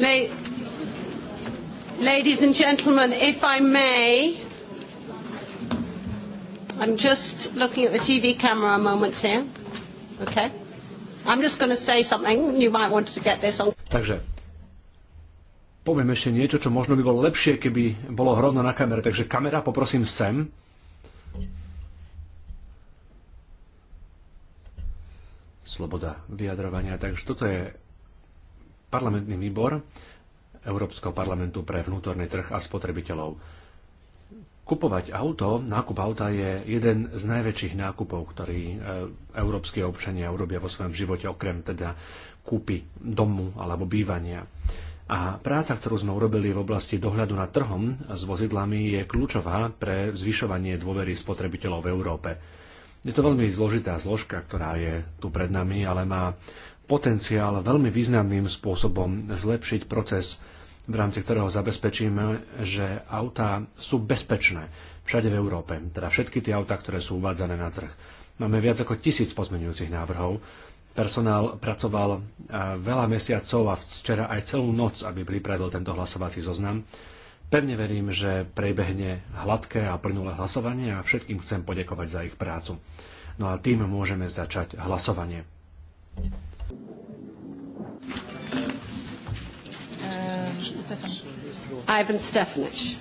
La- ladies and gentlemen, if I may, I'm just looking at the TV camera a moment here. Okay. I'm just going to say something. You might want to get this on. Takže poviem ešte niečo, čo možno by bolo lepšie, keby bolo hrovno na kamere. Takže kamera, poprosím sem. Sloboda vyjadrovania. Takže toto je parlamentný výbor Európskeho parlamentu pre vnútorný trh a spotrebiteľov. Kupovať auto, nákup auta je jeden z najväčších nákupov, ktorý e, európske občania urobia vo svojom živote, okrem teda kúpy domu alebo bývania. A práca, ktorú sme urobili v oblasti dohľadu nad trhom s vozidlami, je kľúčová pre zvyšovanie dôvery spotrebiteľov v Európe. Je to veľmi zložitá zložka, ktorá je tu pred nami, ale má potenciál veľmi významným spôsobom zlepšiť proces, v rámci ktorého zabezpečíme, že autá sú bezpečné všade v Európe, teda všetky tie autá, ktoré sú uvádzané na trh. Máme viac ako tisíc pozmeňujúcich návrhov. Personál pracoval eh, veľa mesiacov a včera aj celú noc, aby pripravil tento hlasovací zoznam. Pevne verím, že prebehne hladké a plnulé hlasovanie a všetkým chcem poďakovať za ich prácu. No a tým môžeme začať hlasovanie. Stefan. Ivan Stefanich.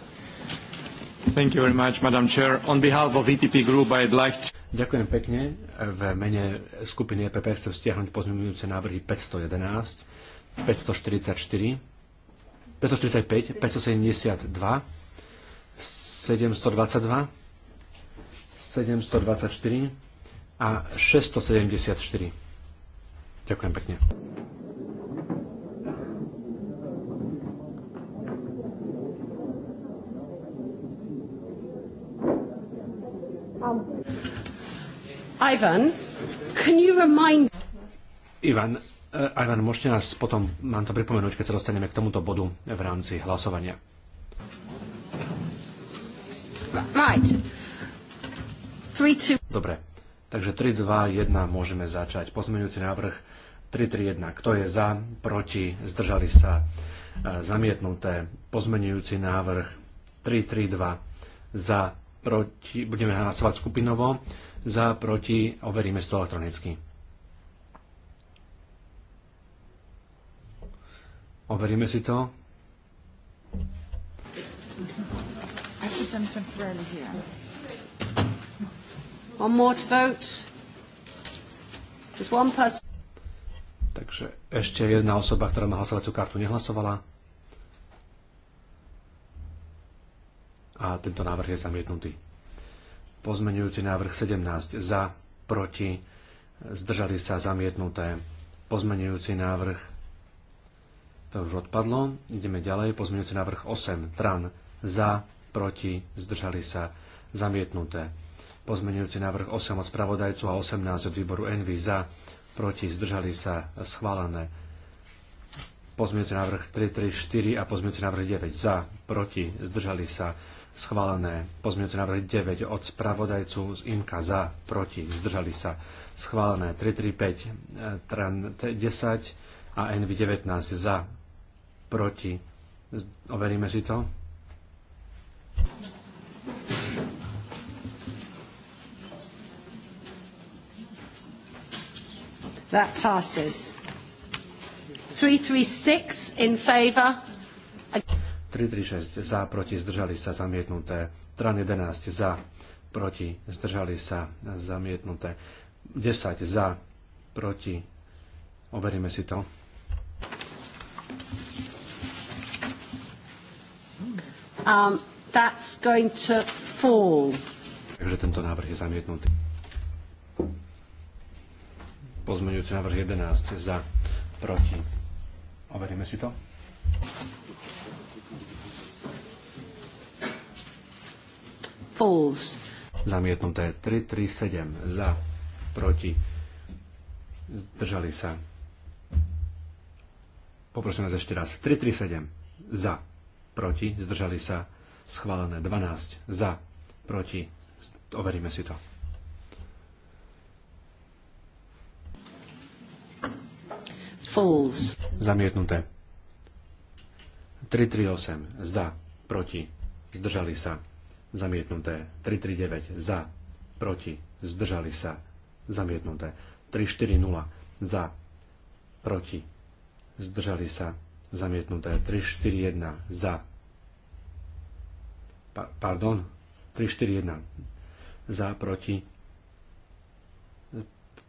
Thank you very much, Madam Chair. On behalf of ETP Group, I'd like to... Ďakujem pekne. V mene skupiny EPP chcem stiahnuť pozmeňujúce návrhy 511, 544, 545, 572, 722, 724 a 674. Ďakujem pekne. Ivan, can you remind... Ivan, eh, Ivan, môžete nás potom mám to pripomenúť, keď sa dostaneme k tomuto bodu v rámci hlasovania. Right. Three, two... Dobre, takže 3, 2, 1 môžeme začať. Pozmeňujúci návrh 1. Kto je za, proti, zdržali sa, eh, zamietnuté. Pozmeňujúci návrh 2. Za, proti, budeme hlasovať skupinovo za, proti, overíme to elektronicky. Overíme si to. I put them temporarily here. One more to vote. There's one person. Takže ešte jedna osoba, ktorá má hlasovaciu kartu, nehlasovala. A tento návrh je zamietnutý. Pozmenujúci návrh 17 za, proti, zdržali sa zamietnuté. Pozmenujúci návrh to už odpadlo. Ideme ďalej. Pozmenujúci návrh 8. Tran. Za, proti, zdržali sa zamietnuté. Pozmenujúci návrh 8 od spravodajcu a 18 od výboru Envy za, proti, zdržali sa schválené. Pozmenujúci návrh 3, 3, 4 a pozmenujúci návrh 9 za, proti, zdržali sa schválené schválené. Pozmeňujúce návrhy 9 od spravodajcu z IMKA za, proti, zdržali sa, schválené. 335, TRAN 10 a NV 19 za, proti. Overíme si to. That passes. 336 in favor, 336 za, proti, zdržali sa, zamietnuté. Tran 11 za, proti, zdržali sa, zamietnuté. 10 za, proti, overíme si to. Um, that's going to fall. Takže tento návrh je zamietnutý. Pozmeňujúci návrh 11 za, proti. Overíme si to. falls. Zamietnuté 337 za, proti, zdržali sa. Poprosím vás ešte raz. 337 za, proti, zdržali sa. Schválené 12 za, proti. Overíme si to. Falls. Zamietnuté. 338 za, proti, zdržali sa zamietnuté. 339 za, proti, zdržali sa, zamietnuté. 340 za, proti, zdržali sa, zamietnuté. 341 za, pa, pardon, 341 za, proti,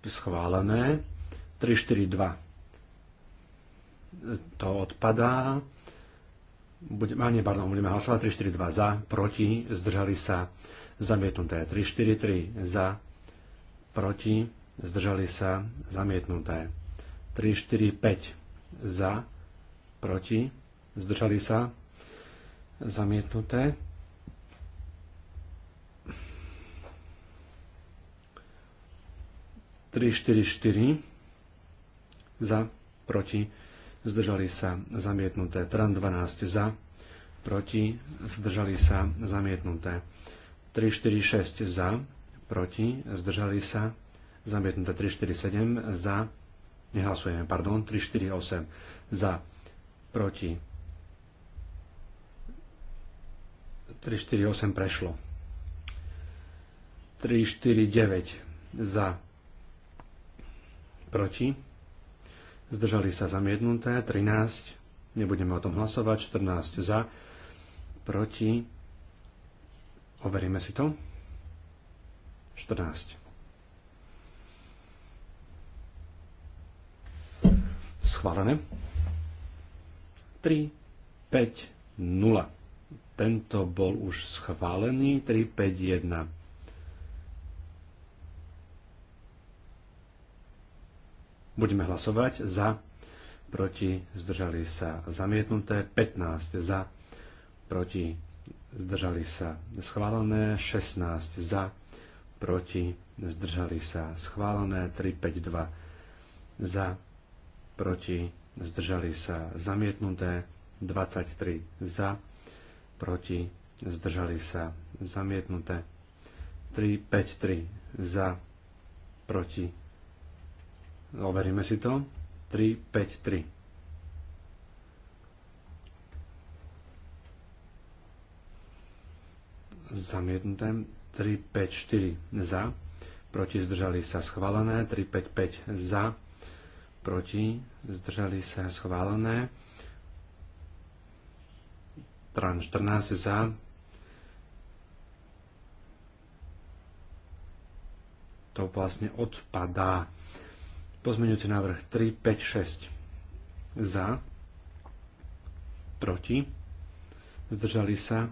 schválené. 342 to odpadá. Budeme, ani, pardon, budeme hlasovať 3, 4, 2 za, proti, zdržali sa, zamietnuté. 3, 4, 3 za, proti, zdržali sa, zamietnuté. 3, 4, 5 za, proti, zdržali sa, zamietnuté. Tri, štyri, štyri. Za, proti, zdržali sa zamietnuté. Tran 12 za, proti, zdržali sa zamietnuté. 346 za, proti, zdržali sa zamietnuté. 347 za, nehlasujeme, pardon, 348 za, proti. 348 prešlo. 349 za, proti zdržali sa zamietnuté, 13, nebudeme o tom hlasovať, 14 za, proti, overíme si to, 14. Schválené. 3, 5, 0. Tento bol už schválený. 3, 5, 1 Budeme hlasovať za, proti, zdržali sa zamietnuté, 15 za, proti, zdržali sa schválené, 16 za, proti, zdržali sa schválené, 3, 5 2 za, proti, zdržali sa zamietnuté, 23 za, proti, zdržali sa zamietnuté, 3, 5 3 za, proti, Overíme si to. 3, 5, 3. Zamietnuté. 3, 5, 4 za. Proti zdržali sa schválené. 3, 5, 5 za. Proti zdržali sa schválené. Tran 14 za. To vlastne odpadá. Pozmeňujúci návrh 3, 5, 6. Za. Proti. Zdržali sa.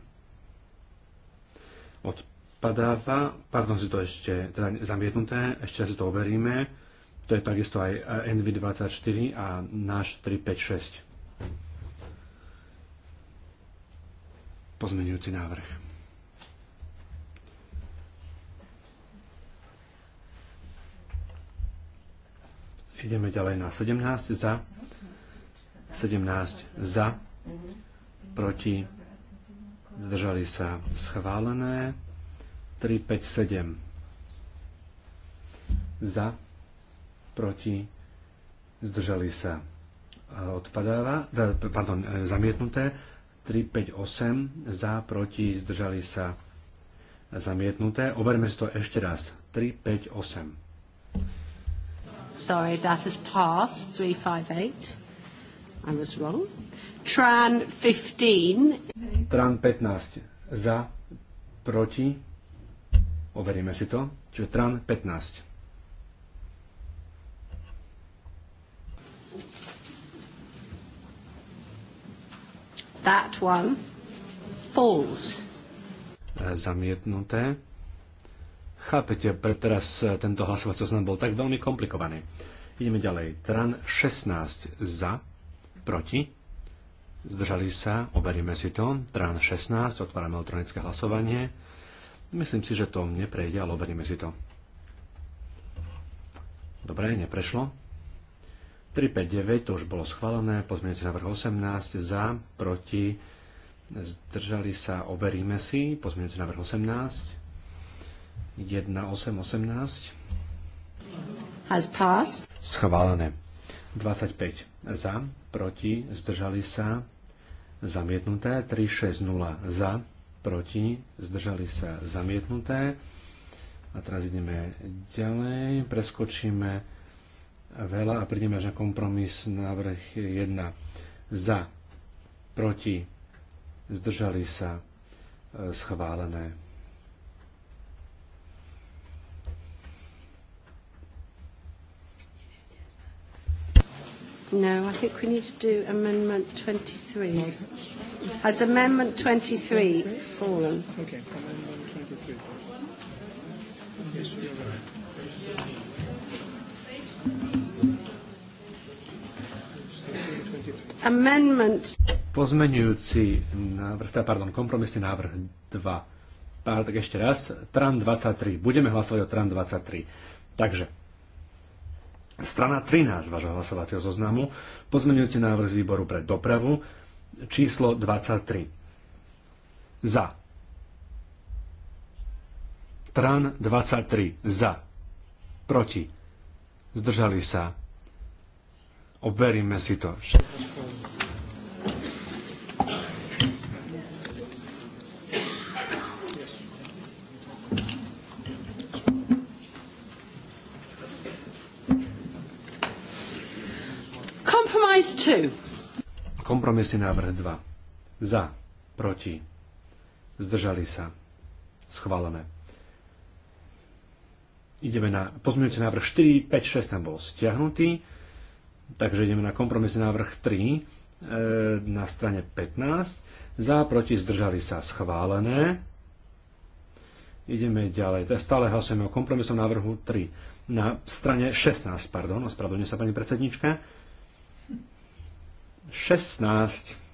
Odpadáva. Pardon, si to ešte teda zamietnuté. Ešte si to overíme. To je takisto aj eh, NV24 a náš 6. Pozmeňujúci návrh. Ideme ďalej na 17 za. 17 za. Proti. Zdržali sa schválené. 3, 5, 7 za, proti, zdržali sa. Odpadáva, pardon, e, zamietnuté, 3, 5, 8, za, proti, zdržali sa. Zamietnuté. Overme si to ešte raz. 3, 5, 8. Sorry, that has passed. 358. I was wrong. Tran 15. Tran 15. Za, proti. Overíme si to. Čiže Tran 15. That one falls. E, zamietnuté. Chápete, pre teraz eh, tento hlasovací zoznam bol tak veľmi komplikovaný. Ideme ďalej. Tran 16 za, proti. Zdržali sa, overíme si to. Tran 16, otvárame elektronické hlasovanie. Myslím si, že to neprejde, ale overíme si to. Dobre, neprešlo. 359, to už bolo schválené. Pozmienujúci návrh 18, za, proti. Zdržali sa, overíme si. Pozmienujúci návrh 18. 1818 has passed. Schválené. 25 za, proti, zdržali sa, zamietnuté. 360 za, proti, zdržali sa, zamietnuté. A teraz ideme ďalej, preskočíme veľa a prídeme až na kompromis návrh 1 za, proti, zdržali sa, e, schválené. No, I think we need to do Amendment 23. Has Amendment 23 fallen? Okay, Amendment 23. Amendment. Pozmenujúci návrh, teda, pardon, kompromisný návrh 2. Pár, tak ešte raz, TRAN 23. Budeme hlasovať o TRAN 23. Takže Strana 13 vášho hlasovacieho zoznamu, pozmeňujúci návrh z výboru pre dopravu, číslo 23. Za. Tran 23. Za. Proti. Zdržali sa. Overíme si to. Všetko. Compromise 2. Kompromisný návrh 2. Za. Proti. Zdržali sa. Schválené. Ideme na pozmeňujúci návrh 4, 5, 6 tam bol stiahnutý. Takže ideme na kompromisný návrh 3 e, na strane 15. Za, proti, zdržali sa schválené. Ideme ďalej. Stále hlasujeme o kompromisnom návrhu 3. Na strane 16, pardon, ospravedlňujem sa pani predsednička. 16.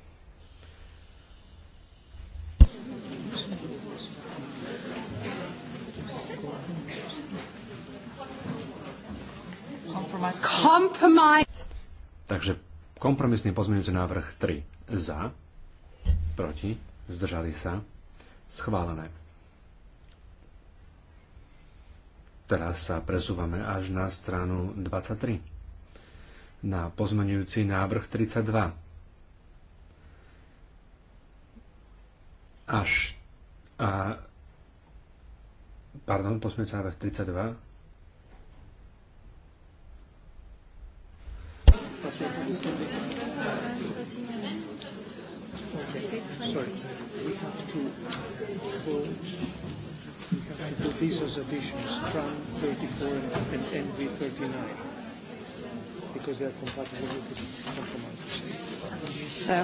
Takže kompromisný pozmeňujúci návrh 3. Za, proti, zdržali sa, schválené. Teraz sa presúvame až na stranu 23 na pozmenujúci návrh 32. Až a, pardon, pozmenujúci návrh 32. Sorry, we have to vote these as additions, from 34 and NV 39 because they are compatible with the compromise. So,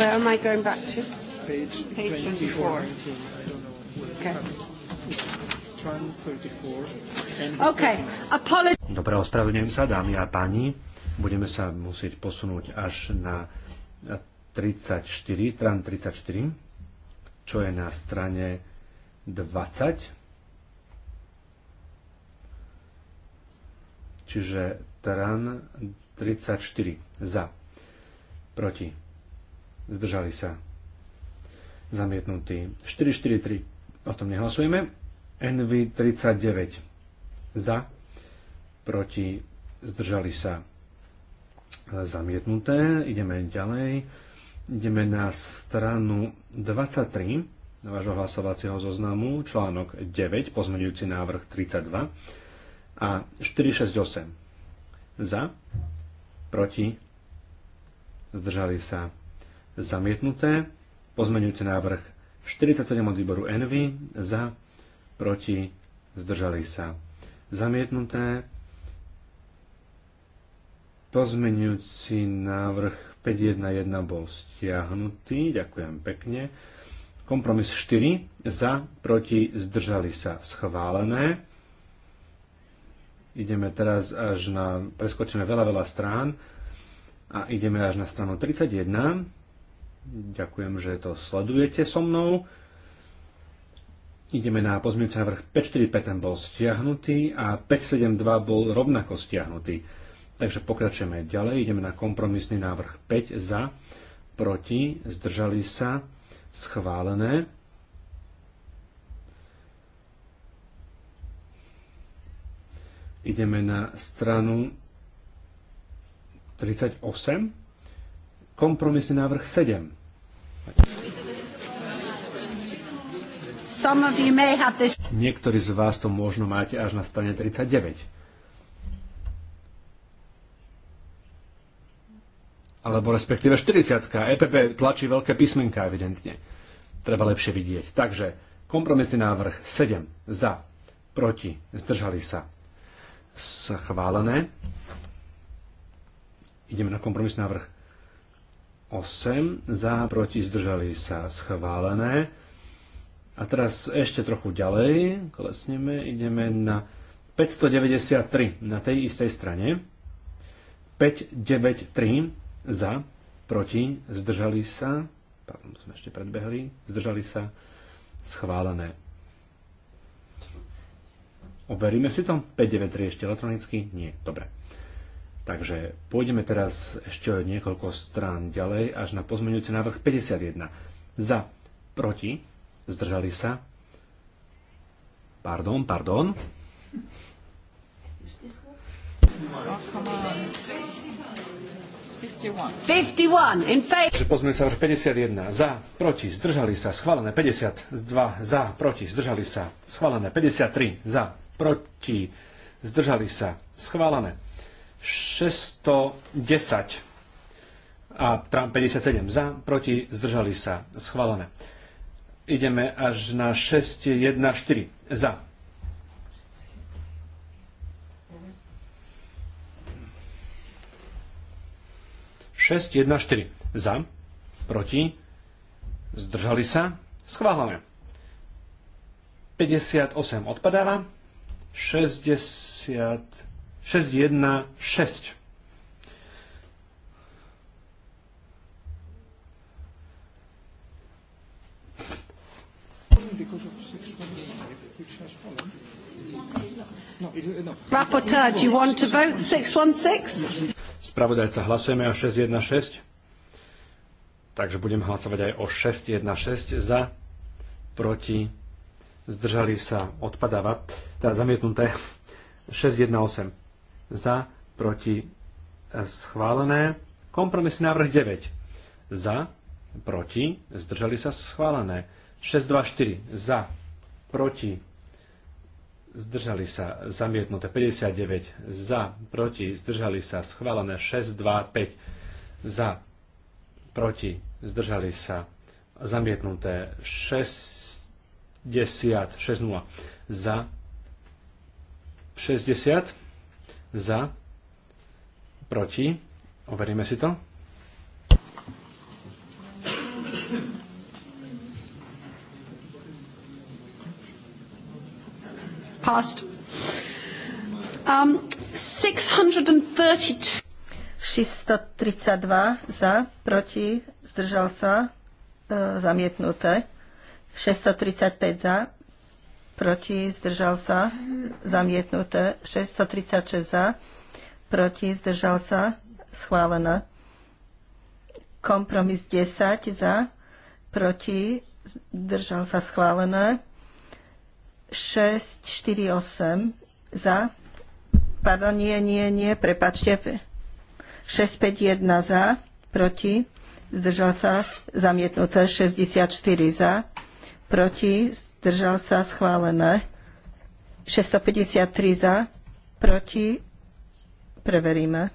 where am I going back to? Page, Page 24. 24. I don't know. Okay. Okay. Dobre, ospravedlňujem sa, dámy a páni. Budeme sa musieť posunúť až na 34, tran 34, čo je na strane 20. Čiže Stran 34 za. Proti. Zdržali sa. Zamietnutý. 443. O tom nehlasujeme. NV 39 za. Proti. Zdržali sa. Zamietnuté. Ideme ďalej. Ideme na stranu 23 vášho hlasovacieho zoznamu, článok 9, pozmenujúci návrh 32 a 468 za, proti, zdržali sa zamietnuté. Pozmeňujúci návrh 47 od výboru Envy za, proti, zdržali sa zamietnuté. Pozmeňujúci návrh 511 bol stiahnutý, ďakujem pekne. Kompromis 4 za, proti, zdržali sa schválené. Ideme teraz až na, preskočíme veľa, veľa strán a ideme až na stranu 31. Ďakujem, že to sledujete so mnou. Ideme na pozmienca návrh 545 bol stiahnutý a 572 bol rovnako stiahnutý. Takže pokračujeme ďalej, ideme na kompromisný návrh 5 za, proti, zdržali sa, schválené. Ideme na stranu 38, kompromisný návrh 7. Niektorí z vás to možno máte až na strane 39. Alebo respektíve 40. EPP tlačí veľké písmenka, evidentne. Treba lepšie vidieť. Takže kompromisný návrh 7 za, proti, zdržali sa, Schválené. Ideme na kompromis návrh 8. Za, proti, zdržali sa. Schválené. A teraz ešte trochu ďalej. Klesneme. Ideme na 593 na tej istej strane. 593 za, proti, zdržali sa, pardon, sme ešte predbehli, zdržali sa, schválené. Overíme si to? 593 ešte elektronicky? Nie. Dobre. Takže pôjdeme teraz ešte niekoľko strán ďalej až na pozmeňujúci návrh 51. Za, proti, zdržali sa. Pardon, pardon. Takže sa návrh 51. Za, proti, zdržali sa, schválené 52. Za, proti, zdržali sa, schválené 53. Za, proti, zdržali sa, schválené. 610 a 57 za, proti, zdržali sa, schválené. Ideme až na 614 za. Šesť, jedna, štyri. Za, proti, zdržali sa, schválené. 58 odpadáva. 60, 616. Rapporteur, do you want to vote 616? Spravodajca, hlasujeme o 616. Takže budem hlasovať aj o 616 za, proti zdržali sa, odpadávať, teda zamietnuté, 618 za, proti, schválené, kompromisný návrh 9 za, proti, zdržali sa, schválené, 624 za, proti, zdržali sa, zamietnuté, 59 za, proti, zdržali sa, schválené, 625 za, proti, zdržali sa, zamietnuté, 6 60, 60 za 60 za proti overíme si to Past. Um, 632 za, proti, zdržal sa, e, zamietnuté. 635 za, proti, zdržal sa, zamietnuté. 636 za, proti, zdržal sa, schválené. Kompromis 10 za, proti, zdržal sa, schválené. 6, 4, 8 za. Pardon, nie, nie, nie, prepačte. 6, 5, 1 za, proti, zdržal sa, zamietnuté. 64 za, proti, zdržal sa, schválené. 653 za, proti, preveríme.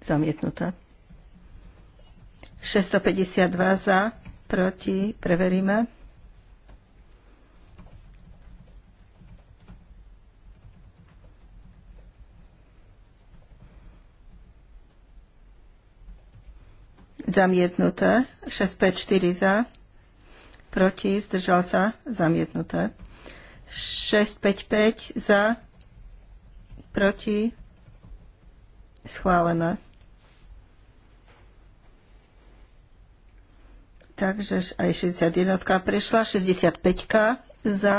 Zamietnuté. 652 za, proti, preveríme. zamietnuté, 6, 5, 4 za, proti, zdržal sa, zamietnuté, 6, 5, 5 za, proti, schválené. Takže aj 61 prešla, 65 za,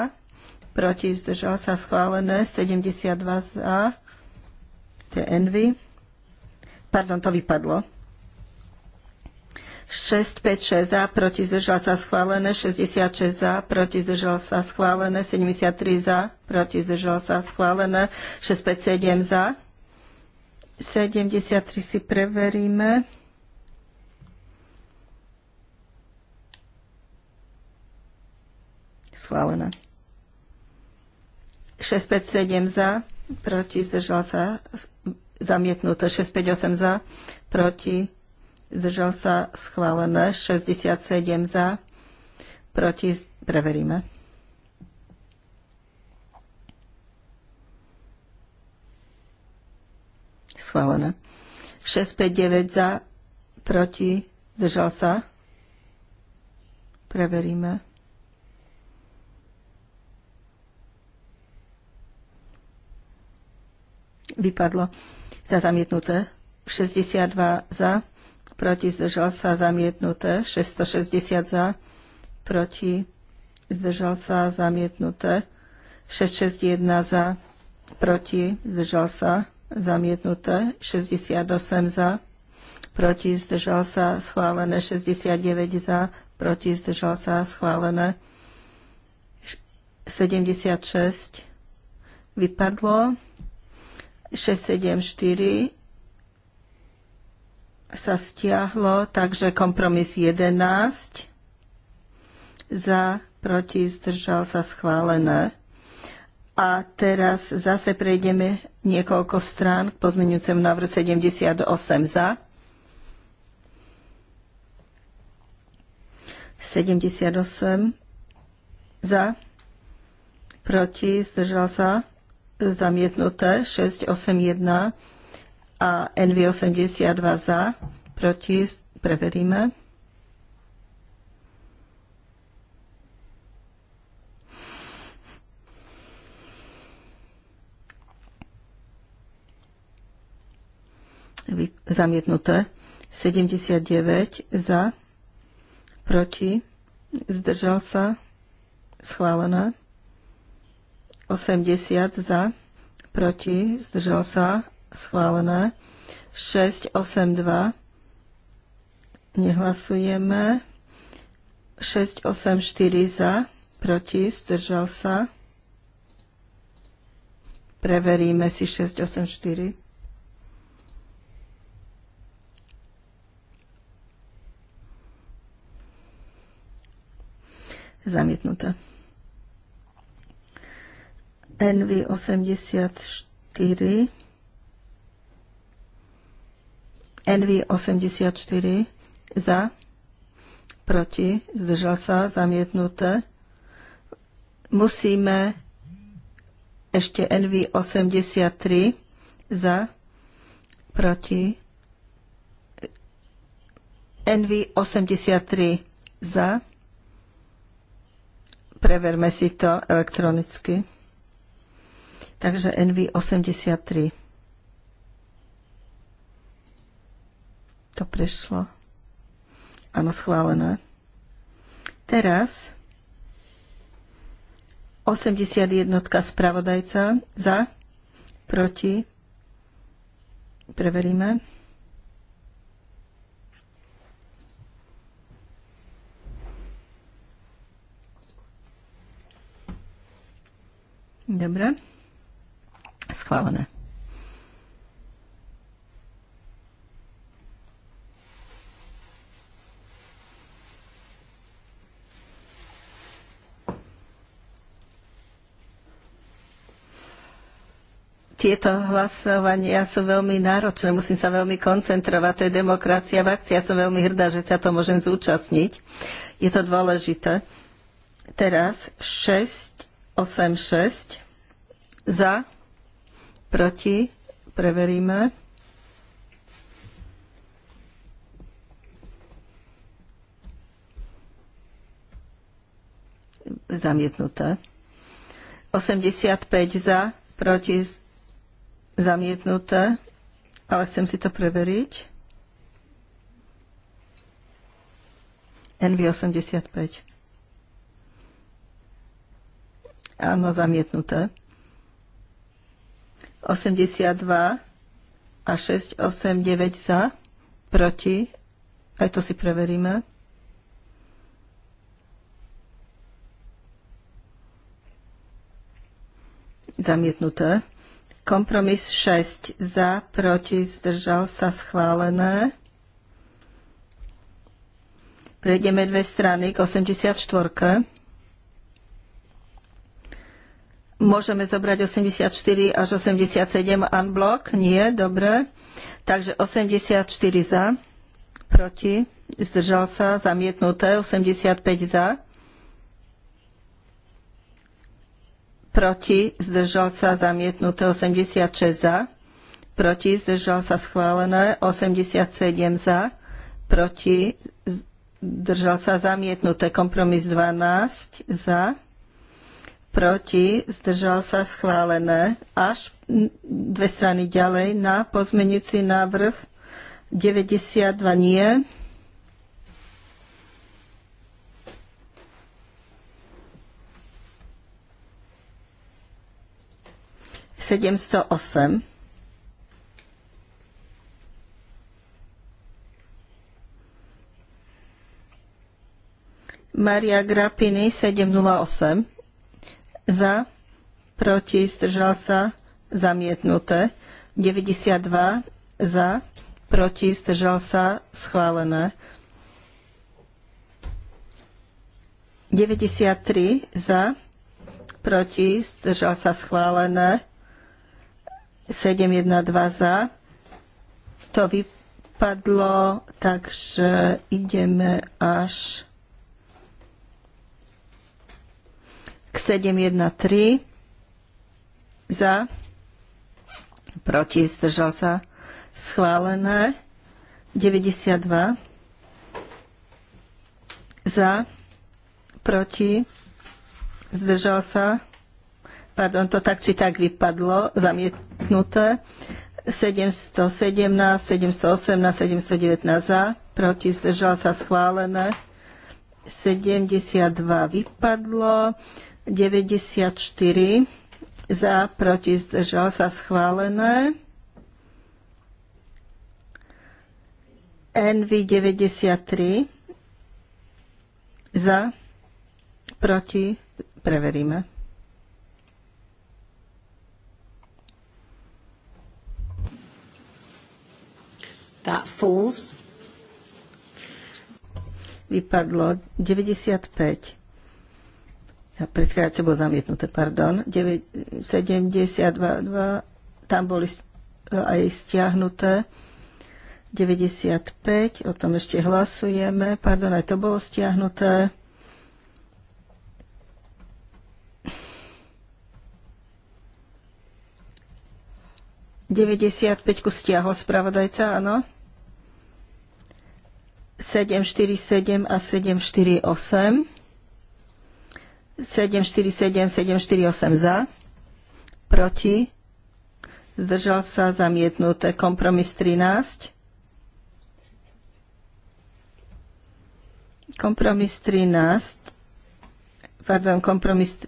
proti, zdržal sa, schválené, 72 za, to je envy. Pardon, to vypadlo. 6, 656 za, proti zdržal sa schválené, 66 za, proti zdržal sa schválené, 73 za, proti zdržal sa schválené, 657 za. 73 si preveríme. Schválené. 7 za, proti zdržal sa zamietnuté, 658 za, proti zdržal sa schválené, 67 za, proti, preveríme. Schválené. 659 za, proti, zdržal sa. Preveríme. Vypadlo. Za zamietnuté. 62 za, proti zdržal sa zamietnuté, 660 za, proti zdržal sa zamietnuté, 661 za, proti zdržal sa zamietnuté, 68 za, proti zdržal sa schválené, 69 za, proti zdržal sa schválené, 76 vypadlo, 674 sa stiahlo, takže kompromis 11 za, proti, zdržal sa schválené. A teraz zase prejdeme niekoľko strán k pozmeňujúcemu návrhu 78 za. 78 za, proti, zdržal sa, zamietnuté, 681 a NV82 za, proti, preveríme. Zamietnuté. 79 za, proti, zdržal sa, schválené. 80 za, proti, zdržal sa, schválené. 6, 8, 2. Nehlasujeme. 6, 8, 4 za, proti, zdržal sa. Preveríme si 6, 8, 4. Zamietnuté. NV 84 NV 84 za, proti, zdržal sa, zamietnuté. Musíme ešte NV 83 za, proti, NV 83 za. Preverme si to elektronicky. Takže NV 83. To prešlo. Áno, schválené. Teraz 81 spravodajca za, proti. Preveríme. Dobre. Schválené. tieto hlasovania sú veľmi náročné, musím sa veľmi koncentrovať, to je demokracia v akcii, ja som veľmi hrdá, že sa to môžem zúčastniť. Je to dôležité. Teraz 6, 8, 6 za, proti, preveríme. Zamietnuté. 85 za, proti zamietnuté, ale chcem si to preveriť. NV85. Áno, zamietnuté. 82 a 6, 8, 9 za, proti. Aj to si preveríme. Zamietnuté. Kompromis 6 za, proti, zdržal sa schválené. Prejdeme dve strany k 84. Môžeme zobrať 84 až 87 unblock? Nie, dobre. Takže 84 za, proti, zdržal sa, zamietnuté, 85 za, proti, zdržal sa zamietnuté 86 za, proti, zdržal sa schválené 87 za, proti, zdržal sa zamietnuté kompromis 12 za, proti, zdržal sa schválené až dve strany ďalej na pozmenujúci návrh 92 nie, 708. Maria Grapini 708. Za, proti, zdržal sa, zamietnuté. 92 za, proti, zdržal sa, schválené. 93 za, proti, zdržal sa, schválené. 712 za. To vypadlo, takže ideme až k 713 za. Proti, zdržal sa. Schválené. 92 za. Proti, zdržal sa pardon, to tak či tak vypadlo, zamietnuté. 717, 718, 719 za, proti zdržal sa schválené. 72 vypadlo, 94 za, proti zdržal sa schválené. NV 93 za, proti, preveríme. That falls. Vypadlo 95. A predchádzajúce bolo zamietnuté, pardon. 72, tam boli aj stiahnuté. 95, o tom ešte hlasujeme. Pardon, aj to bolo stiahnuté. Deväťdesiatpäťku stiahol spravodajca, áno. 747 a 748. 747, 748 za, proti, zdržal sa zamietnuté. Kompromis 13. Kompromis 13, pardon, kompromis,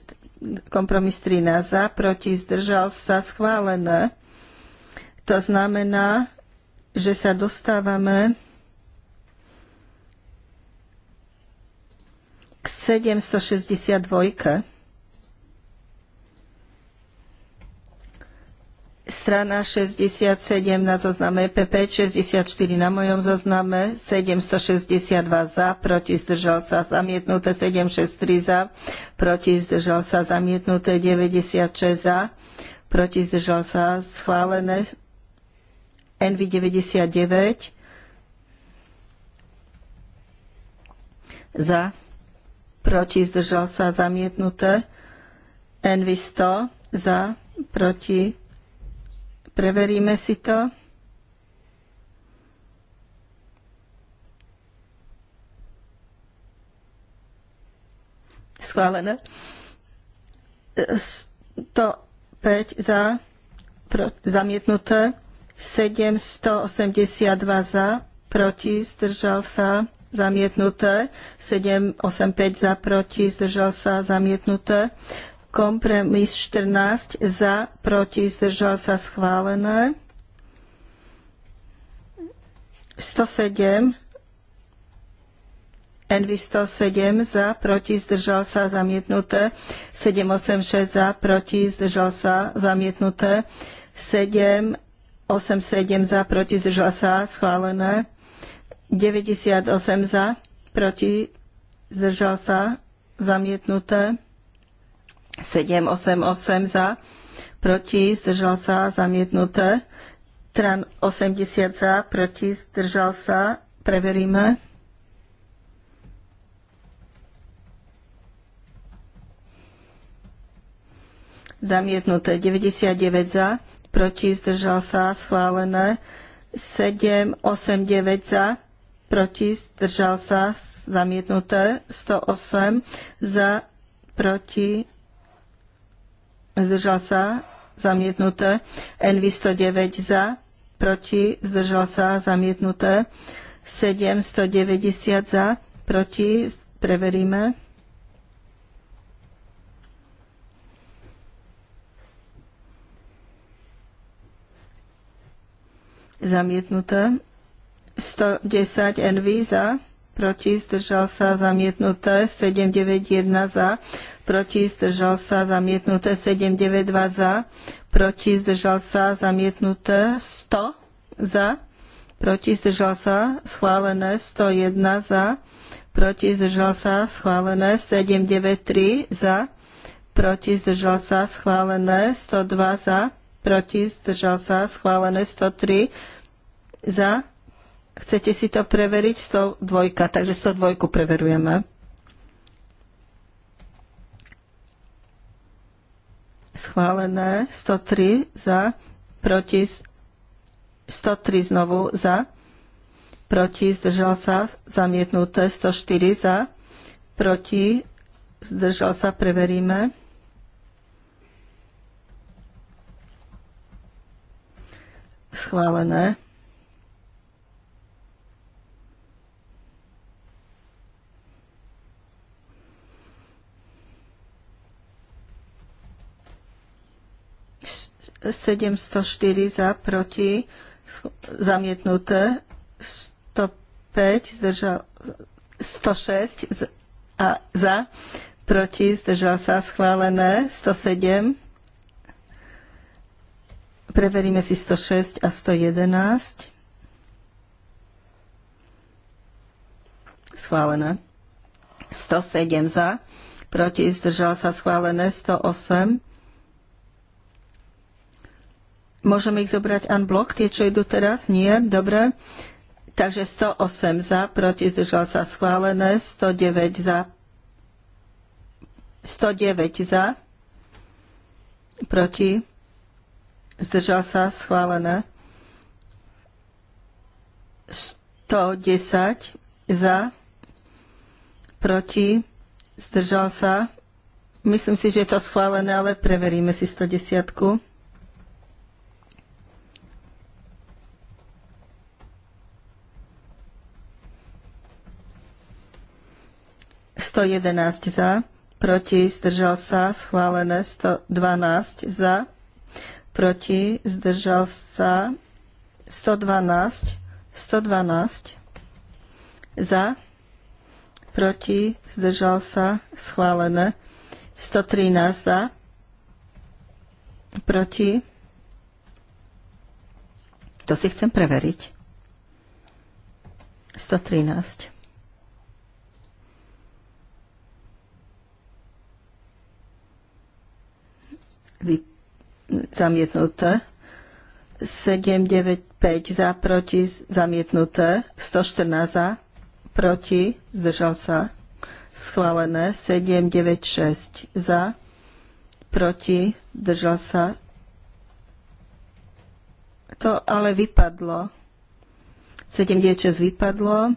kompromis 13 za, proti, zdržal sa schválené. To znamená, že sa dostávame k 762. Strana 67 na zozname PP, e 64 na mojom zozname, 762 za, proti zdržal sa zamietnuté, 763 za, proti zdržal sa zamietnuté, 96 za, proti zdržal sa schválené, NV 99 za, proti, zdržal sa, zamietnuté. Envy 100, za, proti. Preveríme si to. Schválené. 105 za, pro, zamietnuté. 782 za, proti, zdržal sa, zamietnuté, 7, 8, 5 za, proti, zdržal sa, zamietnuté, kompromis 14 za, proti, zdržal sa, schválené, 107, NV 107 za, proti, zdržal sa, zamietnuté, 786 za, proti, zdržal sa, zamietnuté, 787 za, proti, zdržal sa, schválené, 98 za, proti, zdržal sa, zamietnuté. 788 za, proti, zdržal sa, zamietnuté. Tran 80 za, proti, zdržal sa, preveríme. Zamietnuté 99 za, proti, zdržal sa, schválené. 789 za, proti, zdržal sa, zamietnuté. 108 za, proti, zdržal sa, zamietnuté. NV 109 za, proti, zdržal sa, zamietnuté. 7, 190 za, proti, preveríme. Zamietnuté. 110 NV za, proti, zdržal sa, zamietnuté, 791 za, proti, zdržal sa, zamietnuté, 792 za, proti, zdržal sa, zamietnuté, 100 za, proti, zdržal sa, schválené, 101 za, proti, zdržal sa, schválené, 793 za, proti, zdržal sa, schválené, 102 za, proti, zdržal sa, schválené, 103 za, Chcete si to preveriť? 102, takže 102 preverujeme. Schválené. 103 za, proti, 103 znovu za, proti, zdržal sa, zamietnuté, 104 za, proti, zdržal sa, preveríme. Schválené. 704 za, proti, zamietnuté, 105, zdržal, 106 a za, proti, zdržal sa, schválené, 107. Preveríme si 106 a 111. Schválené. 107 za, proti, zdržal sa, schválené, 108 Môžeme ich zobrať unblock, tie, čo idú teraz? Nie? Dobre. Takže 108 za, proti, zdržal sa schválené, 109 za, 109 za, proti, zdržal sa schválené, 110 za, proti, zdržal sa. Myslím si, že je to schválené, ale preveríme si 110. -ku. 111 za, proti zdržal sa schválené 112 za, proti zdržal sa 112, 112 za, proti zdržal sa schválené 113 za, proti. To si chcem preveriť. 113. vy, zamietnuté, 795 za, proti, zamietnuté, 114 za, proti, zdržal sa, schválené, 796 za, proti, zdržal sa. To ale vypadlo. 796 vypadlo.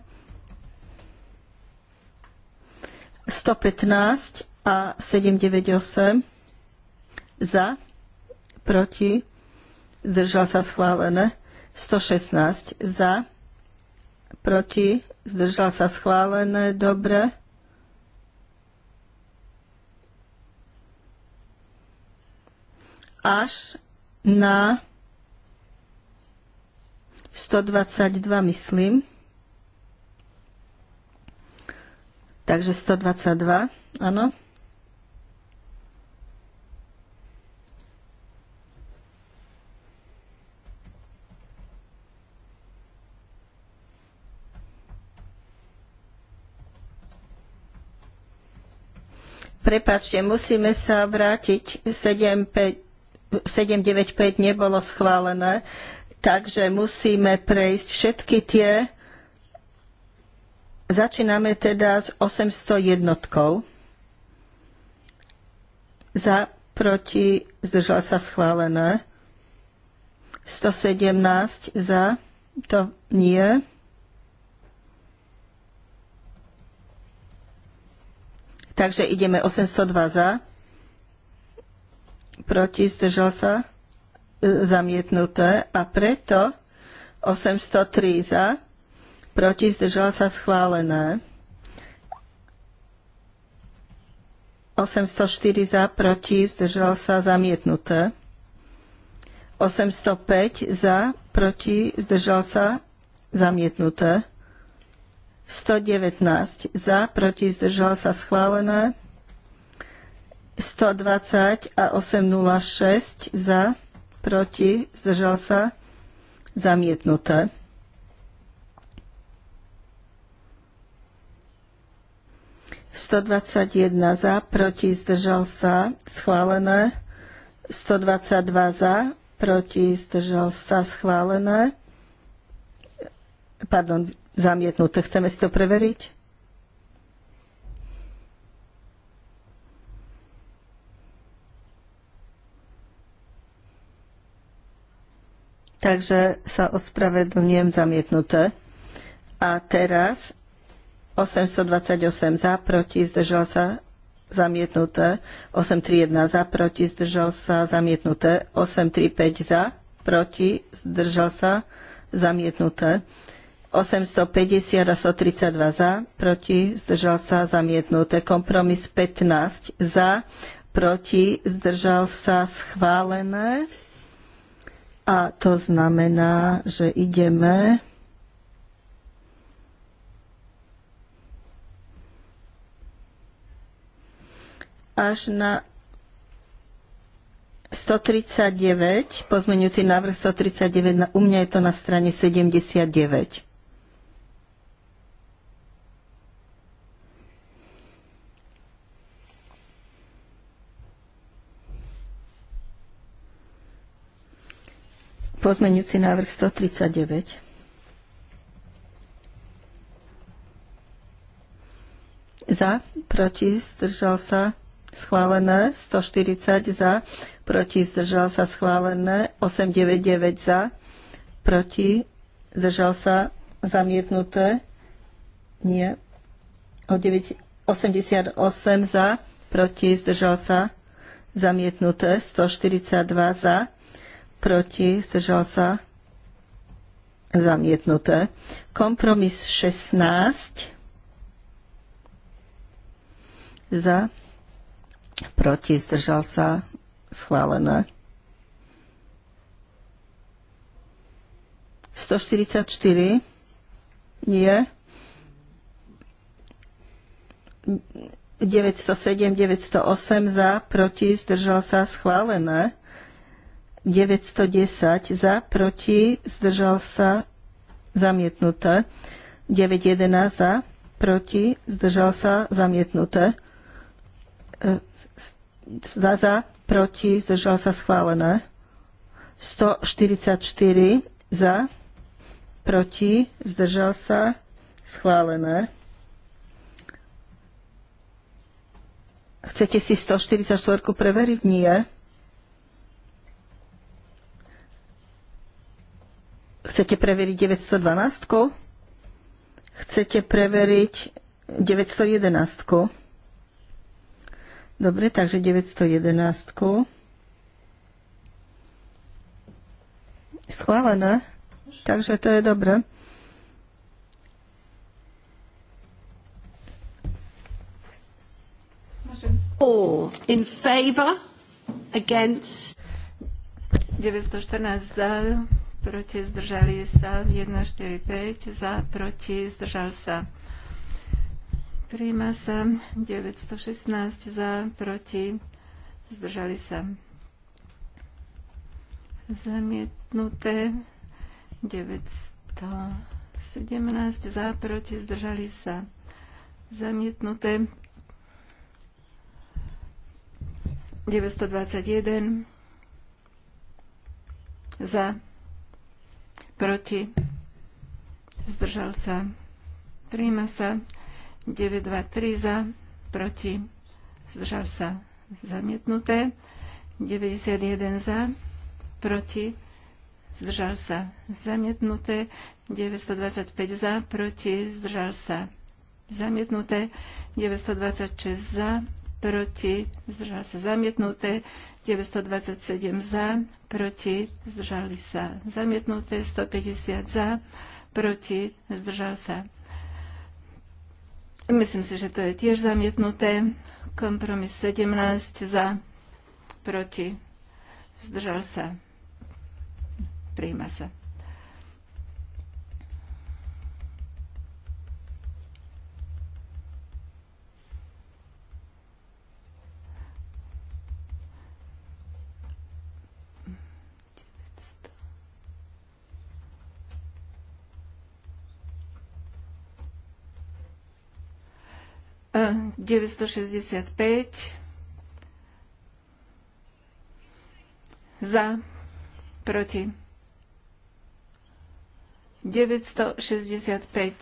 115 a 798 za, proti, zdržal sa schválené. 116 za, proti, zdržal sa schválené, dobre. Až na 122, myslím. Takže 122, áno. prepáčte, musíme sa vrátiť. 795 nebolo schválené, takže musíme prejsť všetky tie. Začíname teda s 801. Za, proti, zdržala sa schválené. 117 za, to nie. Takže ideme 802 e, za, proti, zdržal sa, zamietnuté a preto 803 za, proti, zdržal sa, schválené. 804 za, proti, zdržal sa, zamietnuté. 805 za, proti, zdržal sa, zamietnuté. 119 za, proti zdržal sa schválené. 120 a 806 za, proti zdržal sa zamietnuté. Sto dvadsať jedna za, proti zdržal sa, schválené. Sto dva za, proti zdržal sa, schválené. Pardon, zamietnuté. Chceme si to preveriť? Takže sa ospravedlňujem zamietnuté. A teraz 828 za, proti, zdržal sa, zamietnuté. 831 za, proti, zdržal sa, zamietnuté. 835 za, proti, zdržal sa, zamietnuté. 850 a 132 za, proti, zdržal sa, zamietnuté. Kompromis 15 za, proti, zdržal sa, schválené. A to znamená, že ideme až na 139, pozmeňujúci návrh 139, u mňa je to na strane 79. pozmeňujúci návrh 139. Za, proti, zdržal sa, schválené. 140 za, proti, zdržal sa, schválené. 899 za, proti, zdržal sa, zamietnuté. Nie. 88 za, proti, zdržal sa, zamietnuté. 142 za, proti, zdržal sa, zamietnuté. Kompromis 16 za, proti, zdržal sa, schválené. 144 nie. 907, 908 za, proti, zdržal sa, schválené. 910 za, proti, zdržal sa, zamietnuté. 911 za, proti, zdržal sa, zamietnuté. Za, e, za, proti, zdržal sa, schválené. 144 za, proti, zdržal sa, schválené. Chcete si 144 preveriť? Nie. Chcete preveriť 912? Chcete preveriť 911? Dobre, takže 911. Schválené. Takže to je dobré. in favor against 914 za proti zdržali sa, 1, 4, 5, za, proti zdržal sa. Príjma sa 916 za, proti zdržali sa. Zamietnuté 917 za, proti zdržali sa. Zamietnuté 921 za, proti, zdržal sa, príjma sa, 923 za, proti, zdržal sa, zamietnuté, 91 za, proti, zdržal sa, zamietnuté, 925 za, proti, zdržal sa, zamietnuté, 926 za, proti, zdržal sa zamietnuté, 927 za, proti, zdržali sa zamietnuté, 150 za, proti, zdržal sa. Myslím si, že to je tiež zamietnuté. Kompromis 17 za, proti, zdržal sa. Príjma sa. 965 za, proti. 965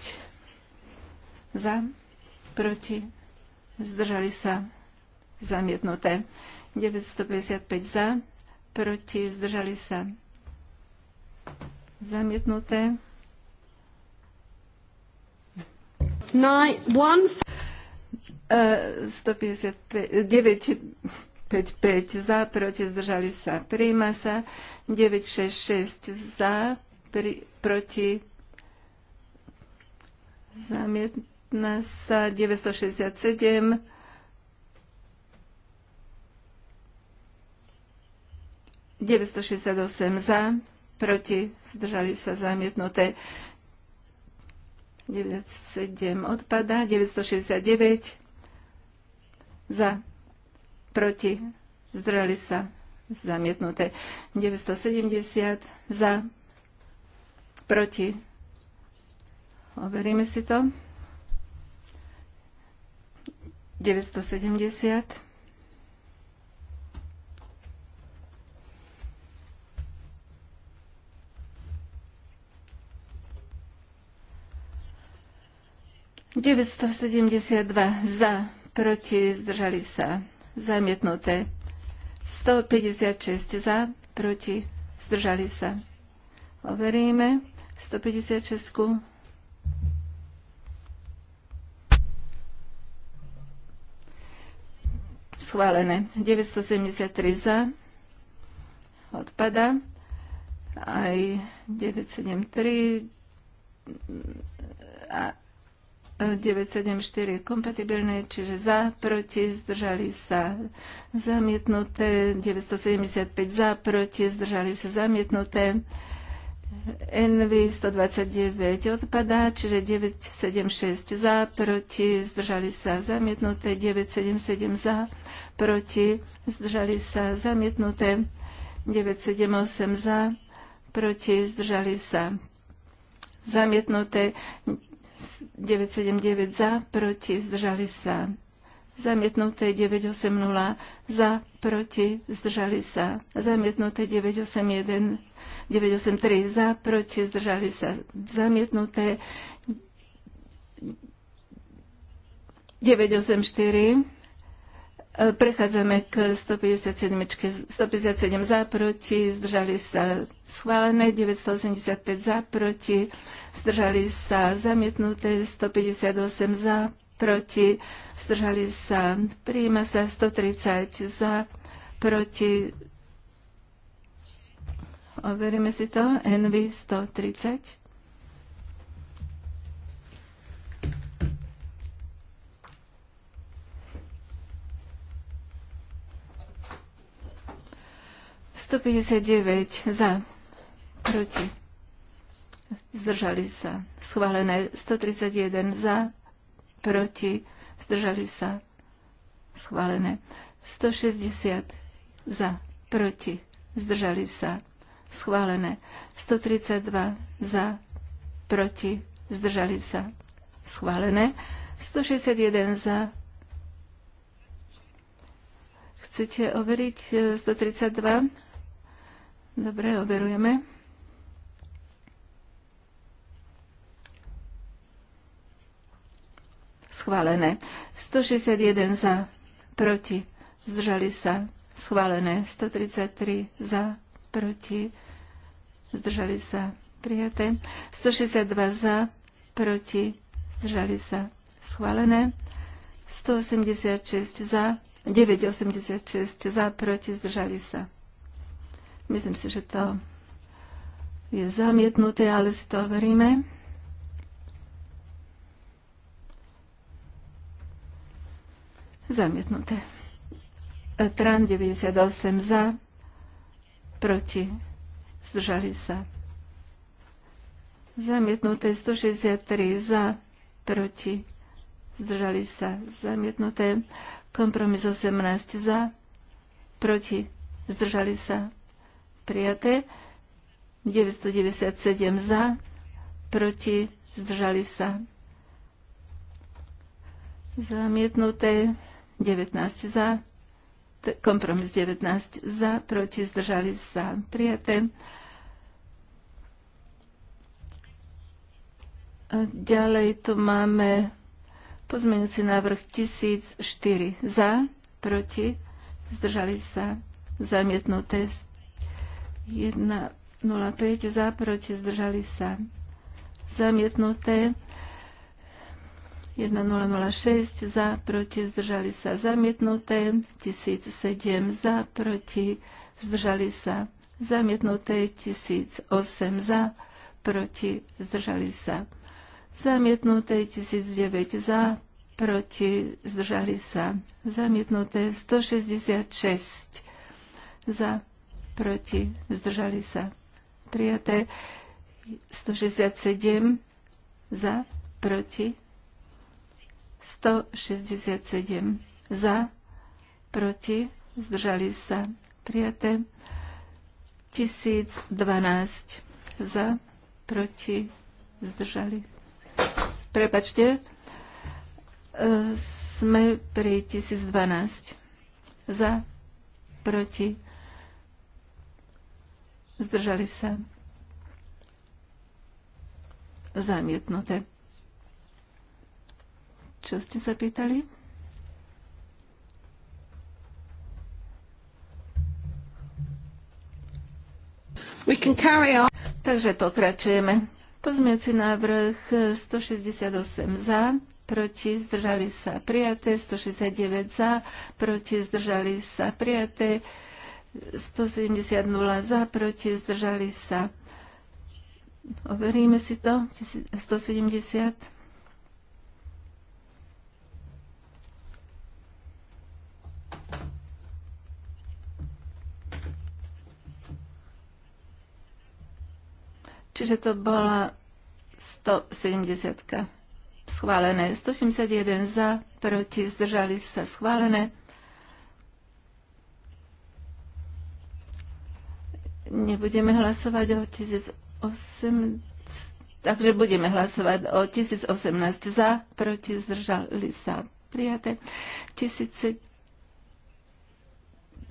za, proti, zdržali sa, zamietnuté. 955 za, proti, zdržali sa, zamietnuté. Nine, one... 955 9, 5, za, proti, zdržali sa, príjma sa. 966 za, pri, proti, zamietna sa. 967 968 za, proti, zdržali sa zamietnuté. 97 odpada, 969 za, proti, zdrali sa, zamietnuté. 970 za, proti. Overíme si to. 970. Deväťsto sedemdesiat dva za, proti, zdržali sa, zamietnuté. 156 za, proti, zdržali sa. Overíme 156. -ku. Schválené. 973 za. Odpada. Aj 973 a 974 kompatibilné, čiže za, proti, zdržali sa zamietnuté, 975 za, proti, zdržali sa zamietnuté, NV 129 odpadá, čiže 976 za, proti, zdržali sa zamietnuté, 977 za, proti, zdržali sa zamietnuté, 978 za, proti, zdržali sa zamietnuté, 979 za, proti, zdržali sa. Zamietnuté 980 za, proti, zdržali sa. Zamietnuté 981, 983 za, proti, zdržali sa. Zamietnuté 984 Prechádzame k 157, 157 za proti, zdržali sa schválené, 985 za proti, zdržali sa zamietnuté, 158 za proti, zdržali sa, príjma sa 130 za proti, overíme si to, NV 130. 159 za, proti, zdržali sa. Schválené 131 za, proti, zdržali sa. Schválené 160 za, proti, zdržali sa. Schválené 132 za, proti, zdržali sa. Schválené 161 za, Chcete overiť 132? E, Dobre, overujeme. Schválené. 161 za, proti, zdržali sa. Schválené. 133 za, proti, zdržali sa. Prijaté. 162 za, proti, zdržali sa. Schválené. 186 za, 986 za, proti, zdržali sa Myslím si, že to je zamietnuté, ale si to overíme. Zamietnuté. Tran 98 za, proti, zdržali sa. Zamietnuté 163 za, proti, zdržali sa. Zamietnuté kompromis 18 za, proti, zdržali sa prijaté. 997 za, proti, zdržali sa. Zamietnuté 19 za, kompromis 19 za, proti, zdržali sa. Prijaté. A ďalej tu máme pozmeňujúci návrh 1004 za, proti, zdržali sa. Zamietnuté 1.05 za, proti, zdržali sa zamietnuté. 1006 za, proti, zdržali sa zamietnuté. 1007 za, proti, zdržali sa zamietnuté. 1008 za, proti, zdržali sa zamietnuté. 1009 za, proti, zdržali sa zamietnuté. 166 za, proti, zdržali sa prijaté. 167 za, proti, 167 za, proti, zdržali sa prijaté. 1012 za, proti, zdržali. Prepačte, e, sme pri 1012 za, proti, Zdržali sa? Zamietnuté. Čo ste sa pýtali? We can carry on. Takže pokračujeme. Pozmiaci návrh 168 za, proti zdržali sa prijaté, 169 za, proti zdržali sa prijaté, 170 0 za, proti, zdržali sa. Overíme si to. 170. Čiže to bola 170. -ka. Schválené. 171 za, proti, zdržali sa. Schválené. nebudeme hlasovať o 1008, takže budeme hlasovať o 1018 za, proti zdržali sa prijaté, 1017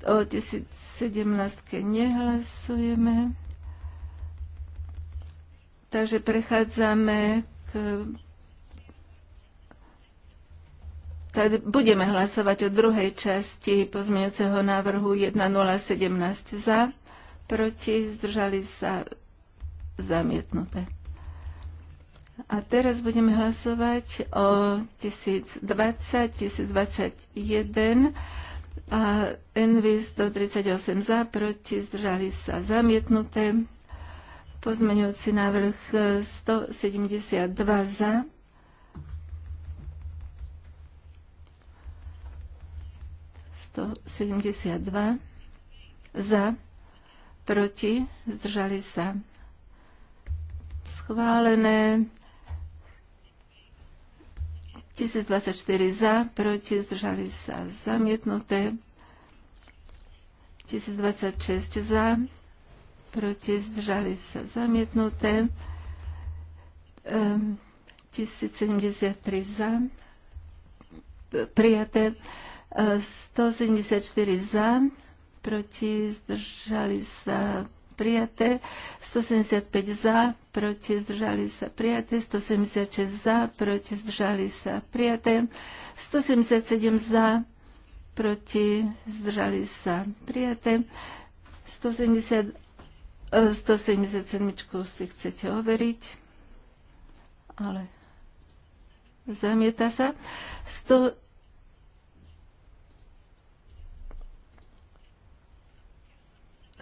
o 1017 nehlasujeme. Takže prechádzame k Tady budeme hlasovať o druhej časti pozmeňujúceho návrhu 1017 za proti, zdržali sa zamietnuté. A teraz budeme hlasovať o 1020, 1021 a NV 138 za, proti, zdržali sa zamietnuté. Pozmeňujúci návrh 172 za. To za proti, zdržali sa schválené. 1024 za, proti, zdržali sa zamietnuté. 1026 za, proti, zdržali sa zamietnuté. 1073 ehm, za, prijaté. 174 ehm, za, proti, zdržali sa prijaté, 175 za, proti zdržali sa prijaté, 176 za, proti zdržali sa prijaté, 177 za, proti zdržali sa prijaté, 170, 177 e, si chcete overiť, ale zamieta sa, 100,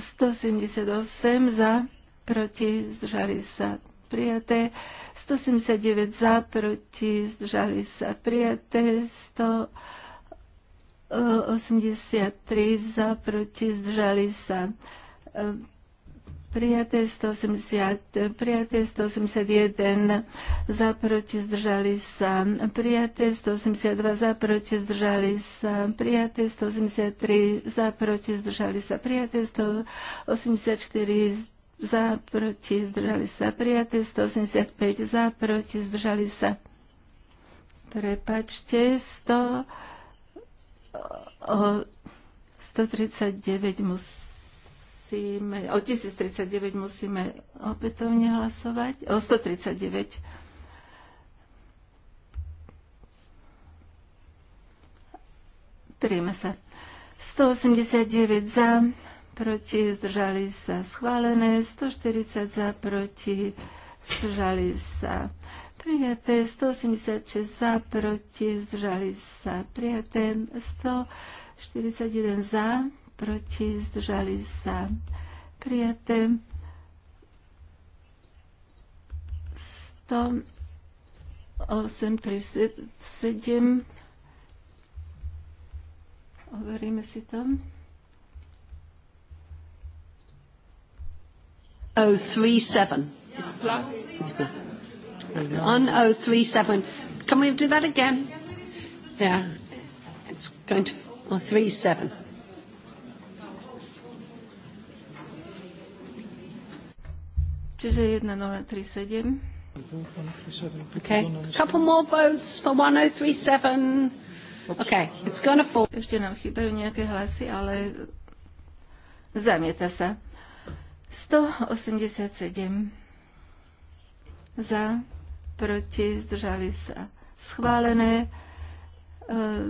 178 za, proti, zdržali sa prijaté, 179 za, proti, zdržali sa prijaté, 183 e, za, proti, zdržali sa e, prijaté 180, prijaté 181 za proti zdržali sa, prijaté 182 za proti zdržali sa, prijaté 183 za proti zdržali sa, prijaté 184 za proti zdržali sa, prijaté 185 za proti zdržali sa. Prepačte, 100 o, 139 musí musíme, o 1039 musíme opätovne hlasovať, o 139. Príjme sa. 189 za, proti, zdržali sa schválené, 140 za, proti, zdržali sa prijaté, 186 za, proti, zdržali sa prijaté, 141 za, proti, zdržali sa prijaté. 137 overíme si to. Oh, It's plus. It's plus. On 037. Can we do that again? Yeah. It's going to... Oh, Čiže 1037. Okay. A Couple more votes for 1037. Okay, it's gonna fall. Ešte nám chýbajú nejaké hlasy, ale zamieta sa. 187 za, proti, zdržali sa. Schválené. E,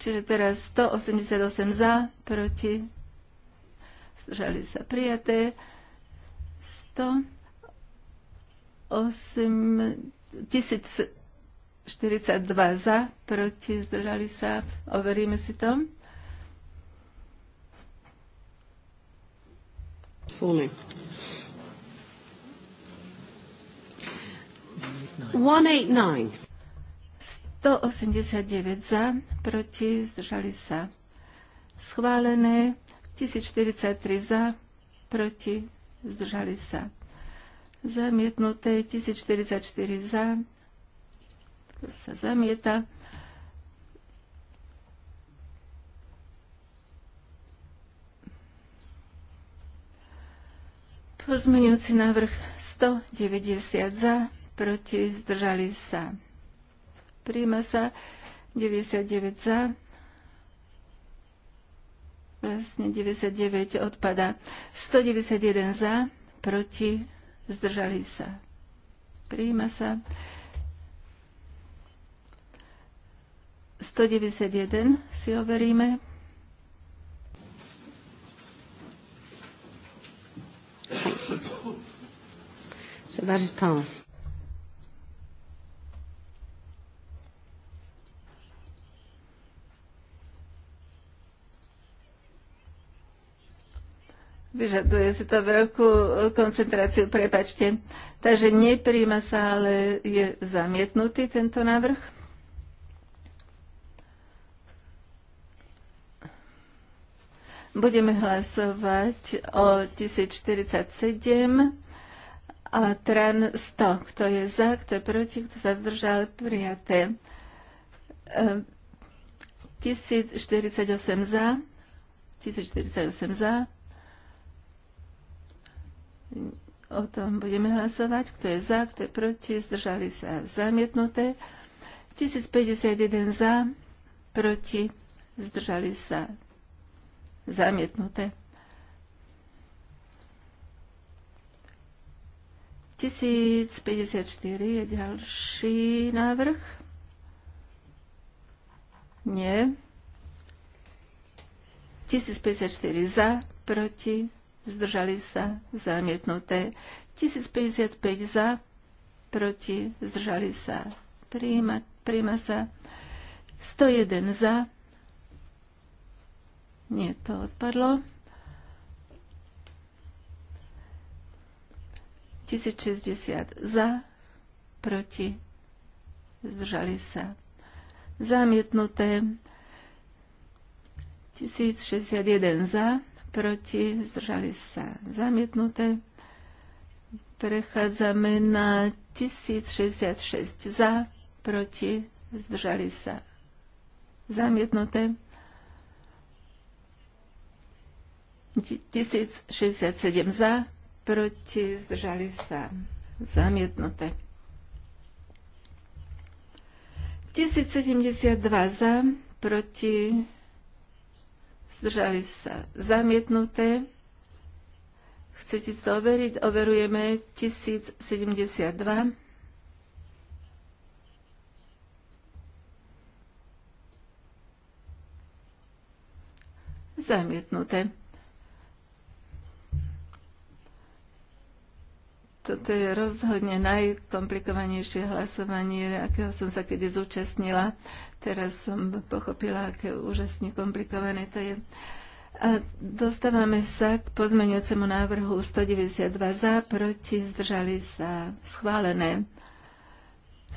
čiže teraz 188 za, proti, zdržali sa prijaté 108 1042 za, proti, zdržali sa, overíme si to. Fully. 189. 189 za, proti, zdržali sa. Schválené. 1043 za, proti, zdržali sa. Zamietnuté 1044 za, to sa zamieta. Pozmeňujúci návrh 190 za, proti, zdržali sa. Príjma sa 99 za, Vlastne 99 odpada. 191 za, proti, zdržali sa. Prijíma sa. 191 si overíme. So that is passed. Vyžaduje si to veľkú e, koncentráciu, prepačte. Takže nepríjma sa, ale je zamietnutý tento návrh. Budeme hlasovať o 1047 a tran 100. Kto je za, kto je proti, kto sa zdržal, prijaté. 1048 e, za, 1048 za, O tom budeme hlasovať. Kto je za, kto je proti, zdržali sa zamietnuté. 1051 za, proti, zdržali sa zamietnuté. 1054 je ďalší návrh. Nie. 1054 za, proti, zdržali sa zamietnuté. 1055 za, proti, zdržali sa, príjma, príjma sa. 101 za, nie, to odpadlo. 1060 za, proti, zdržali sa. Zamietnuté 1061 za, proti, zdržali sa zamietnuté. Prechádzame na 1066 za, proti, zdržali sa zamietnuté. 1067 za, proti, zdržali sa zamietnuté. 1072 za, proti, zdržali sa zamietnuté. Chcete to overiť? Overujeme 1072. Zamietnuté. Toto je rozhodne najkomplikovanejšie hlasovanie, akého som sa kedy zúčastnila. Teraz som pochopila, aké úžasne komplikované to je. A dostávame sa k pozmeňujúcemu návrhu 192 za, proti, zdržali sa schválené.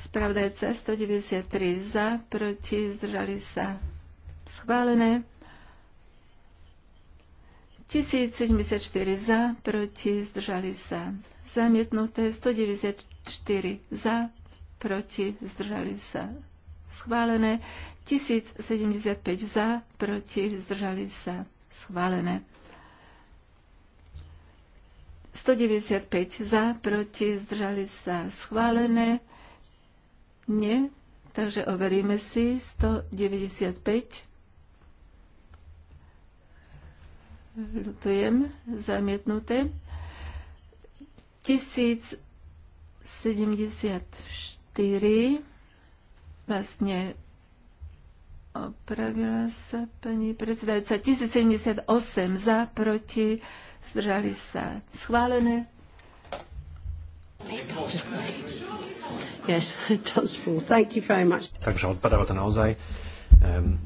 Spravdajca 193 za, proti, zdržali sa schválené. 1074 za, proti, zdržali sa zamietnuté 194 za, proti, zdržali sa schválené, 1075 za, proti, zdržali sa schválené. 195 za, proti, zdržali sa schválené. Nie, takže overíme si 195. Lutujem. zamietnuté. 1074 vlastne opravila sa pani predsedajúca 1078 za, proti zdržali sa schválené Yes, it does fall. Thank you very much. Takže odpadáva to naozaj.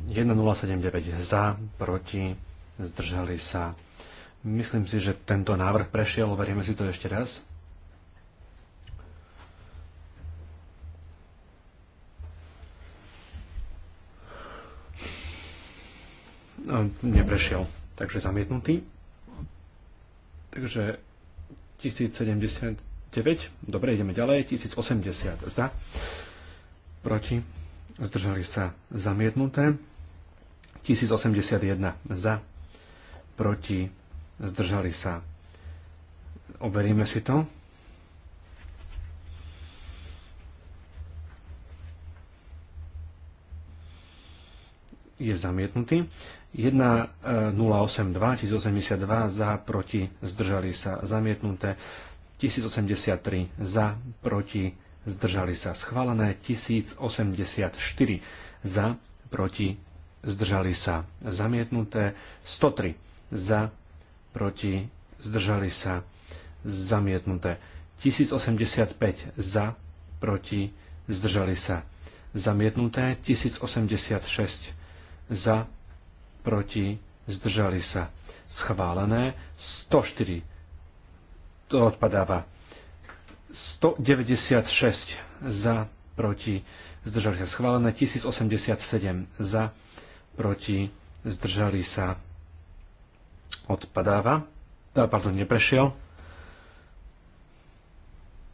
1079 ehm, za, proti, zdržali sa. Myslím si, že tento návrh prešiel, veríme si to ešte raz. Hm, neprešiel, takže zamietnutý. Takže 1079, dobre, ideme ďalej, 1080 za, proti, zdržali sa zamietnuté, 1081 za, proti, zdržali sa. Overíme si to. Je zamietnutý. 1082, 1082 e, za, proti, zdržali sa, zamietnuté. 1083 za, proti, zdržali sa, schválené. 1084 za, proti, zdržali sa, zamietnuté. 103 za, proti, zdržali sa, zamietnuté. 1085 za, proti, zdržali sa, zamietnuté. 1086 za, proti, zdržali sa. Schválené 104. To odpadáva. 196 za, proti, zdržali sa. Schválené 1087 za, proti, zdržali sa. Odpadáva. Pardon, neprešiel.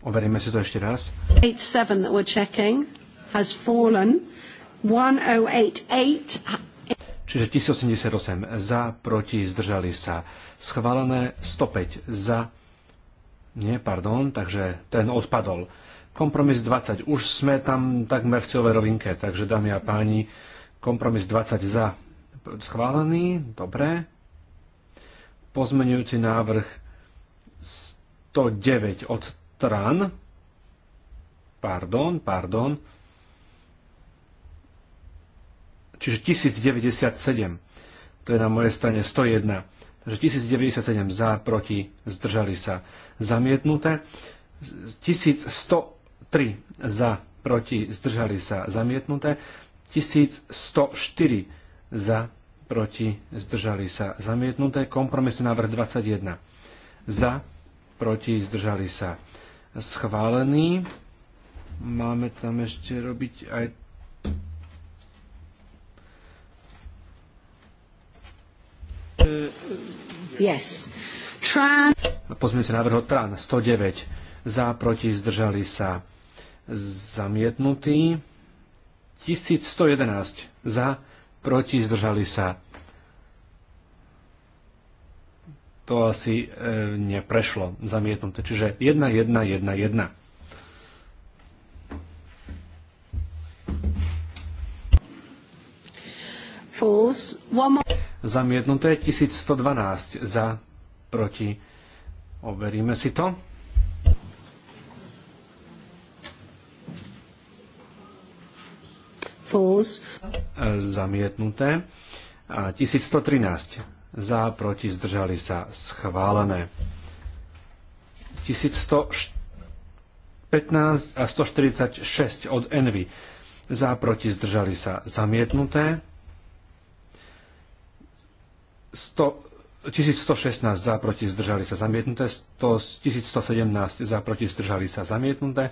Overíme si to ešte raz. 87 that we're checking has fallen. 1088 Čiže 1088 za, proti, zdržali sa. Schválené 105 za, nie, pardon, takže ten odpadol. Kompromis 20, už sme tam takmer v celovej rovinke, takže dámy a páni, kompromis 20 za, schválený, dobre. Pozmenujúci návrh 109 od TRAN, pardon, pardon, čiže 1097, to je na mojej strane 101. Takže 1097 za, proti, zdržali sa zamietnuté. 1103 za, proti, zdržali sa zamietnuté. 1104 za, proti, zdržali sa zamietnuté. Kompromisný návrh 21 za, proti, zdržali sa schválený. Máme tam ešte robiť aj Yes. Tran... Pozmeňujúci návrh Tran 109. Za, proti, zdržali sa zamietnutí. 1111. Za, proti, zdržali sa to asi e, neprešlo zamietnuté. Čiže 1, 1, 1, 1. False. One more zamietnuté, 1112 za, proti. Overíme si to. False. Zamietnuté. A 1113 za, proti, zdržali sa, schválené. 1115 a 146 od Envy. Za, proti, zdržali sa, zamietnuté. 100, 1116 za, proti, zdržali sa zamietnuté, 100, 1117 za, proti, zdržali sa zamietnuté,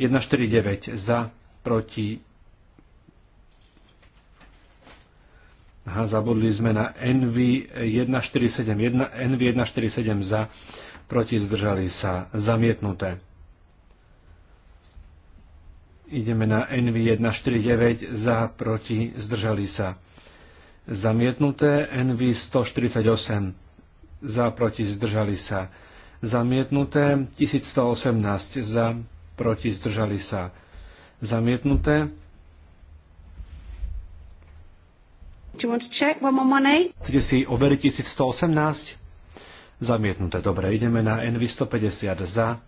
149 za, proti, Aha, zabudli sme na NV 1471, NV 147 za, proti zdržali sa zamietnuté. Ideme na NV 149 za, proti zdržali sa Zamietnuté NV 148 za, proti, zdržali sa. Zamietnuté 1118 za, proti, zdržali sa. Zamietnuté 1118? Chcete si overiť 1118? Zamietnuté. Dobre, ideme na NV 150 za,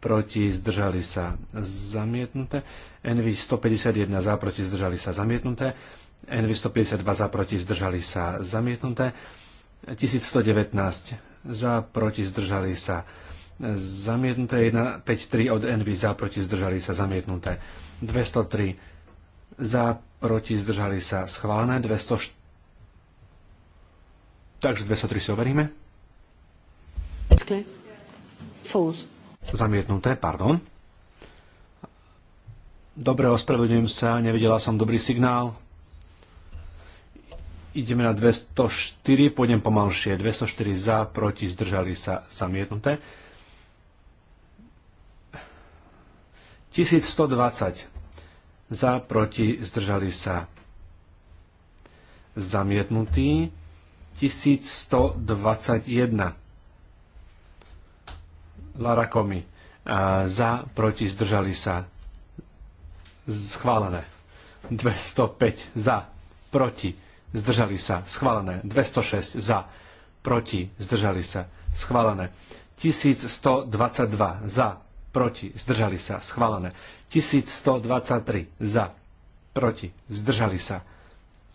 proti, zdržali sa. Zamietnuté. NV 151 za, proti, zdržali sa. Zamietnuté n 152 za proti zdržali sa zamietnuté. 1119 za proti zdržali sa zamietnuté. 153 od NV za proti zdržali sa zamietnuté. 203 za proti zdržali sa schválené. 204 Takže 203 si overíme. False. Zamietnuté, pardon. Dobre, ospravedlňujem sa, nevidela som dobrý signál. Ideme na 204, pôjdem pomalšie. 204 za, proti, zdržali sa samietnuté. 1120 za, proti, zdržali sa zamietnutí 1121 Lara Komi za, proti, zdržali sa schválené. 205 za, proti, zdržali sa, schválené. 206 za, proti, zdržali sa, schválené. 1122 za, proti, zdržali sa, schválené. 1123 za, proti, zdržali sa.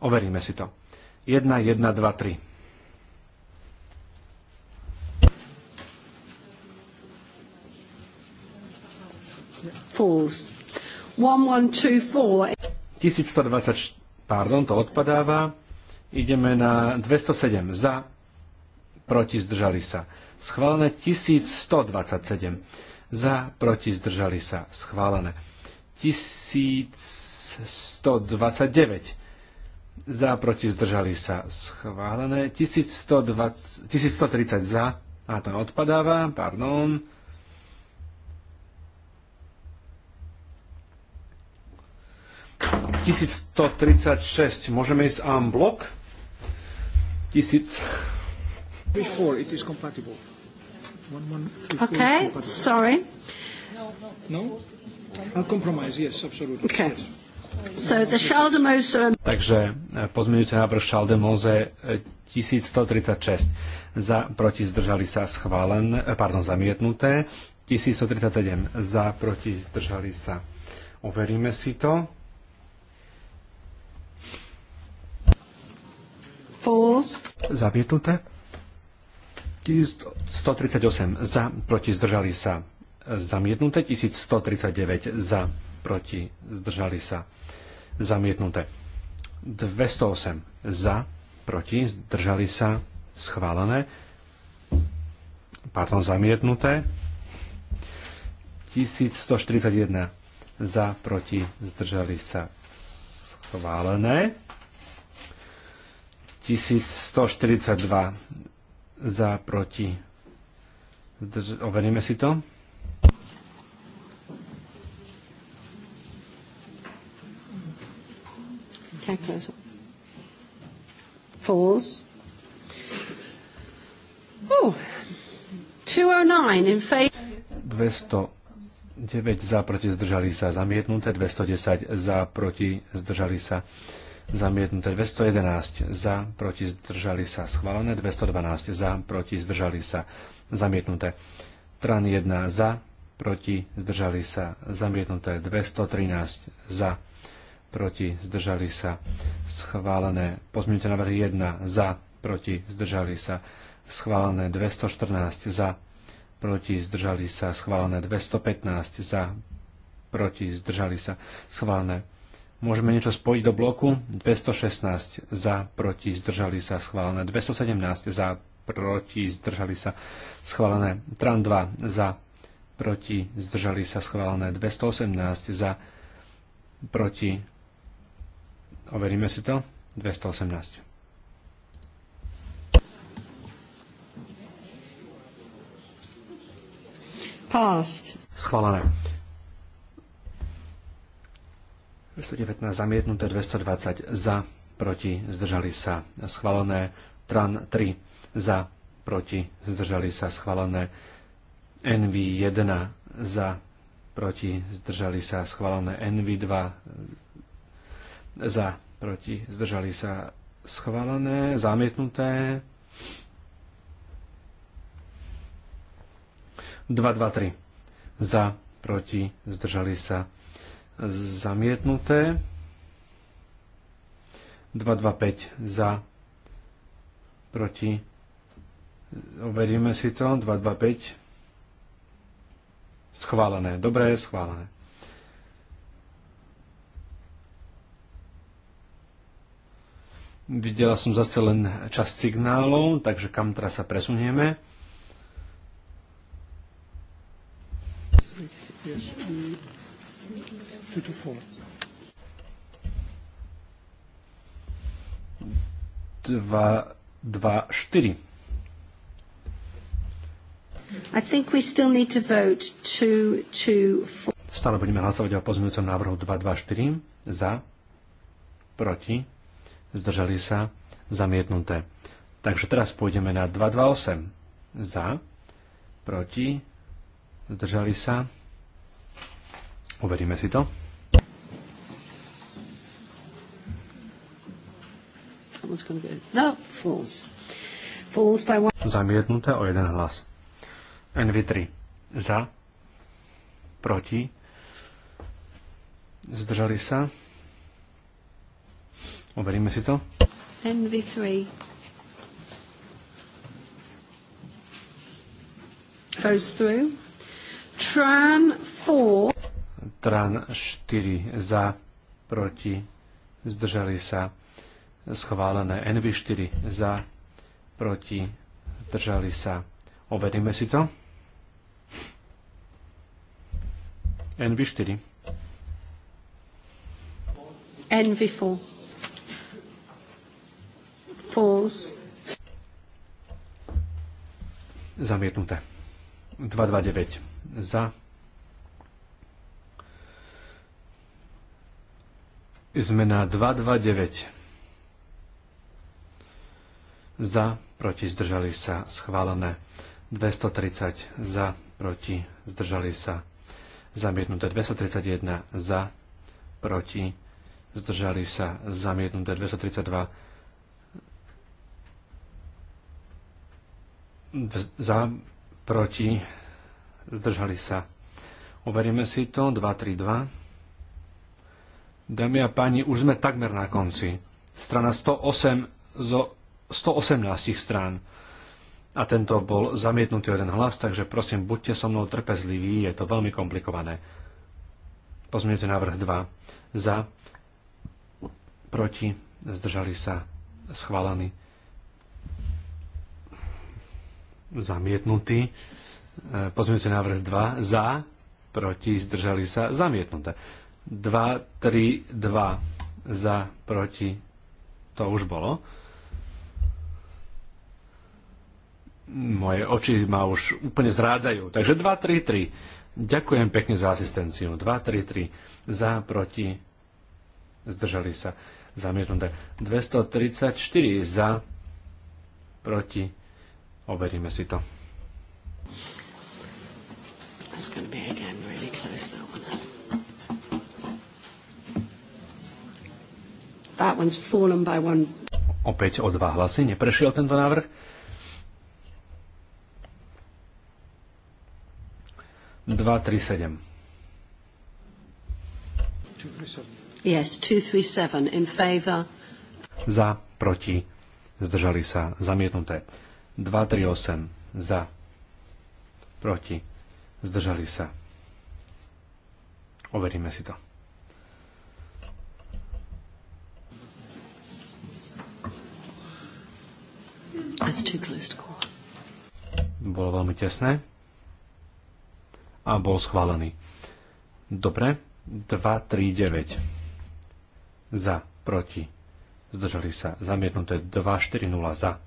Overíme si to. 1, 1, 2, 3. falls. 4. 1124, pardon, to odpadáva. Ideme na 207 za, proti zdržali sa. Schválené 1127 za, proti zdržali sa. Schválené 1129 za, proti zdržali sa. Schválené 1120, 1130 za, a to odpadáva, pardon. Tisíc môžeme ísť en blok tisíc. Okay, sorry. No? I'll compromise, yes, absolutely. Okay. Yes. So the um, Takže e, pozmeňujúce návrh Schaldemose 1136 e, za proti zdržali sa schválen, e, pardon, zamietnuté, 1137 za proti zdržali sa. Overíme si to. Falls. Zamietnuté. 138 za, proti zdržali sa. Zamietnuté. 1139 za, proti zdržali sa. Zamietnuté. 208 za, proti zdržali sa. Schválené. Pardon, zamietnuté. 1141 za, proti zdržali sa. Schválené. 1142 za proti. Overíme si to. Falls. Oh, 209 in favor. 209 za proti zdržali sa zamietnuté, 210 za proti zdržali sa zamietnuté 211 za, proti zdržali sa schválené, 212 za, proti zdržali sa zamietnuté. Tran 1 za, proti zdržali sa zamietnuté 213 za, proti zdržali sa schválené pozmienite návrh 1 za, proti zdržali sa schválené 214 za, proti zdržali sa schválené 215 za, proti zdržali sa schválené Môžeme niečo spojiť do bloku. 216 za, proti, zdržali sa, schválené. 217 za, proti, zdržali sa, schválené. Tran 2 za, proti, zdržali sa, schválené. 218 za, proti, overíme si to, 218. Passed. Schválené. 119 zamietnuté, 220 za, proti, zdržali sa schválené. Tran 3 za, proti, zdržali sa schválené. NV1 za, proti, zdržali sa schválené. NV2 za, proti, zdržali sa schválené, zamietnuté. 223 za, proti, zdržali sa schválené zamietnuté. 225 za, proti, overíme si to, 225, schválené, dobré, schválené. Videla som zase len čas signálov, takže kam teraz sa presunieme. Yes, Two to four. Dva, dva, štyri. I think we still need to vote two, two, four. Stále budeme hlasovať o pozmeňujúcom návrhu 224 za, proti, zdržali sa, zamietnuté. Takže teraz pôjdeme na 228 za, proti, zdržali sa, overíme si to. No, Zamietnuté o jeden hlas. Envy 3 Za. Proti. Zdržali sa. Overíme si to. Envy 3 Goes through. Tran 4. Tran 4 za, proti, zdržali sa schválené NV4 za, proti, držali sa. Overíme si to. NV4. NV4. Falls. Zamietnuté. 229 za. Zmena 229 za, proti, zdržali sa, schválené. 230 za, proti, zdržali sa, zamietnuté. 231 za, proti, zdržali sa, zamietnuté. 232 za, proti, zdržali sa. Uveríme si to, 232. Dámy a páni, už sme takmer na konci. Strana 108 zo 118 strán. A tento bol zamietnutý o jeden hlas, takže prosím, buďte so mnou trpezliví, je to veľmi komplikované. Pozmiete návrh 2. Za, proti, zdržali sa, schválený, zamietnutý. E, Pozmiete návrh 2. Za, proti, zdržali sa, zamietnuté. 2, 3, 2, za, proti, to už bolo. moje oči ma už úplne zrádzajú. Takže 2-3-3. Ďakujem pekne za asistenciu. 2-3-3. Za, proti, zdržali sa. Zamietnuté. 234 za, proti. Overíme si to. It's going to be again really close, that one. That one's fallen by one. Opäť o dva hlasy neprešiel tento návrh. 237. Yes, 237 in favor. Za, proti, zdržali sa, zamietnuté. 238 za, proti, zdržali sa. Overíme si to. That's too close to call. Bolo veľmi tesné a bol schválený. Dobre, 2, 3, 9. Za, proti, zdržali sa. Zamietnuté 2, 4, 0. Za,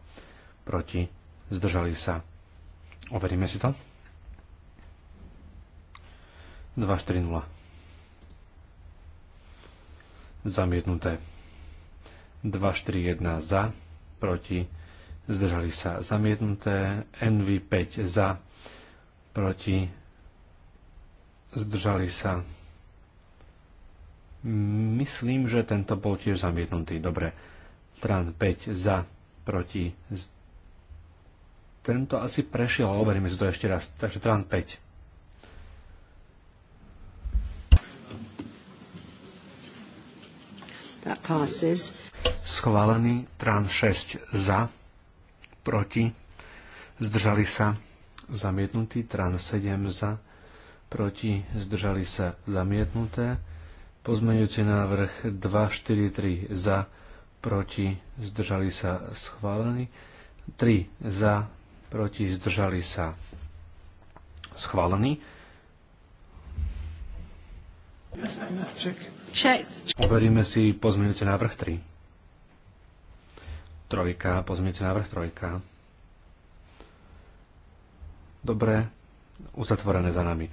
proti, zdržali sa. Overíme si to. 2, 4, 0. Zamietnuté. 2, 4, 1. Za, proti, zdržali sa. Zamietnuté. NV 5 za, proti, zdržali sa. Myslím, že tento bol tiež zamietnutý. Dobre. Tran 5 za, proti. Tento asi prešiel, ale overíme si to ešte raz. Takže Tran 5. Schválený Tran 6 za, proti, zdržali sa, zamietnutý Tran 7 za, proti, zdržali sa zamietnuté. Pozmeňujúci návrh 243 za, proti, zdržali sa schválený. 3 za, proti, zdržali sa schválený. Overíme si pozmeňujúci návrh 3. Trojka, pozmeňujúci návrh trojka. Dobre, uzatvorené za nami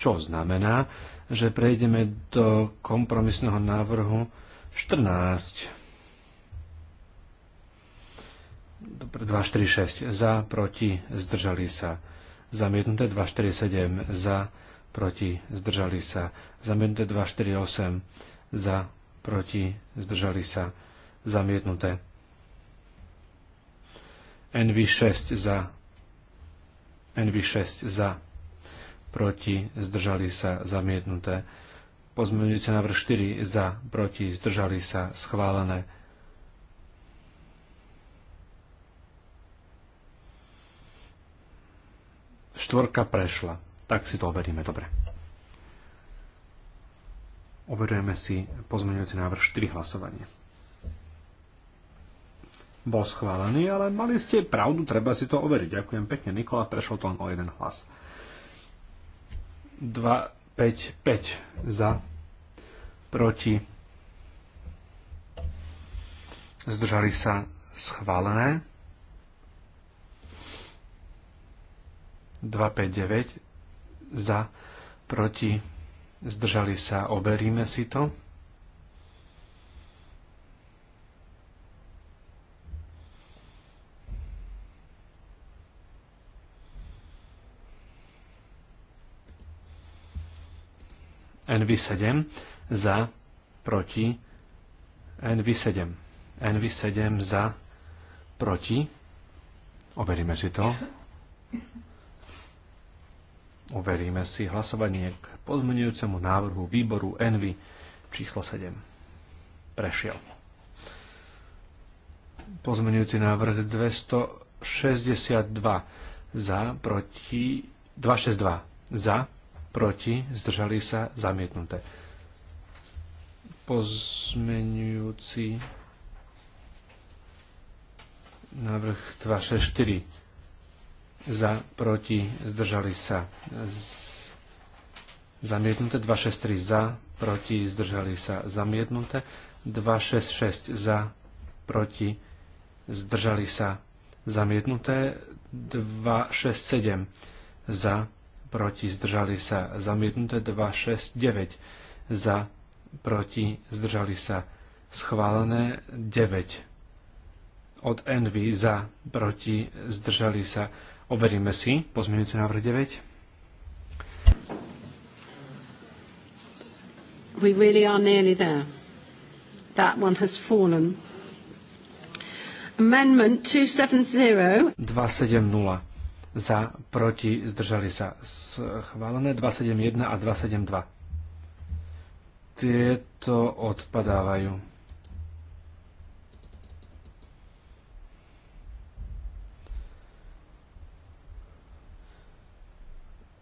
čo znamená, že prejdeme do kompromisného návrhu 14. Dobre, 6 za, proti, zdržali sa. Zamietnuté 247 za, proti, zdržali sa. Zamietnuté 248 za, proti, zdržali sa. Zamietnuté. NV6 za, NV6 za, proti, zdržali sa, zamietnuté. Pozmeňujúce návrh 4 za, proti, zdržali sa, schválené. Štvorka prešla. Tak si to overíme, dobre. Overujeme si pozmeňujúci návrh 4 hlasovanie. Bol schválený, ale mali ste pravdu, treba si to overiť. Ďakujem pekne, Nikola, prešlo to len o jeden hlas. 2, 5, 5 za, proti, zdržali sa schválené, 2, 5, 9 za, proti, zdržali sa, oberíme si to. NV7 za, proti, NV7. NV7 za, proti. Overíme si to. Overíme si hlasovanie k pozmenujúcemu návrhu výboru NV číslo 7. Prešiel. Pozmenujúci návrh 262 za, proti, 262 za, proti, zdržali sa, zamietnuté. Pozmenujúci návrh 264 za, proti, zdržali sa, z... zamietnuté. 263 za, proti, zdržali sa, zamietnuté. 266 za, proti, zdržali sa, zamietnuté. 267 za, proti zdržali sa zamietnuté 9. za, proti zdržali sa schválené 9 od Envy za, proti zdržali sa overíme si pozmeňujúci návrh 9 We really are nearly there. That one has fallen. Amendment 270. 270 za, proti, zdržali sa schválené, 271 a 272. Tieto odpadávajú.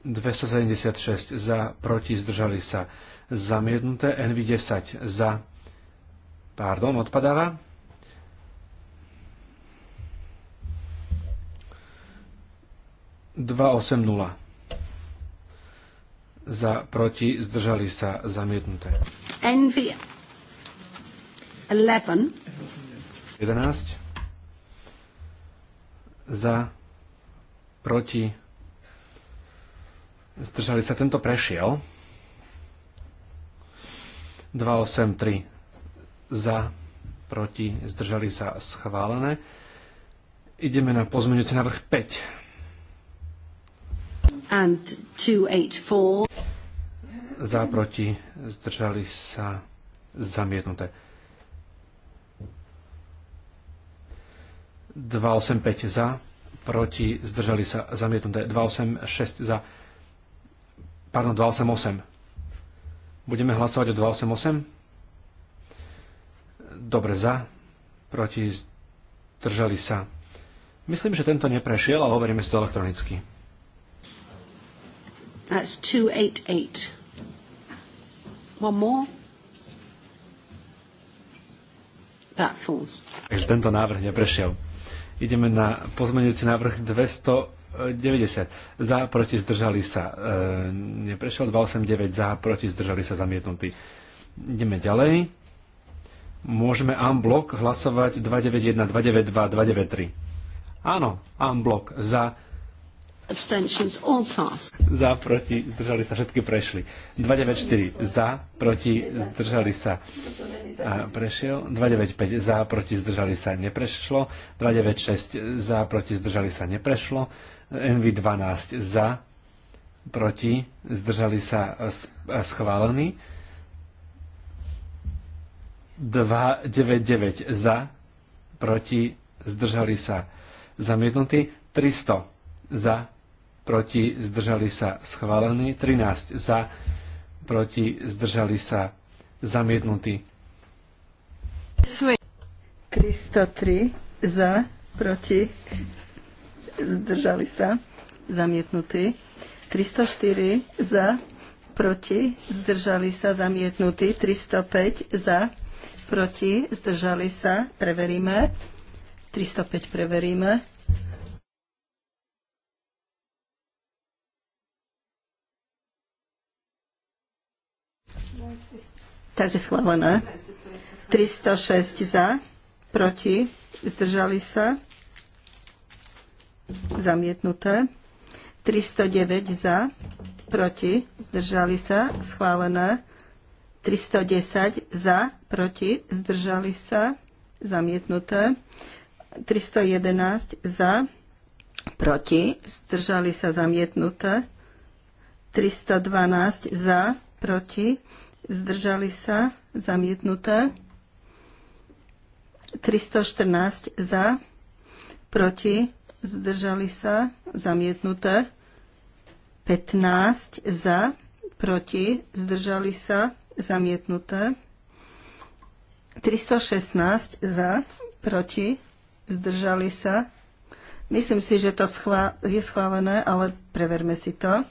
...276 za, proti, zdržali sa zamietnuté, NV10 za, pardon, odpadáva, 280. Za, proti, zdržali sa, zamietnuté. NV 11. 11. Za, proti, zdržali sa, tento prešiel. 283. Za, proti, zdržali sa, schválené. Ideme na pozmeňujúci návrh 5 and 284. Za, proti, zdržali sa zamietnuté. 285 za, proti, zdržali sa zamietnuté. 286 za, pardon, 288. Budeme hlasovať o 288? Dobre, za, proti, zdržali sa. Myslím, že tento neprešiel, ale hovoríme si to elektronicky. That's 288. One more. That falls. Takže tento návrh neprešiel. Ideme na pozmeňujúci návrh 290. Za, proti, zdržali sa. E, neprešiel 289. Za, proti, zdržali sa zamietnutí. Ideme ďalej. Môžeme unblock hlasovať 291, 292, 293. Áno, unblock za, abstentions all passed. Za, proti, zdržali sa, všetky prešli. 294 za, proti, zdržali sa, a prešiel. 295 za, proti, zdržali sa, neprešlo. 296 za, proti, zdržali sa, neprešlo. NV12 za, proti, zdržali sa, schválený. 299 za, proti, zdržali sa, zamietnutý. 300 za, proti zdržali sa schválený, 13 za, proti zdržali sa zamietnutí. 303 za, proti zdržali sa zamietnutí. 304 za, proti, zdržali sa zamietnutí, 305 za, proti, zdržali sa, preveríme, 305 preveríme, Takže schválené. 306 za, proti, zdržali sa, zamietnuté. 309 za, proti, zdržali sa, schválené. 310 za, proti, zdržali sa, zamietnuté. 311 za, proti, zdržali sa, zamietnuté. 312 za, proti, zdržali sa, zamietnuté. 314 za, proti, zdržali sa, zamietnuté. 15 za, proti, zdržali sa, zamietnuté. 316 za, proti, zdržali sa. Myslím si, že to je schválené, ale preverme si to.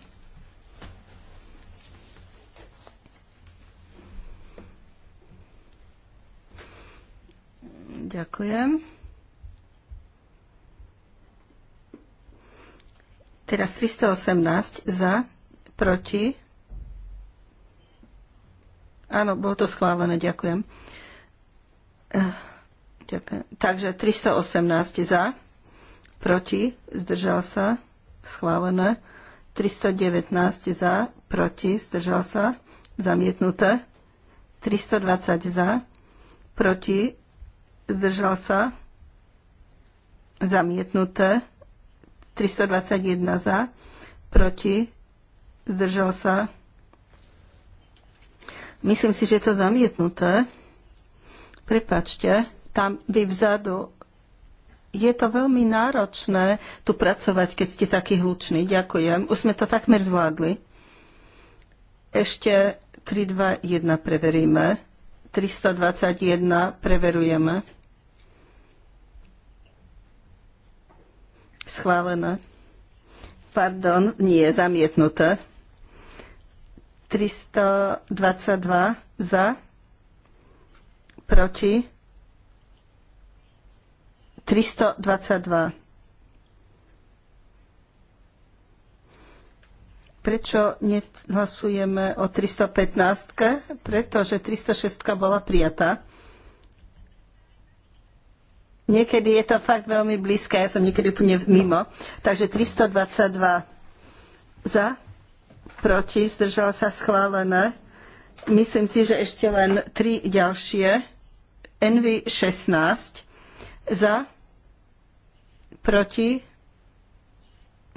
Ďakujem. Teraz 318 za, proti. Áno, bolo to schválené, ďakujem. Eh, ďakujem. Takže 318 za, proti, zdržal sa, schválené. 319 za, proti, zdržal sa, zamietnuté. 320 za, proti, zdržal sa, zamietnuté, 321 za, proti, zdržal sa. Myslím si, že je to zamietnuté. Prepačte, tam vy vzadu je to veľmi náročné tu pracovať, keď ste taký hluční. Ďakujem. Už sme to takmer zvládli. Ešte 3, 2, 1 preveríme. 321 preverujeme. Schválené. Pardon, nie, zamietnuté. 322 za, proti 322. Prečo nehlasujeme o 315? Pretože 306 bola prijatá. Niekedy je to fakt veľmi blízke, ja som niekedy úplne mimo. Takže 322 za, proti, zdržala sa schválené. Myslím si, že ešte len tri ďalšie. NV 16 za, proti,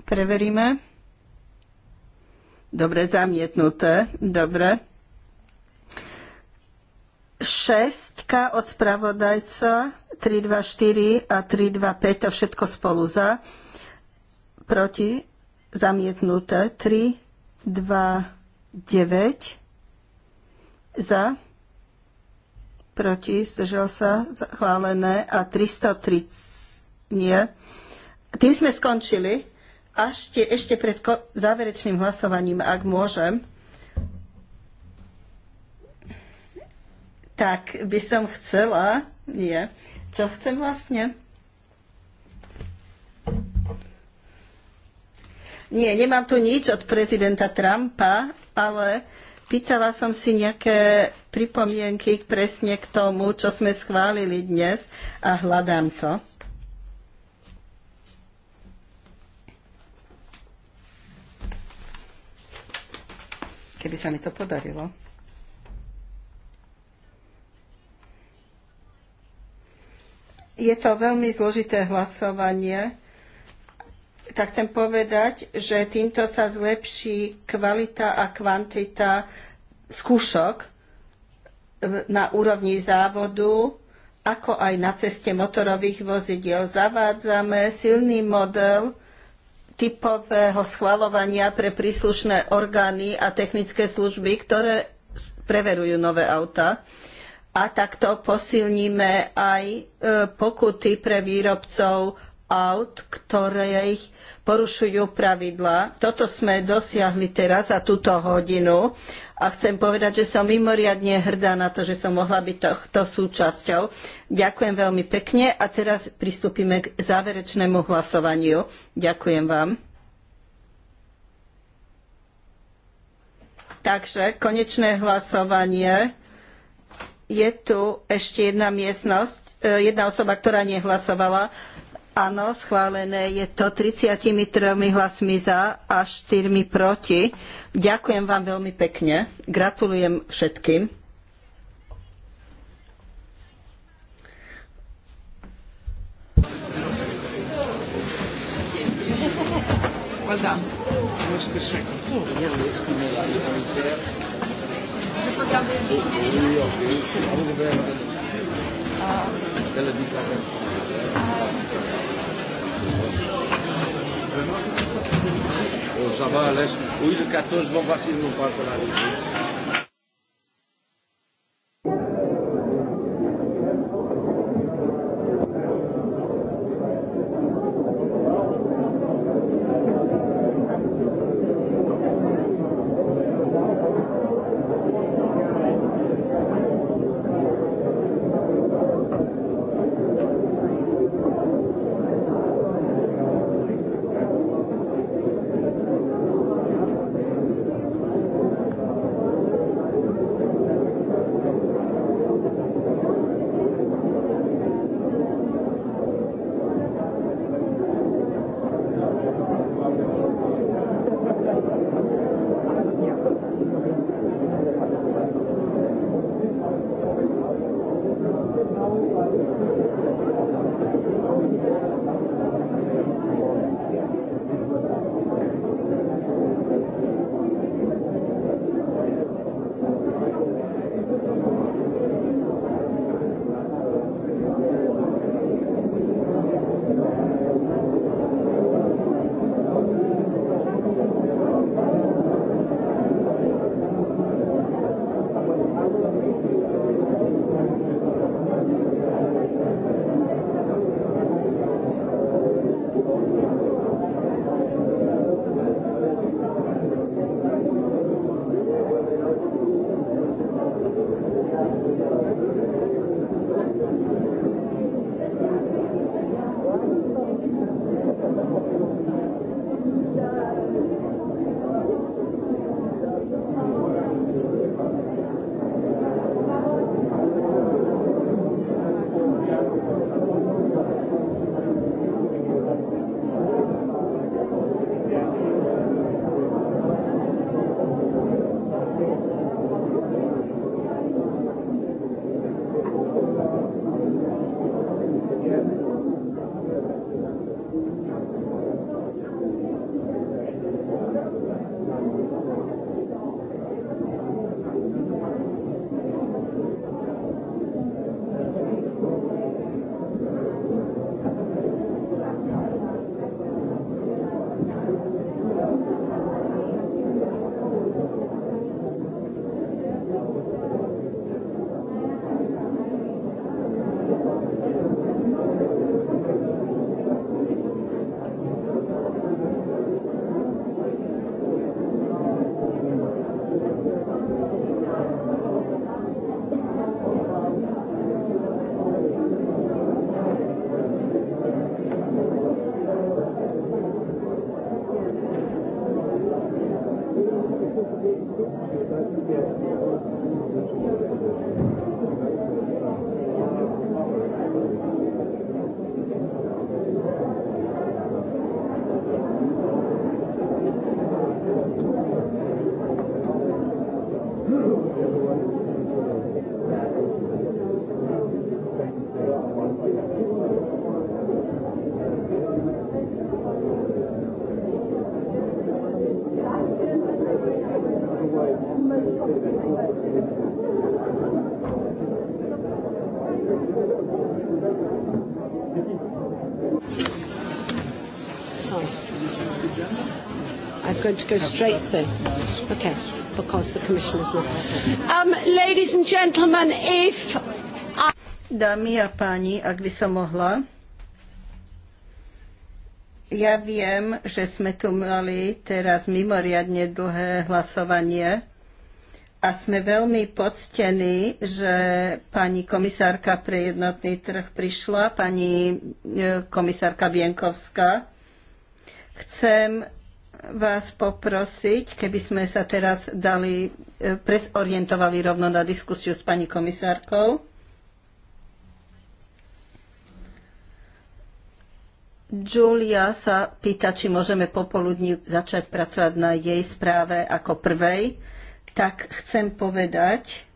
preveríme. Dobre, zamietnuté, dobre. Šestka od spravodajca 324 a 325, to všetko spolu za, proti, zamietnuté, 3, 2, 9, za, proti, zdržal sa, chválené a 330, nie. Tým sme skončili, až te, ešte pred záverečným hlasovaním, ak môžem. Tak by som chcela, nie, čo chcem vlastne? Nie, nemám tu nič od prezidenta Trumpa, ale pýtala som si nejaké pripomienky presne k tomu, čo sme schválili dnes a hľadám to. Keby sa mi to podarilo. Je to veľmi zložité hlasovanie, tak chcem povedať, že týmto sa zlepší kvalita a kvantita skúšok na úrovni závodu, ako aj na ceste motorových vozidiel. Zavádzame silný model typového schvalovania pre príslušné orgány a technické služby, ktoré preverujú nové auta a takto posilníme aj e, pokuty pre výrobcov aut, ktoré ich porušujú pravidlá. Toto sme dosiahli teraz a túto hodinu a chcem povedať, že som mimoriadne hrdá na to, že som mohla byť tohto súčasťou. Ďakujem veľmi pekne a teraz pristúpime k záverečnému hlasovaniu. Ďakujem vám. Takže konečné hlasovanie je tu ešte jedna miestnosť, e, jedna osoba, ktorá nehlasovala. Áno, schválené je to 33 hlasmi za a 4 proti. Ďakujem vám veľmi pekne. Gratulujem všetkým. Well done. Ça Oui, laisse. à l'Est. Oui, le 14, bon, voici, nous parle de ah. la Russie. going to go straight through. Okay, because the commission is not. Um, ladies and gentlemen, if I... Dámy a páni, ak by som mohla, ja viem, že sme tu mali teraz mimoriadne dlhé hlasovanie a sme veľmi poctení, že pani komisárka pre jednotný trh prišla, pani e, komisárka Vienkovská. Chcem vás poprosiť, keby sme sa teraz dali, e, presorientovali rovno na diskusiu s pani komisárkou. Julia sa pýta, či môžeme popoludní začať pracovať na jej správe ako prvej. Tak chcem povedať,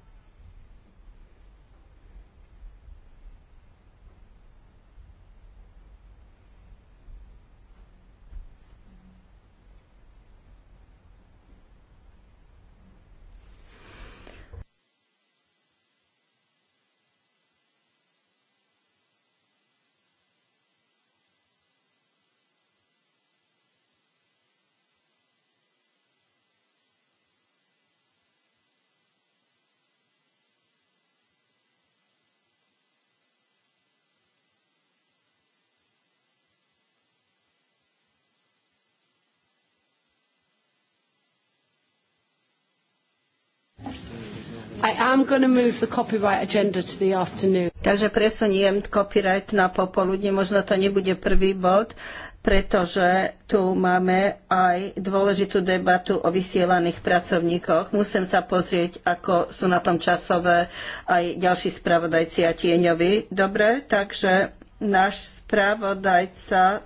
I'm going to move the copyright agenda to the afternoon. Takže presuniem copyright na popoludne, možno to nebude prvý bod, pretože tu máme aj dôležitú debatu o vysielaných pracovníkoch. Musím sa pozrieť, ako sú na tom časové aj ďalší spravodajci a tieňovi. Dobre, takže náš spravodajca,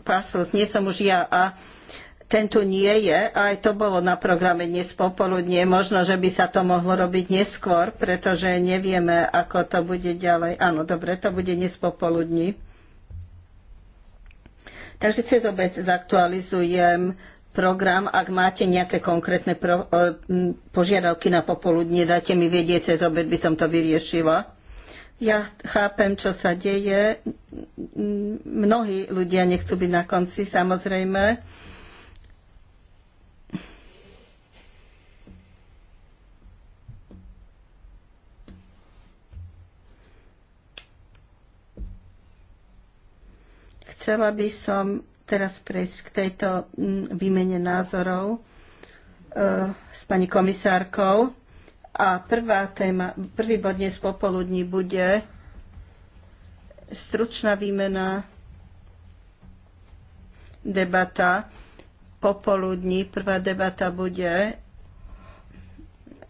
Parsons, nie som už ja a ten tu nie je, aj to bolo na programe dnes popoludne. Možno, že by sa to mohlo robiť neskôr, pretože nevieme, ako to bude ďalej. Áno, dobre, to bude dnes popoludní. Takže cez obec zaktualizujem program. Ak máte nejaké konkrétne pro, e, požiadavky na popoludne, dajte mi vedieť, cez obed by som to vyriešila. Ja chápem, čo sa deje. Mnohí ľudia nechcú byť na konci, samozrejme Chcela by som teraz prejsť k tejto mm, výmene názorov e, s pani komisárkou. A prvá téma, prvý bod dnes popoludní bude stručná výmena, debata. Popoludní prvá debata bude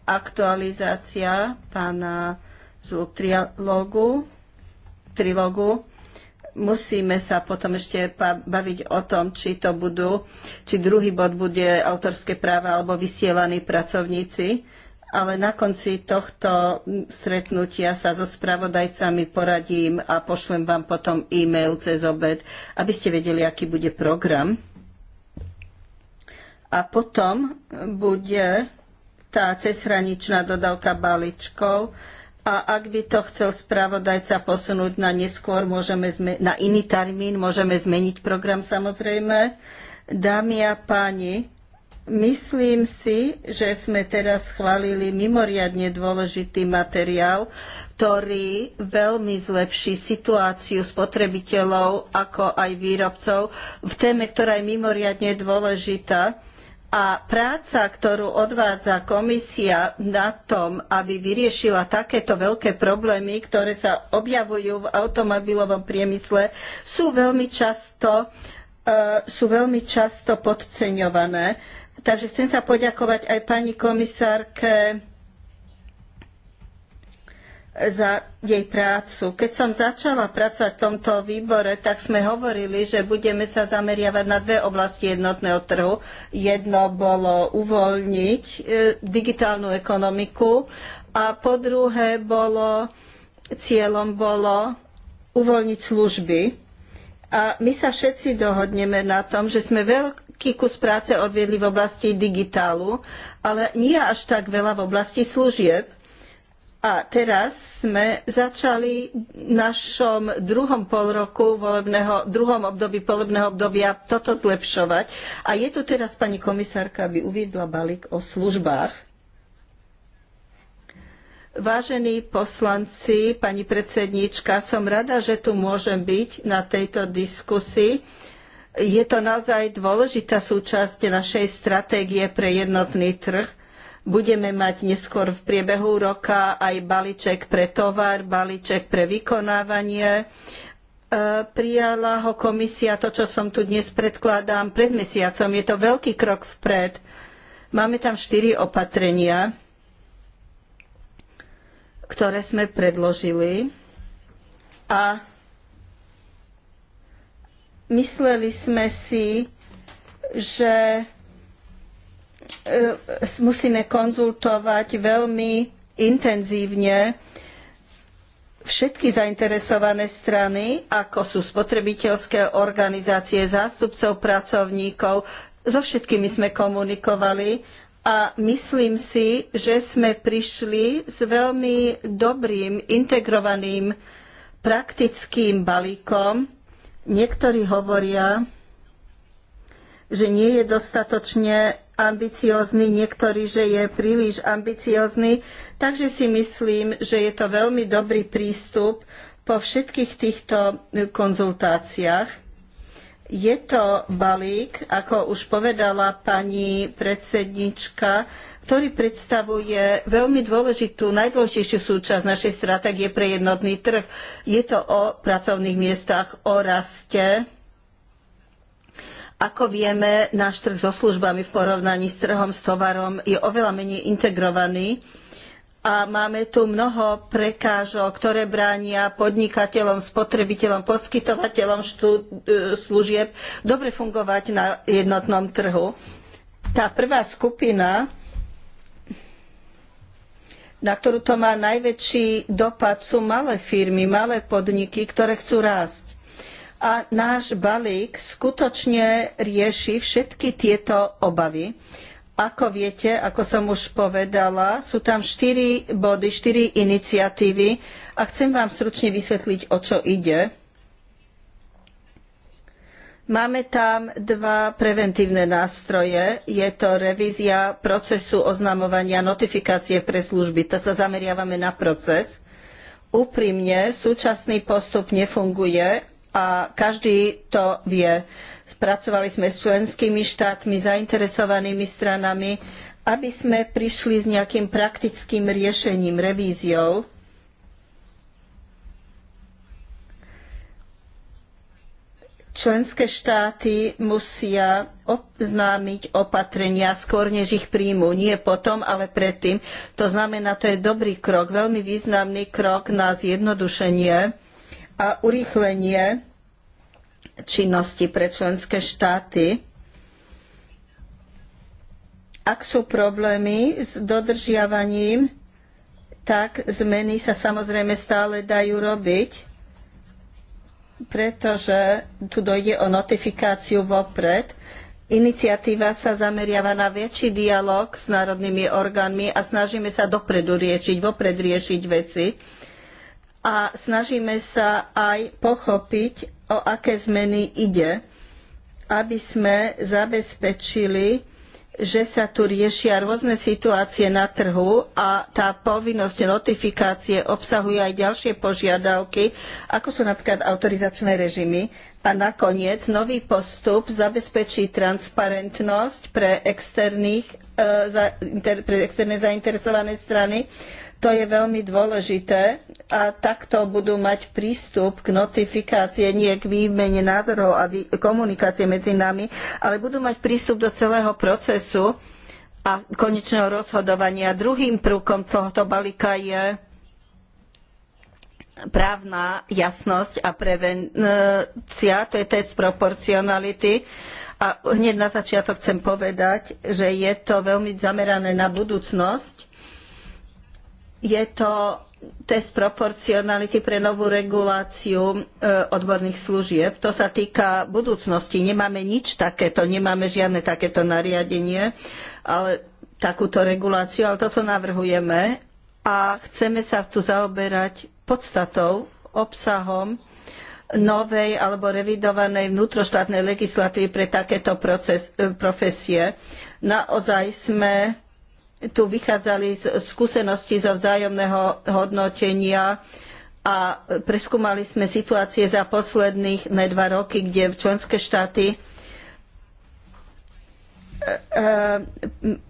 aktualizácia pána zlu trilógu, trilógu musíme sa potom ešte baviť o tom, či to budú, či druhý bod bude autorské práva alebo vysielaní pracovníci. Ale na konci tohto stretnutia sa so spravodajcami poradím a pošlem vám potom e-mail cez obed, aby ste vedeli, aký bude program. A potom bude tá cezhraničná dodávka balíčkov a ak by to chcel spravodajca posunúť na neskôr, môžeme na iný termín, môžeme zmeniť program samozrejme. Dámy a páni, myslím si, že sme teraz schválili mimoriadne dôležitý materiál, ktorý veľmi zlepší situáciu spotrebiteľov ako aj výrobcov v téme, ktorá je mimoriadne dôležitá a práca, ktorú odvádza komisia na tom, aby vyriešila takéto veľké problémy, ktoré sa objavujú v automobilovom priemysle, sú veľmi často, e, sú veľmi často podceňované. Takže chcem sa poďakovať aj pani komisárke za jej prácu. Keď som začala pracovať v tomto výbore, tak sme hovorili, že budeme sa zameriavať na dve oblasti jednotného trhu. Jedno bolo uvoľniť e, digitálnu ekonomiku a po druhé bolo, cieľom bolo uvoľniť služby. A my sa všetci dohodneme na tom, že sme veľký kus práce odviedli v oblasti digitálu, ale nie až tak veľa v oblasti služieb. A teraz sme začali v našom druhom polroku volebného, druhom období polebného obdobia toto zlepšovať. A je tu teraz pani komisárka, aby uviedla balík o službách. Vážení poslanci, pani predsedníčka, som rada, že tu môžem byť na tejto diskusii. Je to naozaj dôležitá súčasť našej stratégie pre jednotný trh Budeme mať neskôr v priebehu roka aj balíček pre tovar, balíček pre vykonávanie. E, prijala ho komisia, to, čo som tu dnes predkladám, pred mesiacom. Je to veľký krok vpred. Máme tam štyri opatrenia, ktoré sme predložili a mysleli sme si, že E, musíme konzultovať veľmi intenzívne všetky zainteresované strany, ako sú spotrebiteľské organizácie, zástupcov pracovníkov. So všetkými sme komunikovali a myslím si, že sme prišli s veľmi dobrým, integrovaným, praktickým balíkom. Niektorí hovoria, že nie je dostatočne ambiciózny, niektorí, že je príliš ambiciózny. Takže si myslím, že je to veľmi dobrý prístup po všetkých týchto konzultáciách. Je to balík, ako už povedala pani predsednička, ktorý predstavuje veľmi dôležitú, najdôležitejšiu súčasť našej stratégie pre jednotný trh. Je to o pracovných miestach, o raste, ako vieme, náš trh so službami v porovnaní s trhom s tovarom je oveľa menej integrovaný a máme tu mnoho prekážok, ktoré bránia podnikateľom, spotrebiteľom, poskytovateľom e, služieb dobre fungovať na jednotnom trhu. Tá prvá skupina, na ktorú to má najväčší dopad, sú malé firmy, malé podniky, ktoré chcú rásť a náš balík skutočne rieši všetky tieto obavy. Ako viete, ako som už povedala, sú tam štyri body, štyri iniciatívy a chcem vám stručne vysvetliť, o čo ide. Máme tam dva preventívne nástroje. Je to revízia procesu oznamovania notifikácie pre služby. To sa zameriavame na proces. Úprimne, súčasný postup nefunguje a každý to vie. Spracovali sme s členskými štátmi, zainteresovanými stranami, aby sme prišli s nejakým praktickým riešením, revíziou. Členské štáty musia oznámiť opatrenia skôr, než ich príjmu. Nie potom, ale predtým. To znamená, to je dobrý krok, veľmi významný krok na zjednodušenie a urýchlenie činnosti pre členské štáty. Ak sú problémy s dodržiavaním, tak zmeny sa samozrejme stále dajú robiť, pretože tu dojde o notifikáciu vopred. Iniciatíva sa zameriava na väčší dialog s národnými orgánmi a snažíme sa dopredu riešiť, vopred riešiť veci a snažíme sa aj pochopiť, o aké zmeny ide, aby sme zabezpečili, že sa tu riešia rôzne situácie na trhu a tá povinnosť notifikácie obsahuje aj ďalšie požiadavky, ako sú napríklad autorizačné režimy. A nakoniec nový postup zabezpečí transparentnosť pre, externých, e, pre externé zainteresované strany to je veľmi dôležité a takto budú mať prístup k notifikácie, nie k výmene názorov a komunikácie medzi nami, ale budú mať prístup do celého procesu a konečného rozhodovania. Druhým prvkom tohoto balíka je právna jasnosť a prevencia, to je test proporcionality. A hneď na začiatok chcem povedať, že je to veľmi zamerané na budúcnosť je to test proporcionality pre novú reguláciu e, odborných služieb. To sa týka budúcnosti. Nemáme nič takéto, nemáme žiadne takéto nariadenie, ale takúto reguláciu, ale toto navrhujeme a chceme sa tu zaoberať podstatou, obsahom novej alebo revidovanej vnútroštátnej legislatívy pre takéto proces, e, profesie. Naozaj sme tu vychádzali z skúseností zo vzájomného hodnotenia a preskúmali sme situácie za posledných ne dva roky, kde členské štáty e, e,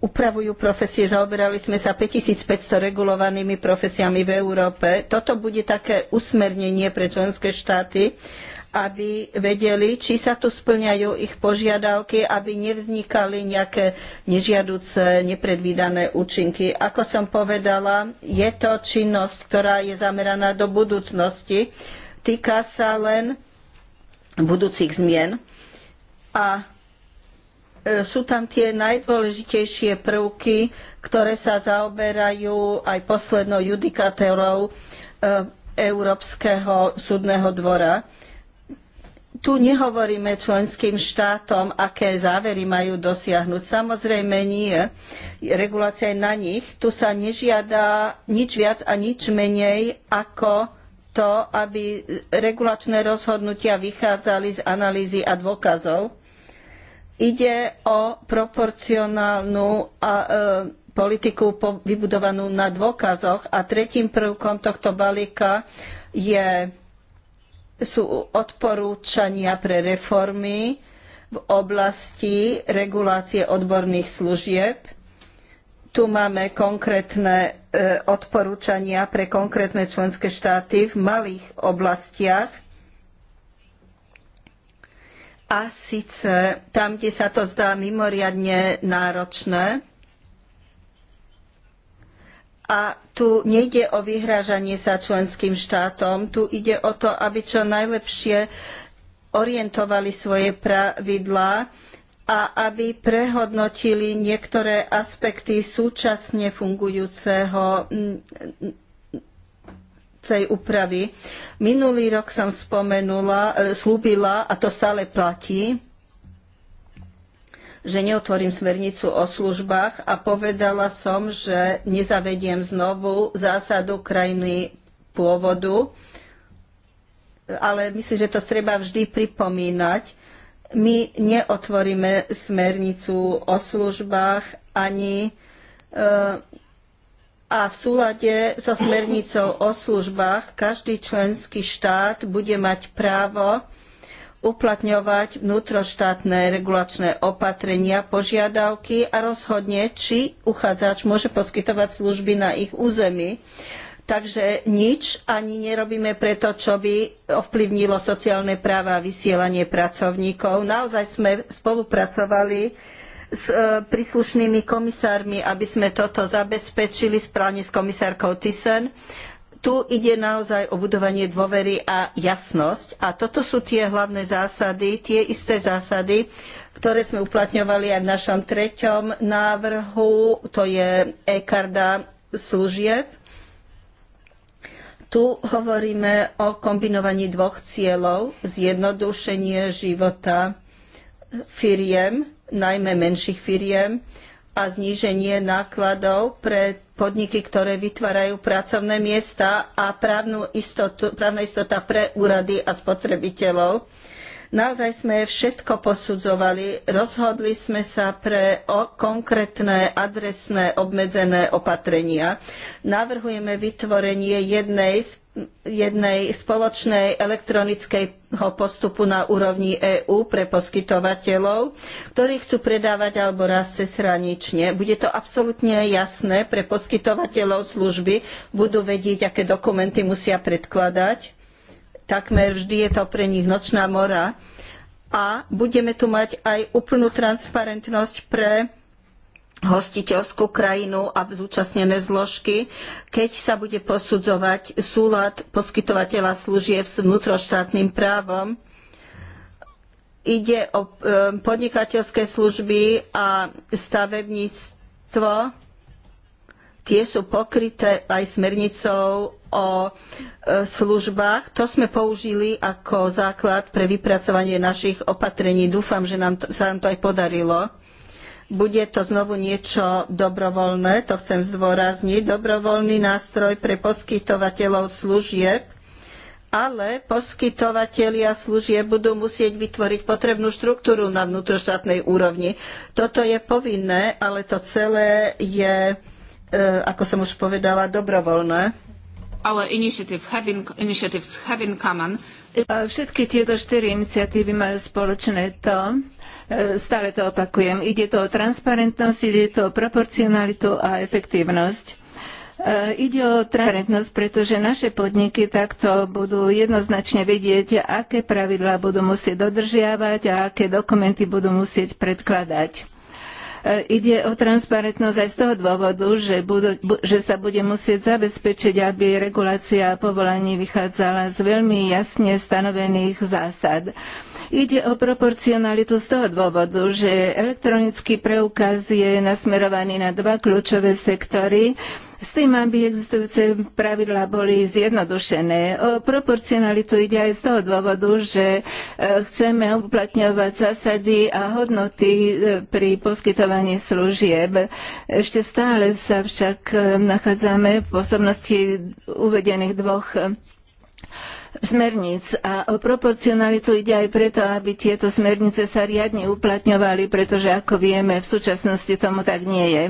upravujú profesie. Zaoberali sme sa 5500 regulovanými profesiami v Európe. Toto bude také usmernenie pre členské štáty aby vedeli, či sa tu splňajú ich požiadavky, aby nevznikali nejaké nežiaduce, nepredvídané účinky. Ako som povedala, je to činnosť, ktorá je zameraná do budúcnosti. Týka sa len budúcich zmien a e, sú tam tie najdôležitejšie prvky, ktoré sa zaoberajú aj poslednou judikatérou e, Európskeho súdneho dvora tu nehovoríme členským štátom, aké závery majú dosiahnuť. Samozrejme nie. Regulácia je na nich. Tu sa nežiada nič viac a nič menej ako to, aby regulačné rozhodnutia vychádzali z analýzy a dôkazov. Ide o proporcionálnu a, e, politiku vybudovanú na dôkazoch a tretím prvkom tohto balíka je sú odporúčania pre reformy v oblasti regulácie odborných služieb. Tu máme konkrétne e, odporúčania pre konkrétne členské štáty v malých oblastiach. A síce tam, kde sa to zdá mimoriadne náročné, a tu nejde o vyhrážanie sa členským štátom, tu ide o to, aby čo najlepšie orientovali svoje pravidlá a aby prehodnotili niektoré aspekty súčasne fungujúceho tej úpravy. Minulý rok som spomenula, e, slúbila, a to stále platí, že neotvorím smernicu o službách a povedala som, že nezavediem znovu zásadu krajiny pôvodu, ale myslím, že to treba vždy pripomínať. My neotvoríme smernicu o službách ani eh, a v súlade so smernicou o službách každý členský štát bude mať právo uplatňovať vnútroštátne regulačné opatrenia, požiadavky a rozhodne, či uchádzač môže poskytovať služby na ich území. Takže nič ani nerobíme preto, čo by ovplyvnilo sociálne práva a vysielanie pracovníkov. Naozaj sme spolupracovali s e, príslušnými komisármi, aby sme toto zabezpečili správne s komisárkou Thyssen tu ide naozaj o budovanie dôvery a jasnosť. A toto sú tie hlavné zásady, tie isté zásady, ktoré sme uplatňovali aj v našom treťom návrhu, to je e-karda služieb. Tu hovoríme o kombinovaní dvoch cieľov, zjednodušenie života firiem, najmä menších firiem, a zníženie nákladov pre podniky, ktoré vytvárajú pracovné miesta a istotu, právna istota pre úrady a spotrebiteľov. Naozaj sme všetko posudzovali, rozhodli sme sa pre konkrétne adresné obmedzené opatrenia. Navrhujeme vytvorenie jednej z jednej spoločnej elektronického postupu na úrovni EÚ pre poskytovateľov, ktorí chcú predávať alebo raz cez hranične. Bude to absolútne jasné pre poskytovateľov služby, budú vedieť, aké dokumenty musia predkladať. Takmer vždy je to pre nich nočná mora. A budeme tu mať aj úplnú transparentnosť pre hostiteľskú krajinu a zúčastnené zložky, keď sa bude posudzovať súlad poskytovateľa služieb s vnútroštátnym právom. Ide o e, podnikateľské služby a stavebníctvo. Tie sú pokryté aj smernicou o e, službách. To sme použili ako základ pre vypracovanie našich opatrení. Dúfam, že nám to, sa nám to aj podarilo bude to znovu niečo dobrovoľné, to chcem zdôrazniť, dobrovoľný nástroj pre poskytovateľov služieb, ale poskytovatelia služieb budú musieť vytvoriť potrebnú štruktúru na vnútroštátnej úrovni. Toto je povinné, ale to celé je, e, ako som už povedala, dobrovoľné. E, všetky tieto štyri iniciatívy majú spoločné to, e, stále to opakujem, ide to o transparentnosť, ide to o proporcionalitu a efektívnosť. E, ide o transparentnosť, pretože naše podniky takto budú jednoznačne vedieť, aké pravidlá budú musieť dodržiavať a aké dokumenty budú musieť predkladať. E, ide o transparentnosť aj z toho dôvodu, že, budú, že sa bude musieť zabezpečiť, aby regulácia povolaní vychádzala z veľmi jasne stanovených zásad. Ide o proporcionalitu z toho dôvodu, že elektronický preukaz je nasmerovaný na dva kľúčové sektory, s tým, aby existujúce pravidlá boli zjednodušené. O proporcionalitu ide aj z toho dôvodu, že e, chceme uplatňovať zásady a hodnoty e, pri poskytovaní služieb. Ešte stále sa však e, nachádzame v osobnosti uvedených dvoch smerníc. A o proporcionalitu ide aj preto, aby tieto smernice sa riadne uplatňovali, pretože ako vieme, v súčasnosti tomu tak nie je.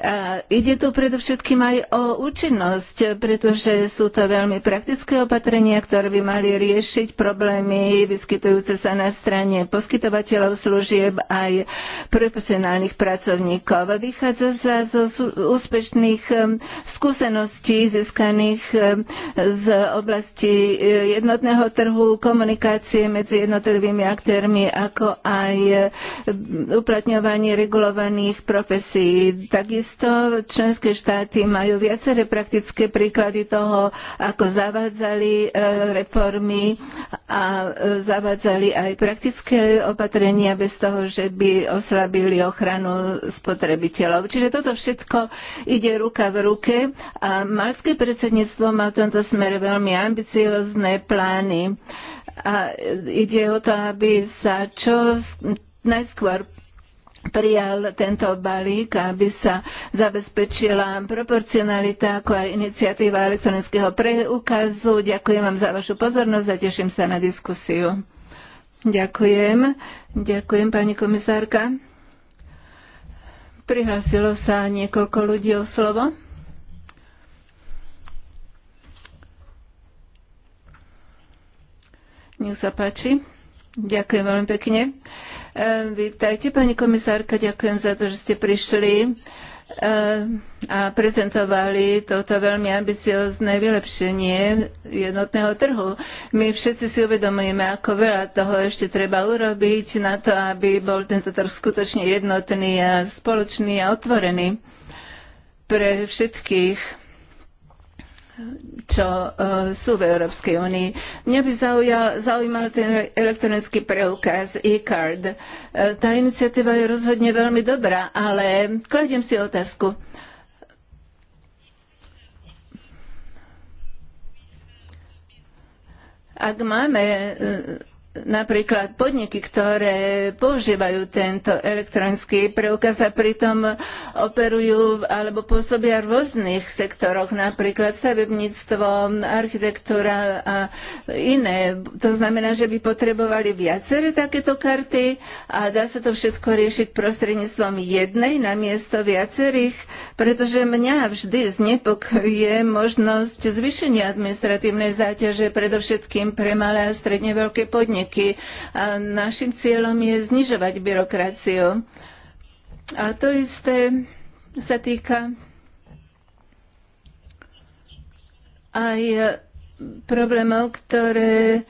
A ide tu predovšetkým aj o účinnosť, pretože sú to veľmi praktické opatrenia, ktoré by mali riešiť problémy vyskytujúce sa na strane poskytovateľov služieb aj profesionálnych pracovníkov. Vychádza sa zo úspešných um, skúseností získaných um, z oblasti jednotného trhu, komunikácie medzi jednotlivými aktérmi, ako aj e, uplatňovanie regulovaných profesí. Takisto členské štáty majú viaceré praktické príklady toho, ako zavádzali e, reformy a e, zavádzali aj praktické opatrenia bez toho, že by oslabili ochranu spotrebiteľov. Čiže toto všetko ide ruka v ruke a malské predsedníctvo má v tomto smere veľmi ambiciozne rôzne plány. A ide o to, aby sa čo najskôr prijal tento balík, aby sa zabezpečila proporcionalita ako aj iniciatíva elektronického preukazu. Ďakujem vám za vašu pozornosť a teším sa na diskusiu. Ďakujem. Ďakujem, pani komisárka. Prihlásilo sa niekoľko ľudí o slovo. Nech sa páči. Ďakujem veľmi pekne. E, vítajte, pani komisárka, ďakujem za to, že ste prišli e, a prezentovali toto veľmi ambiciozne vylepšenie jednotného trhu. My všetci si uvedomujeme, ako veľa toho ešte treba urobiť na to, aby bol tento trh skutočne jednotný a spoločný a otvorený pre všetkých čo e, sú v Európskej únii. Mňa by zaujal, zaujímal ten elektronický preukaz e-card. E, tá iniciatíva je rozhodne veľmi dobrá, ale kladiem si otázku. Ak máme e, napríklad podniky, ktoré používajú tento elektronický preukaz a pritom operujú alebo pôsobia v rôznych sektoroch, napríklad stavebníctvo, architektúra a iné. To znamená, že by potrebovali viaceré takéto karty a dá sa to všetko riešiť prostredníctvom jednej na miesto viacerých, pretože mňa vždy znepokojuje možnosť zvýšenia administratívnej záťaže, predovšetkým pre malé a stredne veľké podniky podniky. A našim cieľom je znižovať byrokraciu. A to isté sa týka aj problémov, ktoré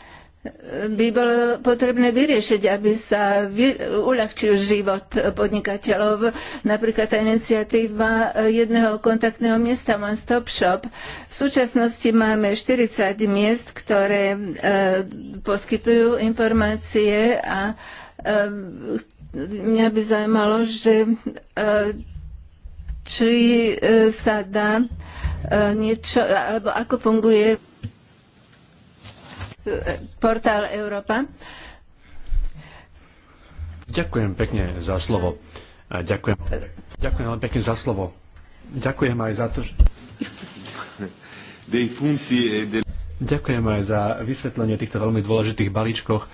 by bolo potrebné vyriešiť, aby sa vy, uľahčil život podnikateľov. Napríklad tá iniciatíva jedného kontaktného miesta One Stop Shop. V súčasnosti máme 40 miest, ktoré e, poskytujú informácie a e, mňa by zaujímalo, že e, či e, sa dá e, niečo, alebo ako funguje portál Európa. Ďakujem pekne za slovo. Ďakujem, ďakujem veľmi pekne za slovo. Ďakujem aj za to, že... E ďakujem aj za vysvetlenie týchto veľmi dôležitých balíčkoch, e,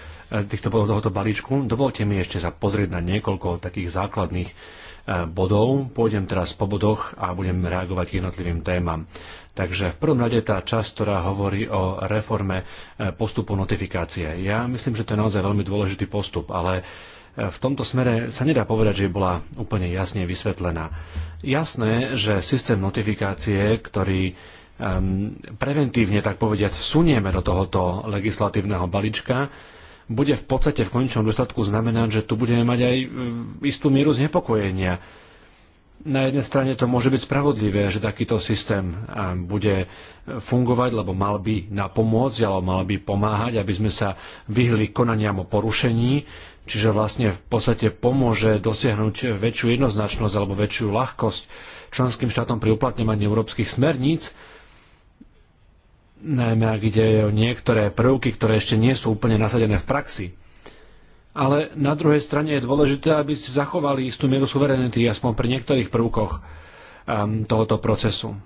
týchto tohoto balíčku. Dovolte mi ešte sa pozrieť na niekoľko takých základných e, bodov. Pôjdem teraz po bodoch a budem reagovať k jednotlivým témam. Takže v prvom rade tá časť, ktorá hovorí o reforme eh, postupu notifikácie. Ja myslím, že to je naozaj veľmi dôležitý postup, ale eh, v tomto smere sa nedá povedať, že bola úplne jasne vysvetlená. Jasné, že systém notifikácie, ktorý um, preventívne, tak povediac, vsunieme do tohoto legislatívneho balíčka, bude v podstate v konečnom dôsledku znamenať, že tu budeme mať aj eh, istú mieru znepokojenia na jednej strane to môže byť spravodlivé, že takýto systém bude fungovať, lebo mal by napomôcť, alebo mal by pomáhať, aby sme sa vyhli konaniam o porušení, čiže vlastne v podstate pomôže dosiahnuť väčšiu jednoznačnosť alebo väčšiu ľahkosť členským štátom pri uplatňovaní európskych smerníc, najmä ak ide o niektoré prvky, ktoré ešte nie sú úplne nasadené v praxi ale na druhej strane je dôležité, aby ste zachovali istú mieru suverenity, aspoň pri niektorých prvkoch um, tohoto procesu.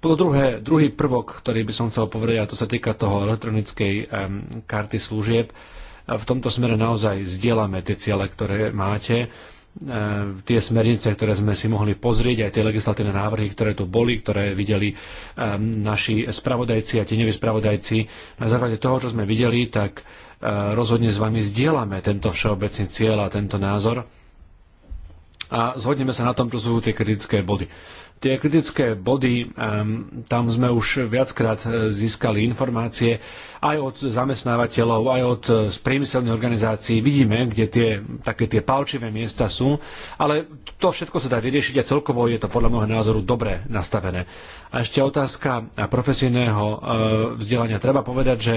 Po druhé, druhý prvok, ktorý by som chcel povedať, a to sa týka toho elektronickej um, karty služieb, v tomto smere naozaj zdieľame tie ciele, ktoré máte ehm, tie smernice, ktoré sme si mohli pozrieť, aj tie legislatívne návrhy, ktoré tu boli, ktoré videli naši spravodajci a tieňoví spravodajci. Na základe toho, čo sme videli, tak E, rozhodne s vami zdieľame tento všeobecný cieľ a tento názor a zhodneme sa na tom, čo sú tie kritické body. Tie kritické body, tam sme už viackrát e, získali informácie aj od zamestnávateľov, aj od e, priemyselných organizácií. Vidíme, kde tie, také tie palčivé miesta sú, ale to všetko sa dá vyriešiť a celkovo je to podľa môjho názoru dobre nastavené. A ešte otázka profesijného e, vzdelania. Treba povedať, že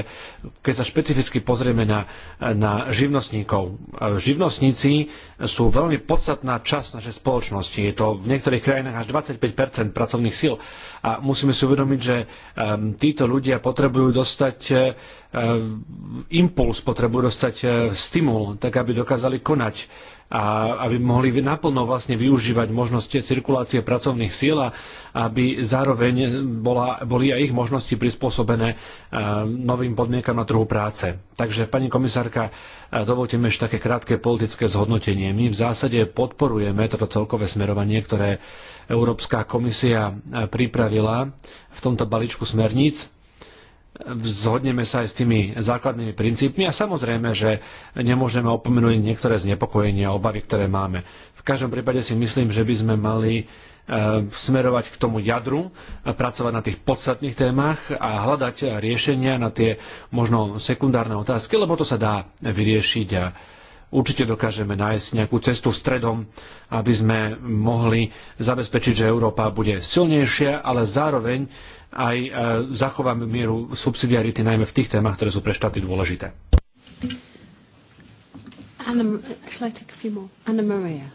keď sa špecificky pozrieme na, na živnostníkov, e, živnostníci sú veľmi podstatná časť našej spoločnosti. Je to v niektorých krajinách až 25 pracovných síl. A musíme si uvedomiť, že e, títo ľudia potrebujú dostať E, impuls, potrebujú dostať e, stimul, tak aby dokázali konať a aby mohli naplno vlastne využívať možnosti cirkulácie pracovných síl a aby zároveň bola, boli aj ich možnosti prispôsobené e, novým podmienkam na trhu práce. Takže, pani komisárka, dovolte mi ešte také krátke politické zhodnotenie. My v zásade podporujeme toto celkové smerovanie, ktoré Európska komisia pripravila v tomto balíčku smerníc zhodneme sa aj s tými základnými princípmi a samozrejme, že nemôžeme opomenúť niektoré znepokojenia a obavy, ktoré máme. V každom prípade si myslím, že by sme mali e, smerovať k tomu jadru, pracovať na tých podstatných témach a hľadať riešenia na tie možno sekundárne otázky, lebo to sa dá vyriešiť a určite dokážeme nájsť nejakú cestu stredom, aby sme mohli zabezpečiť, že Európa bude silnejšia, ale zároveň aj e, zachováme mieru subsidiarity, najmä v tých témach, ktoré sú pre štáty dôležité. Anna, Anna Maria.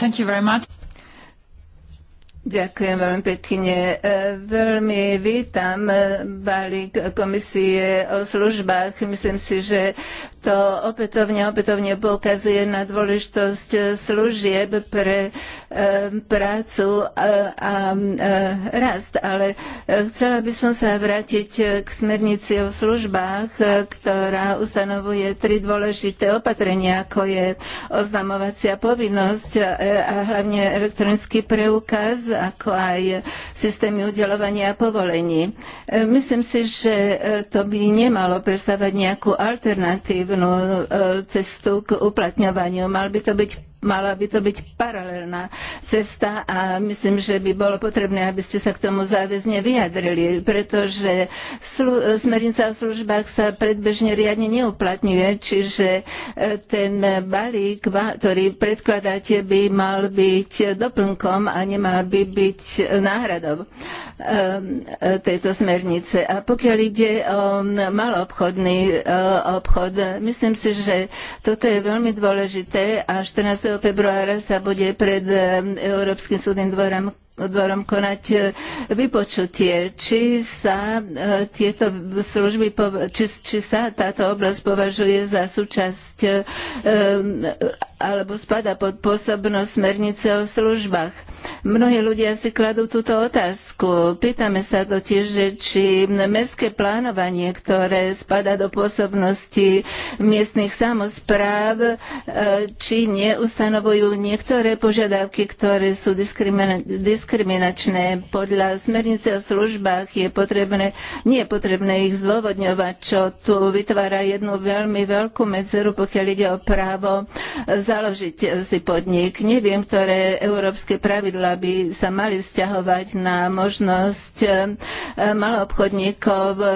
Thank you very much. Ďakujem veľmi pekne. E, veľmi vítam e, balík komisie o službách. Myslím si, že to opätovne, opätovne poukazuje na dôležitosť služieb pre e, prácu a, a rast. Ale chcela by som sa vrátiť k smernici o službách, ktorá ustanovuje tri dôležité opatrenia, ako je oznamovacia povinnosť a hlavne elektronický preukaz ako aj systémy udelovania povolení. E, myslím si, že e, to by nemalo predstavať nejakú alternatívnu e, cestu k uplatňovaniu. Mal by to byť mala by to byť paralelná cesta a myslím, že by bolo potrebné, aby ste sa k tomu záväzne vyjadrili, pretože slu- smernica o službách sa predbežne riadne neuplatňuje, čiže e, ten balík, ktorý predkladáte, by mal byť doplnkom a nemal by byť náhradou e, e, tejto smernice. A pokiaľ ide o maloobchodný obchod, myslím si, že toto je veľmi dôležité a 14 februára sa bude pred eh, Európskym súdnym dvorom odborom konať e, vypočutie, či sa e, tieto služby, či, či sa táto oblasť považuje za súčasť e, alebo spada pod pôsobnosť smernice o službách. Mnohí ľudia si kladú túto otázku. Pýtame sa totiž, že či mestské plánovanie, ktoré spada do pôsobnosti miestnych samozpráv, či neustanovujú niektoré požiadavky, ktoré sú diskriminačné diskriminačné. Podľa smernice o službách je potrebné, nie je potrebné ich zdôvodňovať, čo tu vytvára jednu veľmi veľkú medzeru, pokiaľ ide o právo založiť si podnik. Neviem, ktoré európske pravidla by sa mali vzťahovať na možnosť eh, maloobchodníkov eh,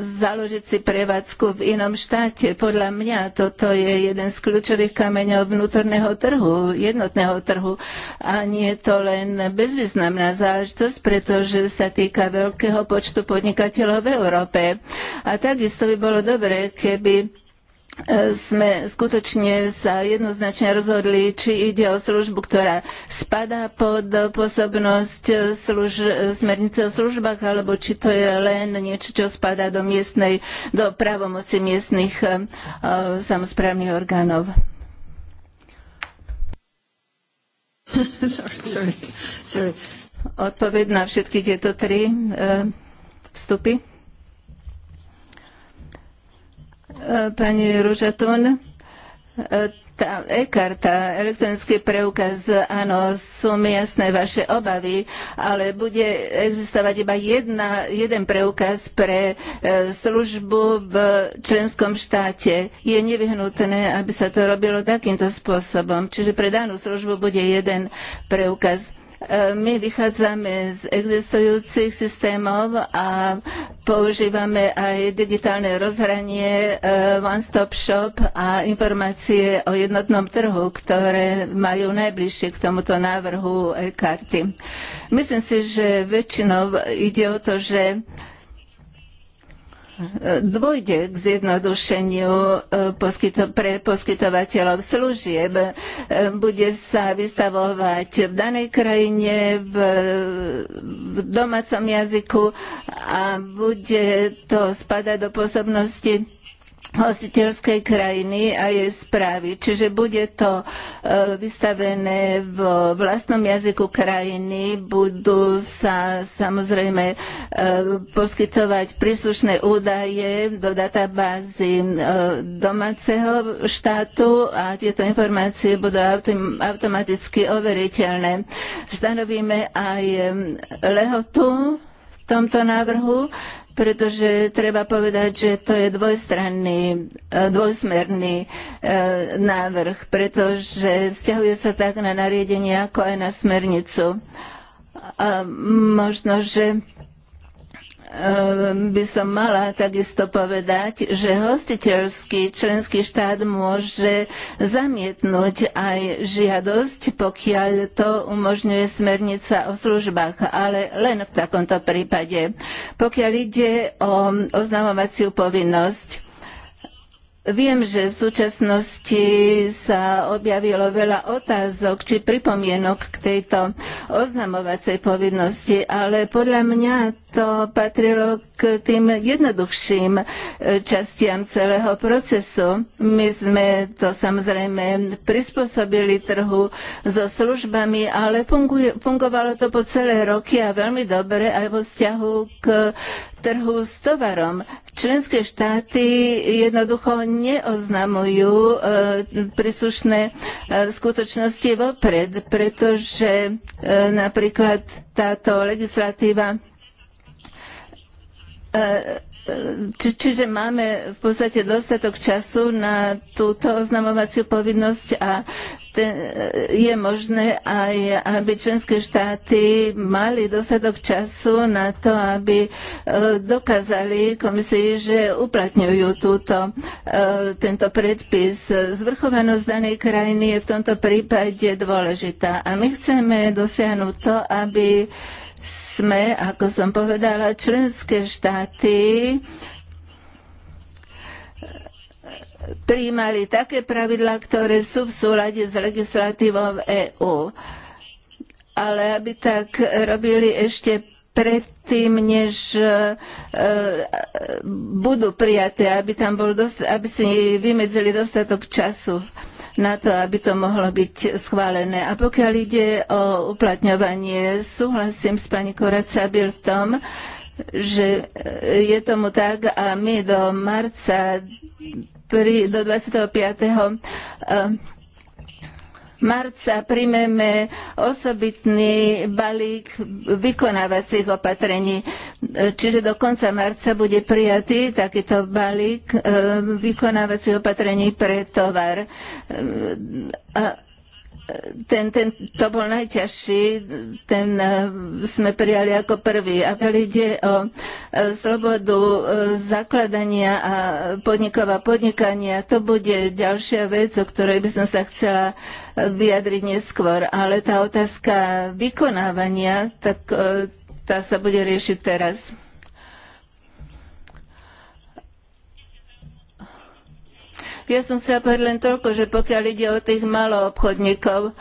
založiť si prevádzku v inom štáte. Podľa mňa toto je jeden z kľúčových kameňov vnútorného trhu, jednotného trhu. A nie je to len bezvýznamné významná záležitosť, pretože sa týka veľkého počtu podnikateľov v Európe. A takisto by bolo dobré, keby e, sme skutočne sa jednoznačne rozhodli, či ide o službu, ktorá spadá pod pôsobnosť služ- smernice o službách, alebo či to je len niečo, čo spadá do miestnej, do právomoci miestnych uh, samozprávnych orgánov. sorry, sorry, sorry. Odpoved na všetky tieto tri e, vstupy. E, pani Ružatón, e, tá e-karta, elektronický preukaz, áno, sú mi jasné vaše obavy, ale bude existovať iba jedna, jeden preukaz pre e, službu v členskom štáte. Je nevyhnutné, aby sa to robilo takýmto spôsobom. Čiže pre danú službu bude jeden preukaz. E, my vychádzame z existujúcich systémov a používame aj digitálne rozhranie e, one-stop shop a informácie o jednotnom trhu, ktoré majú najbližšie k tomuto návrhu e-karty. Myslím si, že väčšinou ide o to, že dôjde k zjednodušeniu e, poskyto, pre poskytovateľov služieb. E, bude sa vystavovať v danej krajine, v, v domácom jazyku a bude to spadať do pôsobnosti hostiteľskej krajiny a jej správy. Čiže bude to e, vystavené v vlastnom jazyku krajiny, budú sa samozrejme e, poskytovať príslušné údaje do databázy e, domáceho štátu a tieto informácie budú automaticky overiteľné. Stanovíme aj lehotu tomto návrhu, pretože treba povedať, že to je dvojstranný, e, dvojsmerný e, návrh, pretože vzťahuje sa tak na nariadenie, ako aj na smernicu. A možno, že Ehm, by som mala takisto povedať, že hostiteľský členský štát môže zamietnúť aj žiadosť, pokiaľ to umožňuje smernica o službách, ale len v takomto prípade. Pokiaľ ide o oznamovaciu povinnosť, Viem, že v súčasnosti sa objavilo veľa otázok či pripomienok k tejto oznamovacej povinnosti, ale podľa mňa to patrilo k tým jednoduchším e, častiam celého procesu. My sme to samozrejme prispôsobili trhu so službami, ale funguje, fungovalo to po celé roky a veľmi dobre aj vo vzťahu k trhu s tovarom. Členské štáty jednoducho neoznamujú e, príslušné e, skutočnosti vopred, pretože napríklad táto legislatíva E, e, či, čiže máme v podstate dostatok času na túto oznamovaciu povinnosť a te, e, je možné aj, aby členské štáty mali dostatok času na to, aby dokázali komisii, že uplatňujú túto, tento predpis. Zvrchovanosť danej krajiny je v tomto prípade dôležitá a my chceme dosiahnuť to, aby sme, ako som povedala, členské štáty príjmali také pravidlá, ktoré sú v súlade s legislatívou EÚ. Ale aby tak robili ešte predtým, než e, e, budú prijaté, aby, tam bol dost, aby si vymedzili dostatok času na to, aby to mohlo byť schválené. A pokiaľ ide o uplatňovanie, súhlasím s pani Koracabil v tom, že e, je tomu tak a my do marca pri, do 25 marca príjmeme osobitný balík vykonávacích opatrení. Čiže do konca marca bude prijatý takýto balík e, vykonávacích opatrení pre tovar. E, ten, ten, to bol najťažší, ten e, sme prijali ako prvý. A keď ide o e, slobodu e, zakladania a podnikov a podnikania, to bude ďalšia vec, o ktorej by som sa chcela vyjadriť neskôr. Ale tá otázka vykonávania, tak tá sa bude riešiť teraz. Ja som chcela povedať len toľko, že pokiaľ ide o tých maloobchodníkov,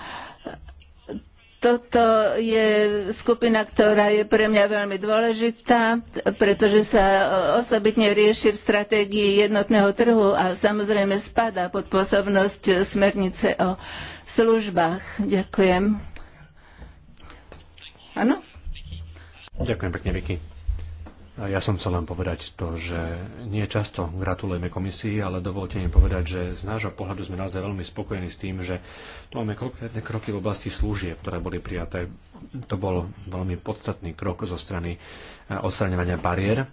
toto je skupina, ktorá je pre mňa veľmi dôležitá, pretože sa osobitne rieši v stratégii jednotného trhu a samozrejme spadá pod pôsobnosť smernice o službách. Ďakujem. Áno? Ďakujem pekne, Vicky. Ja som chcel len povedať to, že nie často gratulujeme komisii, ale dovolte mi povedať, že z nášho pohľadu sme naozaj veľmi spokojení s tým, že tu máme konkrétne kroky v oblasti služieb, ktoré boli prijaté. To bol veľmi podstatný krok zo strany eh, odstraňovania bariér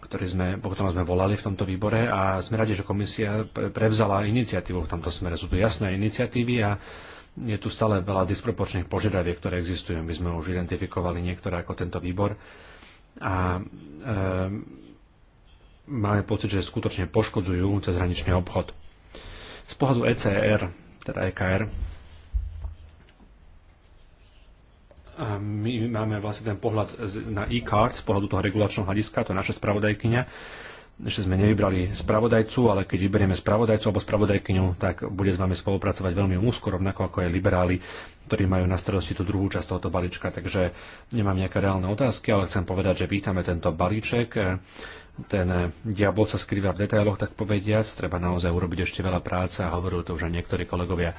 ktorý sme, po ktorom sme volali v tomto výbore a sme radi, že komisia prevzala iniciatívu v tomto smere. Sú tu jasné iniciatívy a je tu stále veľa disproporčných požiadaviek, ktoré existujú. My sme už identifikovali niektoré ako tento výbor a e, máme pocit, že skutočne poškodzujú cezhraničný obchod. Z pohľadu ECR, teda EKR, a my máme vlastne ten pohľad na e-card z pohľadu toho regulačného hľadiska, to je naša spravodajkyňa, ešte sme nevybrali spravodajcu, ale keď vyberieme spravodajcu alebo spravodajkyňu, tak bude s vami spolupracovať veľmi úzko, rovnako ako aj liberáli, ktorí majú na starosti tú druhú časť tohoto balíčka. Takže nemám nejaké reálne otázky, ale chcem povedať, že vítame tento balíček. Ten diabol sa skrýva v detailoch, tak povediac. Treba naozaj urobiť ešte veľa práce a hovorili to už aj niektorí kolegovia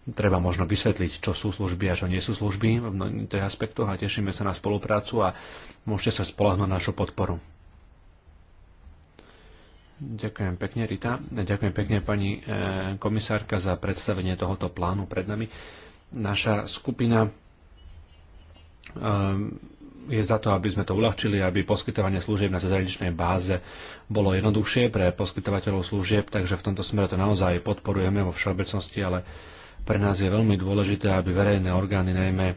treba možno vysvetliť, čo sú služby a čo nie sú služby v tých aspektoch a tešíme sa na spoluprácu a môžete sa spolahnúť na našu podporu. Ďakujem pekne, Rita. Ďakujem pekne, pani eh, komisárka, za predstavenie tohoto plánu pred nami. Naša skupina eh, je za to, aby sme to uľahčili, aby poskytovanie služieb na zahraničnej báze bolo jednoduchšie pre poskytovateľov služieb, takže v tomto smere to naozaj podporujeme vo všeobecnosti, ale pre nás je veľmi dôležité, aby verejné orgány, najmä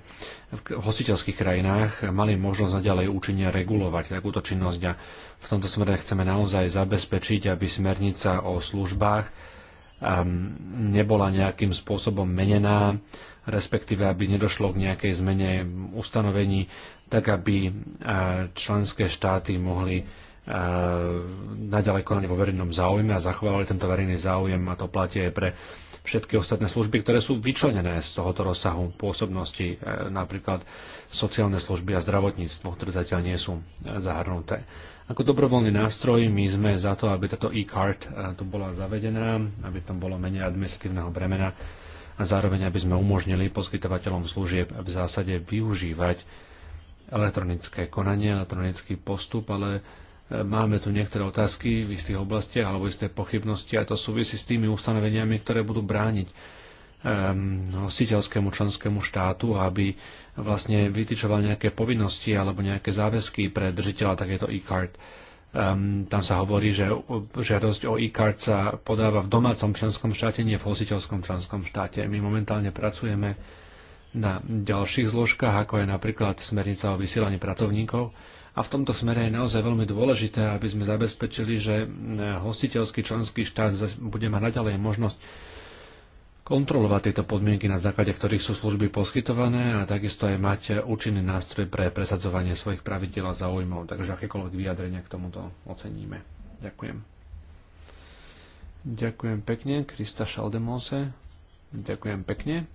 v hostiteľských krajinách, mali možnosť naďalej účinne regulovať takúto činnosť a v tomto smere chceme naozaj zabezpečiť, aby smernica o službách um, nebola nejakým spôsobom menená, respektíve aby nedošlo k nejakej zmene ustanovení, tak aby uh, členské štáty mohli uh, naďalej konať vo verejnom záujme a zachovali tento verejný záujem a to platie aj pre všetky ostatné služby, ktoré sú vyčlenené z tohoto rozsahu pôsobnosti, e, napríklad sociálne služby a zdravotníctvo, ktoré zatiaľ nie sú e, zahrnuté. Ako dobrovoľný nástroj my sme za to, aby táto e-card e, tu bola zavedená, aby tam bolo menej administratívneho bremena a zároveň aby sme umožnili poskytovateľom služieb v zásade využívať elektronické konanie, elektronický postup, ale Máme tu niektoré otázky v istých oblastiach alebo isté pochybnosti a to súvisí s tými ustanoveniami, ktoré budú brániť ehm, hostiteľskému členskému štátu, aby vlastne vytýčoval nejaké povinnosti alebo nejaké záväzky pre držiteľa takéto e-card. Um, tam sa hovorí, že žiadosť o e-card sa podáva v domácom členskom štáte, nie v hostiteľskom členskom štáte. My momentálne pracujeme na ďalších zložkách, ako je napríklad smernica o vysielaní pracovníkov, a v tomto smere je naozaj veľmi dôležité, aby sme zabezpečili, že e, hostiteľský členský štát bude mať naďalej možnosť kontrolovať tieto podmienky, na základe ktorých sú služby poskytované a takisto aj mať účinný nástroj pre presadzovanie svojich pravidel a záujmov. Takže akékoľvek vyjadrenia k tomuto oceníme. Ďakujem. Ďakujem pekne, Krista Šaldemose. Ďakujem pekne.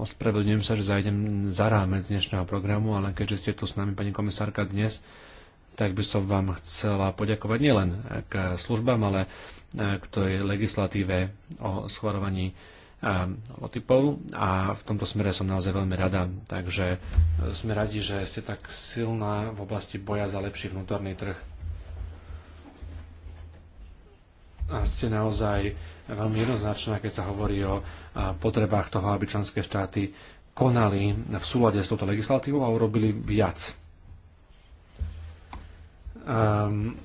Ospravedlňujem sa, že zajdem za rámec dnešného programu, ale keďže ste tu s nami, pani komisárka, dnes, tak by som vám chcela poďakovať nielen k službám, ale e, k tej legislatíve o schvarovaní e, lotypov a v tomto smere som naozaj veľmi rada. Takže e, sme radi, že ste tak silná v oblasti boja za lepší vnútorný trh. A ste naozaj veľmi jednoznačná, keď sa hovorí o potrebách toho, aby členské štáty konali v súlade s touto legislatívou a urobili viac. Um,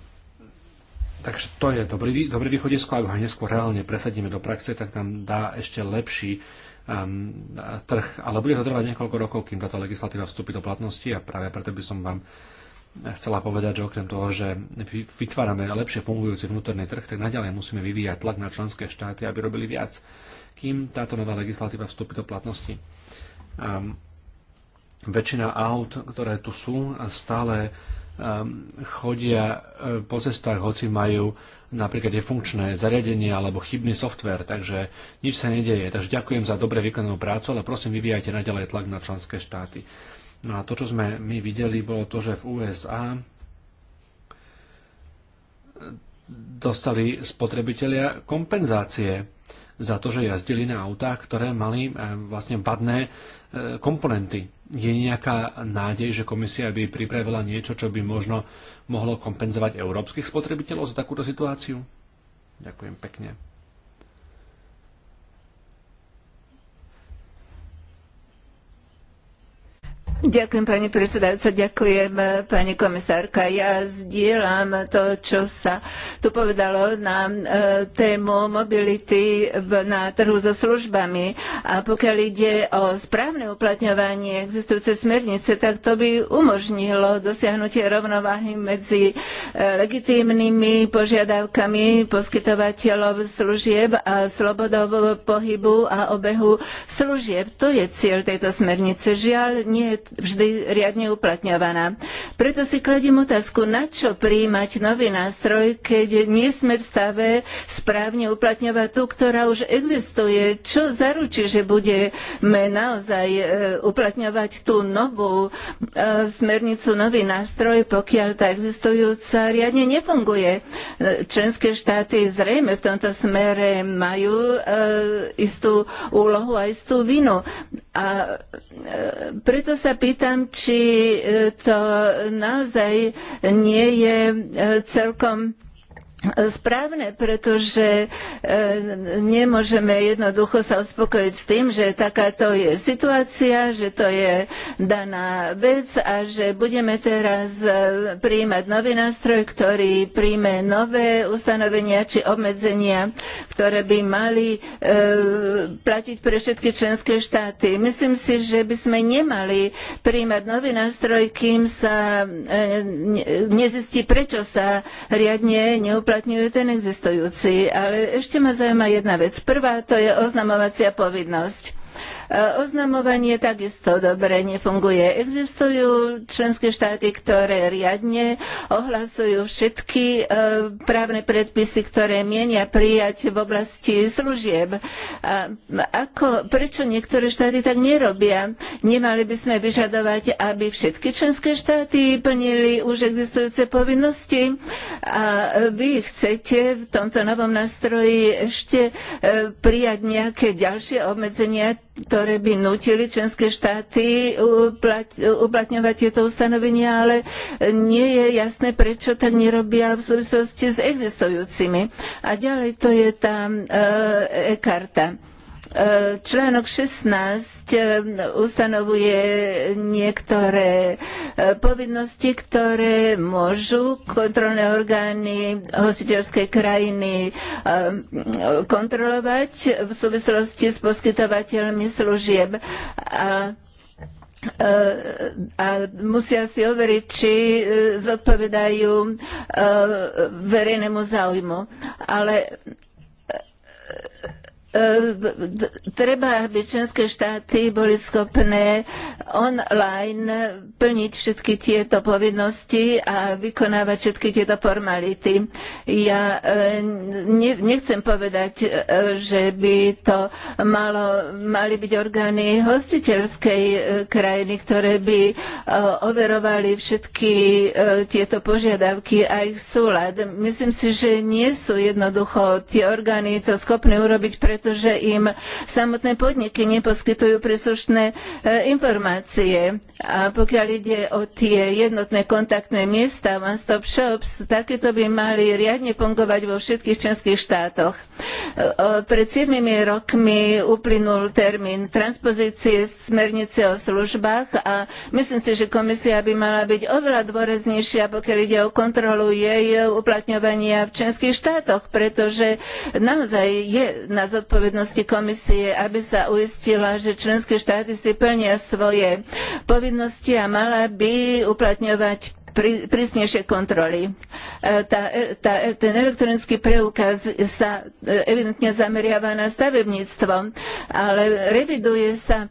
takže to je dobrý, dobrý východisko, ak ho neskôr reálne presadíme do praxe, tak nám dá ešte lepší um, trh, ale bude to trvať niekoľko rokov, kým táto legislatíva vstúpi do platnosti a práve preto by som vám chcela povedať, že okrem toho, že vytvárame lepšie fungujúci vnútorný trh, tak naďalej musíme vyvíjať tlak na členské štáty, aby robili viac kým táto nová legislatíva vstúpi do platnosti. Um, väčšina aut, ktoré tu sú, stále um, chodia e, po cestách, hoci majú napríklad nefunkčné zariadenie alebo chybný software, takže nič sa nedeje. Takže ďakujem za dobre vykonanú prácu, ale prosím vyvíjajte naďalej tlak na členské štáty. No a to, čo sme my videli, bolo to, že v USA dostali spotrebitelia kompenzácie za to, že jazdili na autách, ktoré mali e, vlastne vadné e, komponenty. Je nejaká nádej, že komisia by pripravila niečo, čo by možno mohlo kompenzovať európskych spotrebiteľov za takúto situáciu? Ďakujem pekne. Ďakujem, pani predsedajúca, ďakujem, pani komisárka. Ja zdieľam to, čo sa tu povedalo na e, tému mobility na trhu so službami. A pokiaľ ide o správne uplatňovanie existujúcej smernice, tak to by umožnilo dosiahnutie rovnováhy medzi e, legitímnymi požiadavkami poskytovateľov služieb a slobodou pohybu a obehu služieb. To je cieľ tejto smernice. Žiaľ, nie je vždy riadne uplatňovaná. Preto si kladím otázku, na čo príjmať nový nástroj, keď nie sme v stave správne uplatňovať tú, ktorá už existuje. Čo zaručí, že budeme naozaj e, uplatňovať tú novú e, smernicu, nový nástroj, pokiaľ tá existujúca riadne nefunguje. E, členské štáty zrejme v tomto smere majú istú úlohu a istú vinu. A preto sa pýtam, či e, to naozaj nie je e, celkom správne, pretože e, nemôžeme jednoducho sa uspokojiť s tým, že takáto je situácia, že to je daná vec a že budeme teraz e, príjmať nový nástroj, ktorý príjme nové ustanovenia či obmedzenia, ktoré by mali e, platiť pre všetky členské štáty. Myslím si, že by sme nemali príjmať nový nástroj, kým sa nezistí, prečo sa riadne neuplatí uplatňujú ten existujúci. Ale ešte ma zaujíma jedna vec. Prvá to je oznamovacia povinnosť. E, oznamovanie takisto dobre nefunguje. Existujú členské štáty, ktoré riadne ohlasujú všetky e, právne predpisy, ktoré mienia prijať v oblasti služieb. A ako, prečo niektoré štáty tak nerobia? Nemali by sme vyžadovať, aby všetky členské štáty plnili už existujúce povinnosti a vy chcete v tomto novom nástroji ešte e, prijať nejaké ďalšie obmedzenia ktoré by nutili členské štáty uh, uh, uplatňovať tieto ustanovenia, ale nie je jasné, prečo tak nerobia v súvislosti s existujúcimi. A ďalej to je tá uh, e-karta. Článok 16 eh, ustanovuje niektoré eh, povinnosti, ktoré môžu kontrolné orgány hostiteľskej krajiny eh, kontrolovať v súvislosti s poskytovateľmi služieb. A a musia si overiť, či zodpovedajú verejnému záujmu. Ale E, treba, aby členské štáty boli schopné online plniť všetky tieto povinnosti a vykonávať všetky tieto formality. Ja e, nechcem povedať, e, že by to malo, mali byť orgány hostiteľskej krajiny, ktoré by overovali všetky tieto požiadavky a ich súlad. Myslím si, že nie sú jednoducho tie orgány to schopné urobiť preto, pretože im samotné podniky neposkytujú príslušné e, informácie. A pokiaľ ide o tie jednotné kontaktné miesta, One Stop Shops, takéto by mali riadne fungovať vo všetkých členských štátoch. Pred 7 rokmi uplynul termín transpozície smernice o službách a myslím si, že komisia by mala byť oveľa dôraznejšia, pokiaľ ide o kontrolu jej uplatňovania v členských štátoch, pretože naozaj je na zodpovednosti komisie, aby sa uistila, že členské štáty si plnia svoje povinnosti povinnosti a mala by uplatňovať prísnejšie kontroly. E, tá, er, tá, er, ten elektronický preukaz sa e, evidentne zameriava na stavebníctvo, ale reviduje sa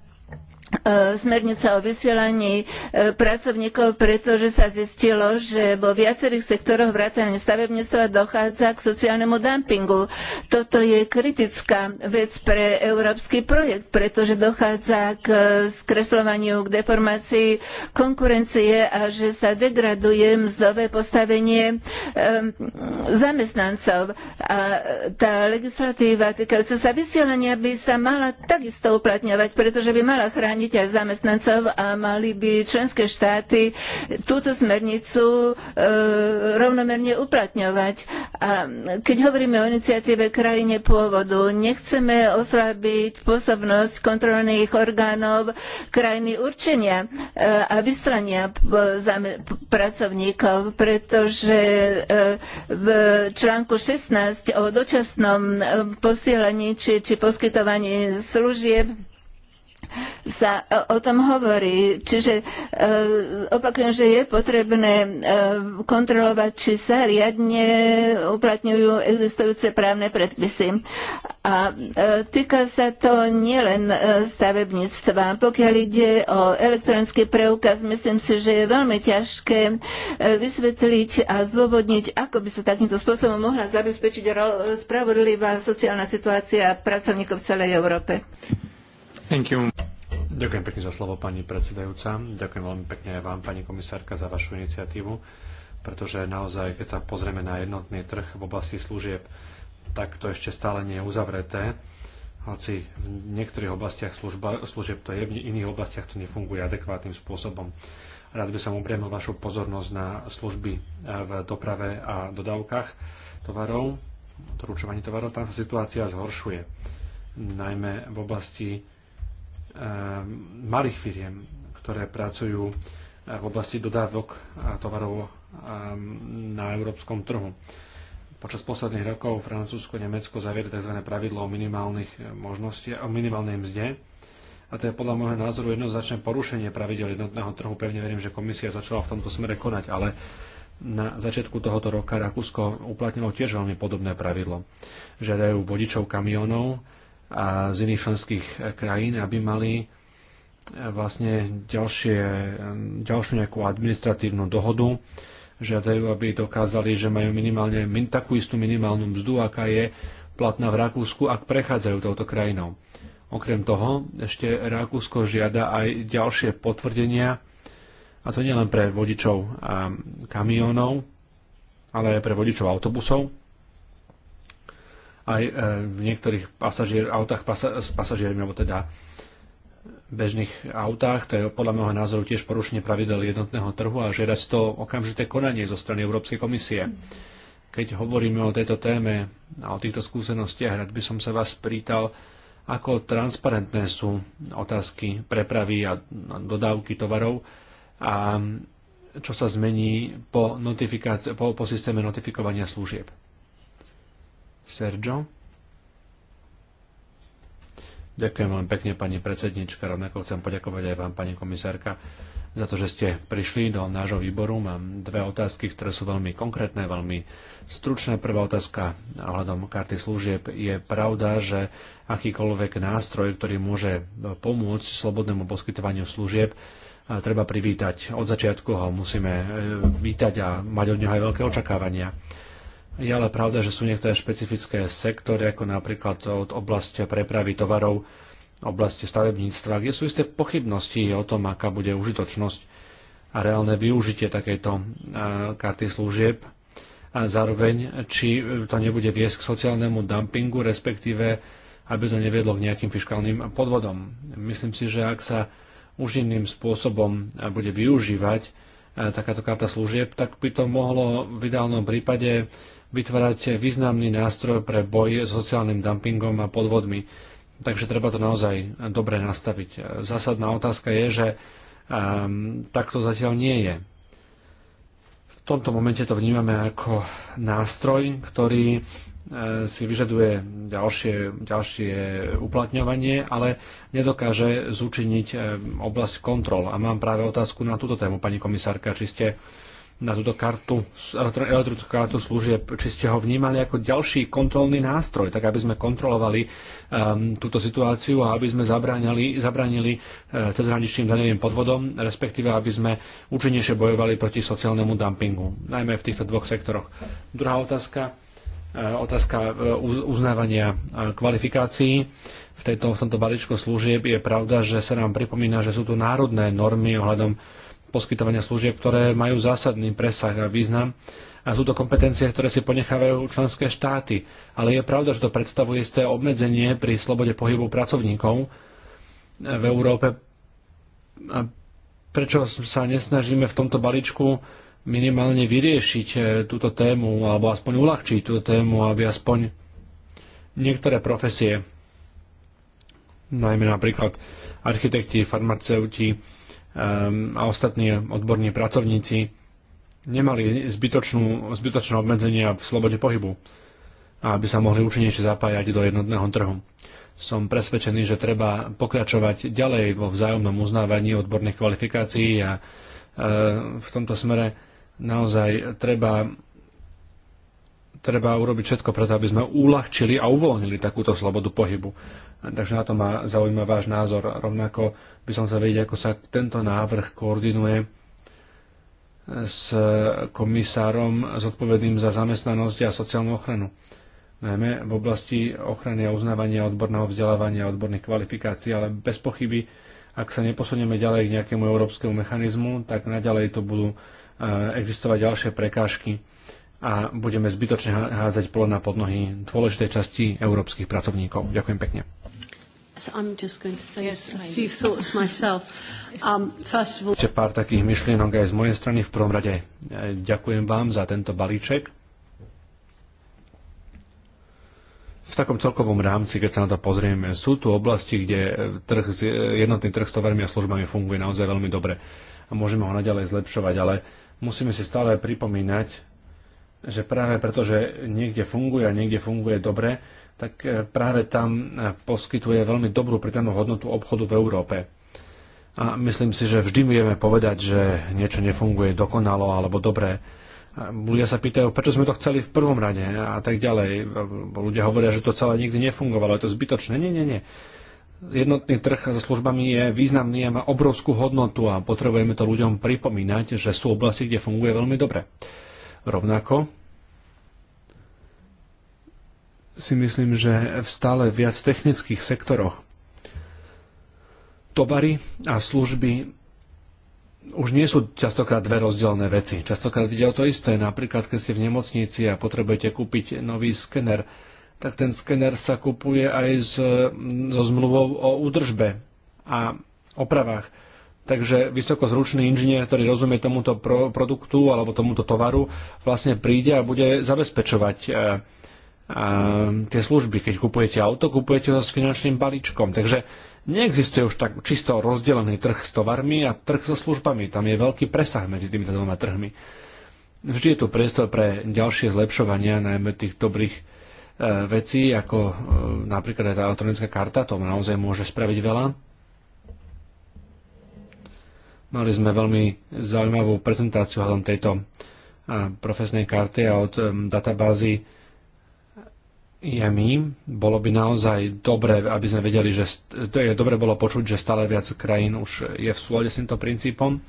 E, smernica o vysielaní e, pracovníkov, pretože sa zistilo, že vo viacerých sektoroch vrátane stavebníctva dochádza k sociálnemu dumpingu. Toto je kritická vec pre európsky projekt, pretože dochádza k e, skresľovaniu, k deformácii konkurencie a že sa degraduje mzdové postavenie zamestnancov. A tá legislatíva týkajúca sa vysielania by sa mala takisto uplatňovať, pretože by mala chrániť ľudí zamestnancov a mali by členské štáty túto smernicu e, rovnomerne uplatňovať. A keď hovoríme o iniciatíve krajine pôvodu, nechceme oslabiť pôsobnosť kontrolných orgánov krajiny určenia e, a vyslania pracovníkov, pretože e, v článku 16 o dočasnom e, posielaní či, či poskytovaní služieb sa e, o tom hovorí. Čiže e, opakujem, že je potrebné e, kontrolovať, či sa riadne uplatňujú existujúce právne predpisy. A týka sa to nielen stavebníctva. Pokiaľ ide o elektronický preukaz, myslím si, že je veľmi ťažké vysvetliť a zdôvodniť, ako by sa takýmto spôsobom mohla zabezpečiť spravodlivá sociálna situácia pracovníkov v celej Európe. Thank you. Ďakujem pekne za slovo, pani predsedajúca. Ďakujem veľmi pekne aj vám, pani komisárka, za vašu iniciatívu, pretože naozaj, keď sa pozrieme na jednotný trh v oblasti služieb, tak to ešte stále nie je uzavreté. Hoci v niektorých oblastiach služba, služieb to je, v iných oblastiach to nefunguje adekvátnym spôsobom. Rád by som upriamil vašu pozornosť na služby eh, v doprave a dodávkach tovarov, doručovaní tovarov. Tam sa situácia zhoršuje, najmä v oblasti Eh, malých firiem, ktoré pracujú eh, v oblasti dodávok a eh, tovarov na európskom trhu. Počas posledných rokov Francúzsko a Nemecko zaviedli tzv. pravidlo o, minimálnych možnosti, o minimálnej mzde. A to je podľa môjho názoru jednoznačné porušenie pravidel jednotného trhu. Pevne verím, že komisia začala v tomto smere konať, ale na začiatku tohoto roka Rakúsko uplatnilo tiež veľmi podobné pravidlo. Žiadajú vodičov kamionov, z iných členských eh, krajín, aby mali eh, vlastne ďalšie, eh, ďalšiu nejakú administratívnu dohodu, žiadajú, aby dokázali, že majú minimálne min, takú istú minimálnu mzdu, aká je platná v Rakúsku, ak prechádzajú touto krajinou. Okrem toho, ešte Rakúsko žiada aj ďalšie potvrdenia, a to nielen pre vodičov kamionov, ale aj pre vodičov autobusov, aj e, v niektorých pasažier, autách pasa, s pasažiermi, alebo teda bežných autách. To je podľa môjho názoru tiež porušenie pravidel jednotného trhu a žiada si to okamžité konanie zo strany Európskej komisie. Keď hovoríme o tejto téme a o týchto skúsenostiach, rád by som sa vás prítal, ako transparentné sú otázky prepravy a dodávky tovarov a čo sa zmení po, po, po systéme notifikovania služieb. Sergio. Ďakujem veľmi pekne, pani predsednička. Rovnako chcem poďakovať aj vám, pani komisárka, za to, že ste prišli do nášho výboru. Mám dve otázky, ktoré sú veľmi konkrétne, veľmi stručné. Prvá otázka ohľadom karty služieb. Je pravda, že akýkoľvek nástroj, ktorý môže pomôcť slobodnému poskytovaniu služieb, treba privítať. Od začiatku ho musíme e, vítať a mať od neho aj veľké očakávania. Je ale pravda, že sú niektoré špecifické sektory, ako napríklad od oblasti prepravy tovarov, oblasti stavebníctva, kde sú isté pochybnosti o tom, aká bude užitočnosť a reálne využitie takejto e, karty služieb a zároveň, či to nebude viesť k sociálnemu dumpingu, respektíve aby to neviedlo k nejakým fiskálnym podvodom. Myslím si, že ak sa už iným spôsobom bude využívať e, takáto karta služieb, tak by to mohlo v ideálnom prípade vytvárate významný nástroj pre boj s sociálnym dumpingom a podvodmi. Takže treba to naozaj dobre nastaviť. Zásadná otázka je, že um, ehm, takto zatiaľ nie je. V tomto momente to vnímame ako nástroj, ktorý e, si vyžaduje ďalšie, ďalšie uplatňovanie, ale nedokáže zúčiniť ehm, oblasť kontrol. A mám práve otázku na túto tému, pani komisárka, či ste na túto kartu, elektrickú kartu služieb, či ste ho vnímali ako ďalší kontrolný nástroj, tak aby sme kontrolovali um, túto situáciu a aby sme zabránili, zabránili uh, cezhraničným daňovým podvodom, respektíve aby sme účinnejšie bojovali proti sociálnemu dumpingu, najmä v týchto dvoch sektoroch. Druhá otázka e, otázka e, uznávania kvalifikácií. V, tejto, v tomto balíčku služieb je pravda, že sa nám pripomína, že sú tu národné normy ohľadom poskytovania služieb, ktoré majú zásadný presah a význam. A sú to kompetencie, ktoré si ponechávajú členské štáty. Ale je pravda, že to predstavuje isté obmedzenie pri slobode pohybu pracovníkov v Európe. A prečo sa nesnažíme v tomto balíčku minimálne vyriešiť e, túto tému, alebo aspoň uľahčiť túto tému, aby aspoň niektoré profesie, najmä napríklad architekti, farmaceuti, Ehm, a ostatní odborní pracovníci nemali zbytočnú, zbytočné obmedzenia v slobode pohybu aby sa mohli účinnejšie zapájať do jednotného trhu. Som presvedčený, že treba pokračovať ďalej vo vzájomnom uznávaní odborných kvalifikácií a e, v tomto smere naozaj treba treba urobiť všetko preto, aby sme uľahčili a uvoľnili takúto slobodu pohybu takže na to ma zaujíma váš názor. Rovnako by som sa vedieť, ako sa tento návrh koordinuje s komisárom zodpovedným za zamestnanosť a sociálnu ochranu najmä v oblasti ochrany a uznávania odborného vzdelávania a odborných kvalifikácií, ale bez pochyby, ak sa neposunieme ďalej k nejakému európskemu mechanizmu, tak naďalej to budú eh, existovať ďalšie prekážky a budeme zbytočne hádzať polo na podnohy dôležitej časti európskych pracovníkov. Ďakujem pekne. So Pár takých myšlienok aj z mojej strany. V prvom rade eh, ďakujem vám za tento balíček. V takom celkovom rámci, keď sa na to pozrieme, sú tu oblasti, kde eh, trh, eh, jednotný trh s tovarmi a službami funguje naozaj veľmi dobre a môžeme ho naďalej zlepšovať, ale musíme si stále pripomínať, že práve preto, že niekde funguje a niekde funguje dobre, tak e, práve tam e, poskytuje veľmi dobrú pridanú hodnotu obchodu v Európe. A myslím si, že vždy vieme povedať, že niečo nefunguje dokonalo alebo dobre. E, ľudia sa pýtajú, prečo sme to chceli v prvom rade a tak ďalej. Ľudia hovoria, že to celé nikdy nefungovalo, je to zbytočné. Nie, nie, nie. Jednotný trh so službami je významný a má obrovskú hodnotu a potrebujeme to ľuďom pripomínať, že sú oblasti, kde funguje veľmi dobre. Rovnako si myslím, že v stále viac technických sektoroch tovary a služby už nie sú častokrát dve rozdielne veci. Častokrát ide o to isté. Napríklad, keď ste v nemocnici a potrebujete kúpiť nový skener, tak ten skener sa kupuje aj so zmluvou o údržbe a opravách. Takže vysokozručný inžinier, ktorý rozumie tomuto pro, produktu alebo tomuto tovaru, vlastne príde a bude zabezpečovať e, e, tie služby. Keď kupujete auto, kupujete ho s finančným balíčkom. Takže neexistuje už tak čisto rozdelený trh s tovarmi a trh so službami. Tam je veľký presah medzi týmito dvoma trhmi. Vždy je tu priestor pre ďalšie zlepšovania, najmä tých dobrých e, vecí, ako e, napríklad aj tá elektronická karta, to naozaj môže spraviť veľa Mali sme veľmi zaujímavú prezentáciu hľadom tejto eh, profesnej karty a od eh, databázy IMI. Bolo by naozaj dobre, aby sme vedeli, že to je dobre bolo počuť, že stále viac krajín už je v súlade s týmto princípom.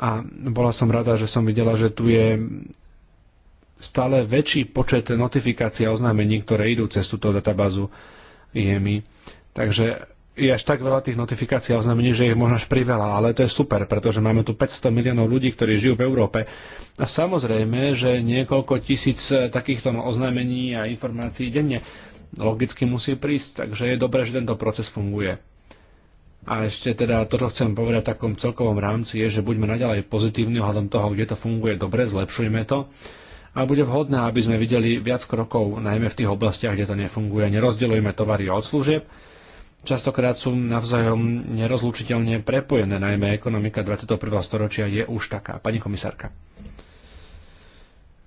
A bola som rada, že som videla, že tu je stále väčší počet notifikácií a oznámení, ktoré idú cez túto databázu IMI. Takže je až tak veľa tých notifikácií ale znamení, že je možno až priveľa, ale to je super, pretože máme tu 500 miliónov ľudí, ktorí žijú v Európe. A samozrejme, že niekoľko tisíc eh, takýchto no, oznámení a informácií denne logicky musí prísť, takže je dobré, že tento proces funguje. A ešte teda to, čo chcem povedať v takom celkovom rámci, je, že buďme naďalej pozitívni ohľadom toho, kde to funguje dobre, zlepšujme to. A bude vhodné, aby sme videli viac krokov, najmä v tých oblastiach, kde to nefunguje. Nerozdeľujme tovary od služieb, častokrát sú navzájom nerozlučiteľne prepojené, najmä ekonomika 21. storočia je už taká. Pani komisárka.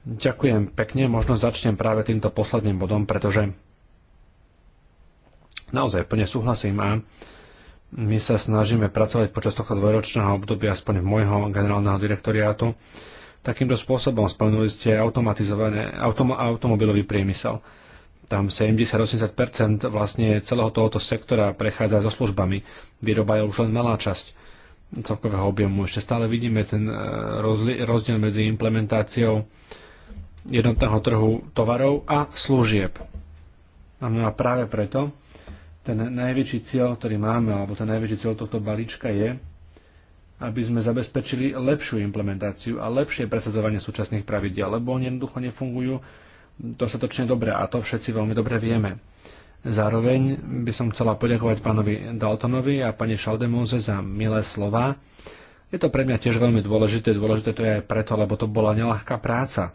Ďakujem pekne, možno začnem práve týmto posledným bodom, pretože naozaj plne súhlasím a my sa snažíme pracovať počas tohto dvojročného obdobia, aspoň v môjho generálneho direktoriátu, takýmto spôsobom spomenuli ste automatizované, automo, automobilový priemysel. Tam 70-80 vlastne celého tohoto sektora prechádza so službami. Výroba je už len malá časť celkového objemu. Ešte stále vidíme ten e, rozdiel medzi implementáciou jednotného trhu tovarov a služieb. No a práve preto ten najväčší cieľ, ktorý máme, alebo ten najväčší cieľ tohto balíčka je, aby sme zabezpečili lepšiu implementáciu a lepšie presadzovanie súčasných pravidiel, lebo oni jednoducho nefungujú dostatočne dobré a to všetci veľmi dobre vieme. Zároveň by som chcela poďakovať pánovi Daltonovi a pani Šaldemóze za milé slova. Je to pre mňa tiež veľmi dôležité, dôležité to je aj preto, lebo to bola nelahká práca.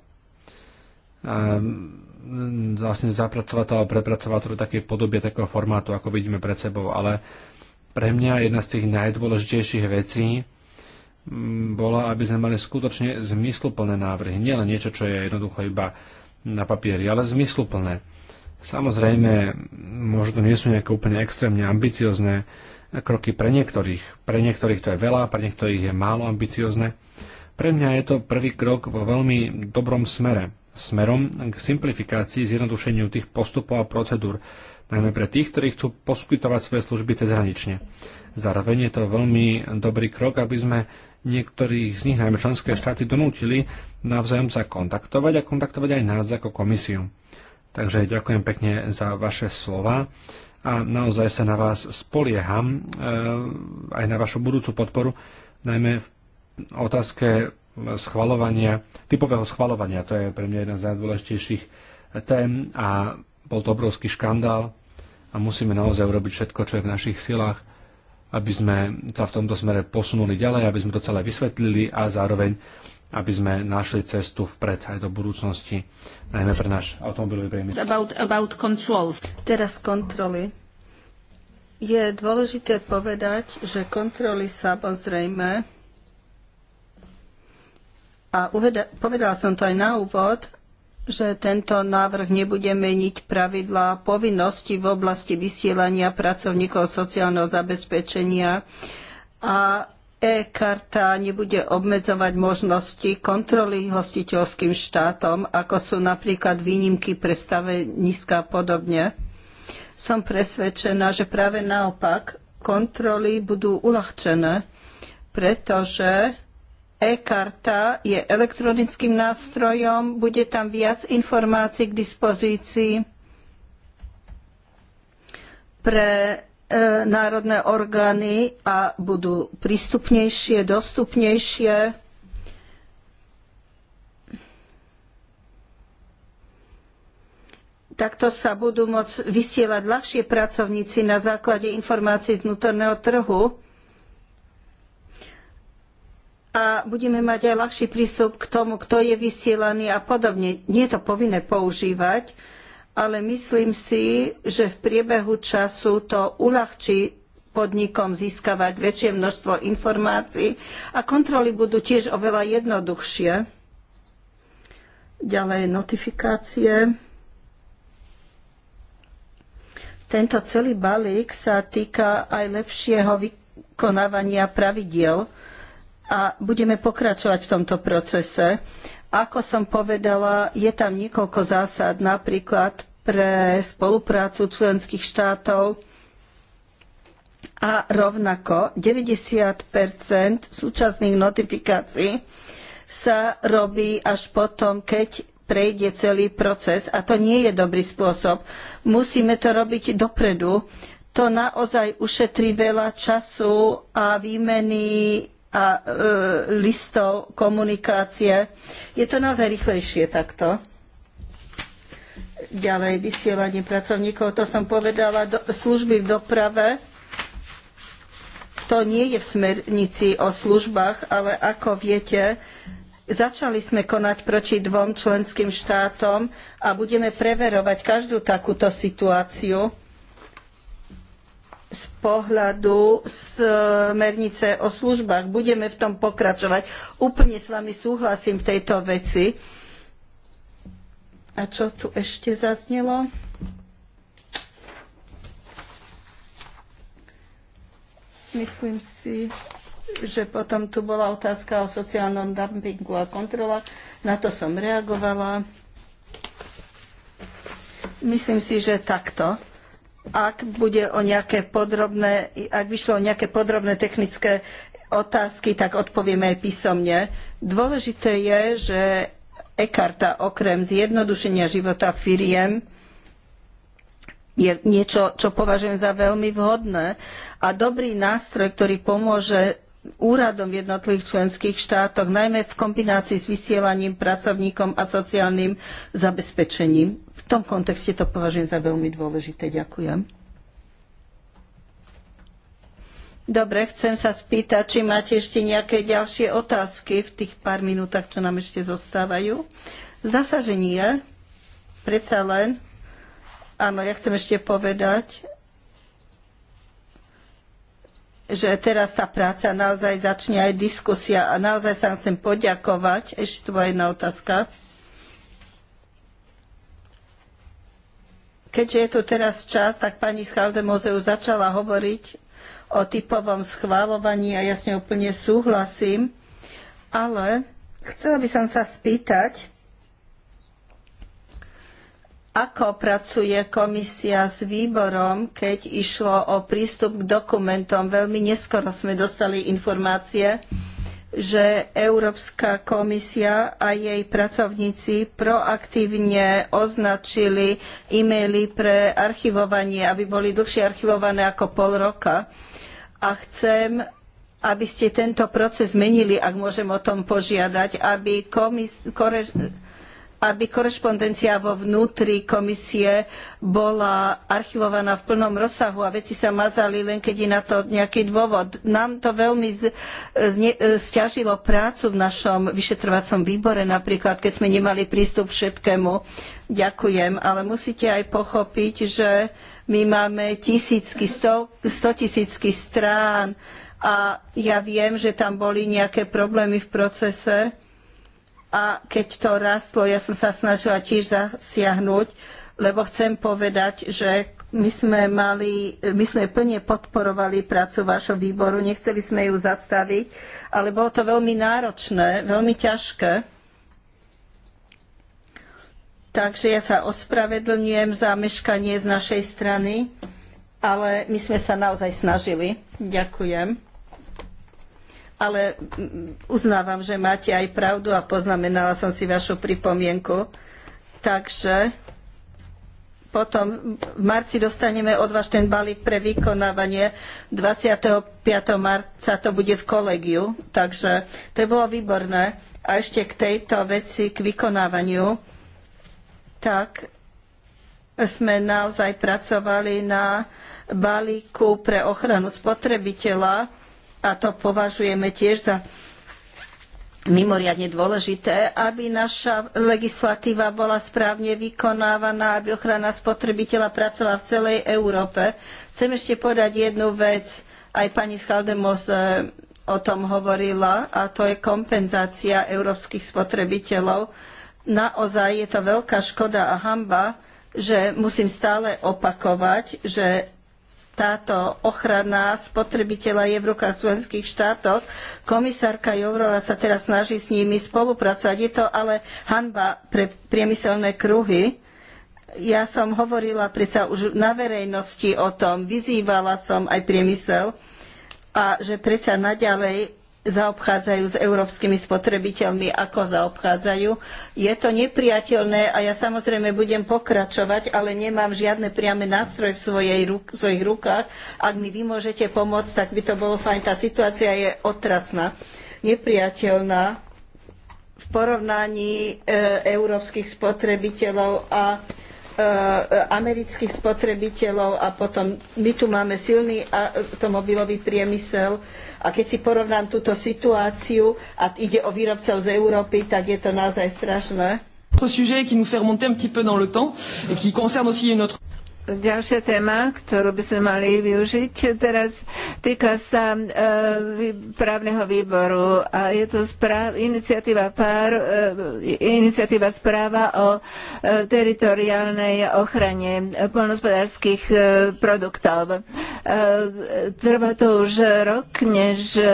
A mm, vlastne zapracovať alebo prepracovať to do takej podobie takého formátu, ako vidíme pred sebou, ale pre mňa jedna z tých najdôležitejších vecí mm, bola, aby sme mali skutočne zmysluplné návrhy. Nielen niečo, čo je jednoducho iba uh, na papieri, ale zmysluplné. Samozrejme, možno nie sú nejaké úplne extrémne ambiciozne kroky pre niektorých. Pre niektorých to je veľa, pre niektorých je málo ambiciozne. Pre mňa je to prvý krok vo veľmi dobrom smere. Smerom k simplifikácii, zjednodušeniu tých postupov a procedúr, najmä pre tých, ktorí chcú poskytovať svoje služby cezhranične. Zároveň je to veľmi dobrý krok, aby sme niektorých z nich, najmä členské štáty, donútili navzájom sa kontaktovať a kontaktovať aj nás ako komisiu. Takže ďakujem pekne za vaše slova a naozaj sa na vás spolieham, eh, aj na vašu budúcu podporu, najmä v otázke schvalovania, typového schvalovania. To je pre mňa jedna z najdôležitejších tém a bol to obrovský škandál a musíme naozaj urobiť všetko, čo je v našich silách, aby sme sa v tomto smere posunuli ďalej, aby sme to celé vysvetlili a zároveň aby sme našli cestu vpred aj do budúcnosti, najmä pre náš automobilový priemysel. About, about controls. Teraz kontroly. Je dôležité povedať, že kontroly samozrejme a uveda- povedala som to aj na úvod, že tento návrh nebude meniť pravidlá povinnosti v oblasti vysielania pracovníkov sociálneho zabezpečenia a e-karta nebude obmedzovať možnosti kontroly hostiteľským štátom, ako sú napríklad výnimky pre staveniska a podobne. Som presvedčená, že práve naopak kontroly budú uľahčené, pretože E-karta je elektronickým nástrojom, bude tam viac informácií k dispozícii pre e, národné orgány a budú prístupnejšie, dostupnejšie. Takto sa budú môcť vysielať ľahšie pracovníci na základe informácií z vnútorného trhu a budeme mať aj ľahší prístup k tomu, kto je vysielaný a podobne. Nie je to povinné používať, ale myslím si, že v priebehu času to uľahčí podnikom získavať väčšie množstvo informácií a kontroly budú tiež oveľa jednoduchšie. Ďalej notifikácie. Tento celý balík sa týka aj lepšieho vykonávania pravidiel a budeme pokračovať v tomto procese. Ako som povedala, je tam niekoľko zásad, napríklad pre spoluprácu členských štátov a rovnako 90 súčasných notifikácií sa robí až potom, keď prejde celý proces a to nie je dobrý spôsob. Musíme to robiť dopredu. To naozaj ušetrí veľa času a výmeny a e, listov komunikácie. Je to naozaj rýchlejšie takto. Ďalej vysielanie pracovníkov, to som povedala, do, služby v doprave. To nie je v smernici o službách, ale ako viete, začali sme konať proti dvom členským štátom a budeme preverovať každú takúto situáciu z pohľadu smernice o službách. Budeme v tom pokračovať. Úplne s vami súhlasím v tejto veci. A čo tu ešte zaznelo? Myslím si, že potom tu bola otázka o sociálnom dumpingu a kontrolách. Na to som reagovala. Myslím si, že takto ak bude o nejaké podrobné, ak vyšlo o nejaké podrobné technické otázky, tak odpovieme aj písomne. Dôležité je, že e-karta okrem zjednodušenia života firiem je niečo, čo považujem za veľmi vhodné a dobrý nástroj, ktorý pomôže úradom v jednotlivých členských štátoch, najmä v kombinácii s vysielaním pracovníkom a sociálnym zabezpečením. V tom kontexte to považujem za veľmi dôležité. Ďakujem. Dobre, chcem sa spýtať, či máte ešte nejaké ďalšie otázky v tých pár minútach, čo nám ešte zostávajú. Zasaženie, že nie. Predsa len. Áno, ja chcem ešte povedať, že teraz tá práca naozaj začne aj diskusia a naozaj sa chcem poďakovať. Ešte tu bola jedna otázka. Keďže je tu teraz čas, tak pani Schaldemozeu začala hovoriť o typovom schválovaní a ja s ňou úplne súhlasím, ale chcela by som sa spýtať, ako pracuje komisia s výborom, keď išlo o prístup k dokumentom. Veľmi neskoro sme dostali informácie, že Európska komisia a jej pracovníci proaktívne označili e-maily pre archivovanie, aby boli dlhšie archivované ako pol roka. A chcem, aby ste tento proces zmenili, ak môžem o tom požiadať, aby komis- kore- aby korešpondencia vo vnútri komisie bola archivovaná v plnom rozsahu a veci sa mazali len keď je na to nejaký dôvod. Nám to veľmi sťažilo prácu v našom vyšetrovacom výbore, napríklad keď sme nemali prístup k všetkému. Ďakujem, ale musíte aj pochopiť, že my máme tisícky, sto, stotisícky strán a ja viem, že tam boli nejaké problémy v procese a keď to rastlo, ja som sa snažila tiež zasiahnuť, lebo chcem povedať, že my sme, mali, my sme plne podporovali prácu vášho výboru, nechceli sme ju zastaviť, ale bolo to veľmi náročné, veľmi ťažké. Takže ja sa ospravedlňujem za meškanie z našej strany, ale my sme sa naozaj snažili. Ďakujem ale uznávam, že máte aj pravdu a poznamenala som si vašu pripomienku. Takže potom v marci dostaneme od vás ten balík pre vykonávanie. 25. marca to bude v kolegiu, takže to bolo výborné. A ešte k tejto veci, k vykonávaniu, tak sme naozaj pracovali na balíku pre ochranu spotrebiteľa a to považujeme tiež za mimoriadne dôležité, aby naša legislatíva bola správne vykonávaná, aby ochrana spotrebiteľa pracovala v celej Európe. Chcem ešte povedať jednu vec, aj pani Schaldemos e, o tom hovorila, a to je kompenzácia európskych spotrebiteľov. Naozaj je to veľká škoda a hamba, že musím stále opakovať, že táto ochrana spotrebiteľa je v rukách členských štátov. Komisárka Jourová sa teraz snaží s nimi spolupracovať. Je to ale hanba pre priemyselné kruhy. Ja som hovorila predsa už na verejnosti o tom, vyzývala som aj priemysel a že predsa naďalej zaobchádzajú s európskymi spotrebiteľmi, ako zaobchádzajú. Je to nepriateľné a ja samozrejme budem pokračovať, ale nemám žiadne priame nástroje v, svojej, v svojich rukách. Ak mi vy môžete pomôcť, tak by to bolo fajn. Tá situácia je otrasná, nepriateľná v porovnaní e, európskych spotrebiteľov a e, e, amerických spotrebiteľov a potom my tu máme silný e, automobilový priemysel, a keď si porovnám túto situáciu a ide o výrobcov z Európy, tak je to naozaj strašné. sujet qui nous fait remonter un petit peu dans le temps et qui concerne aussi notre ďalšia téma, ktorú by sme mali využiť teraz, týka sa e, právneho výboru a je to správ, iniciatíva, pár, e, iniciatíva správa o e, teritoriálnej ochrane polnospodárských e, produktov. E, trvá to už rok, než e,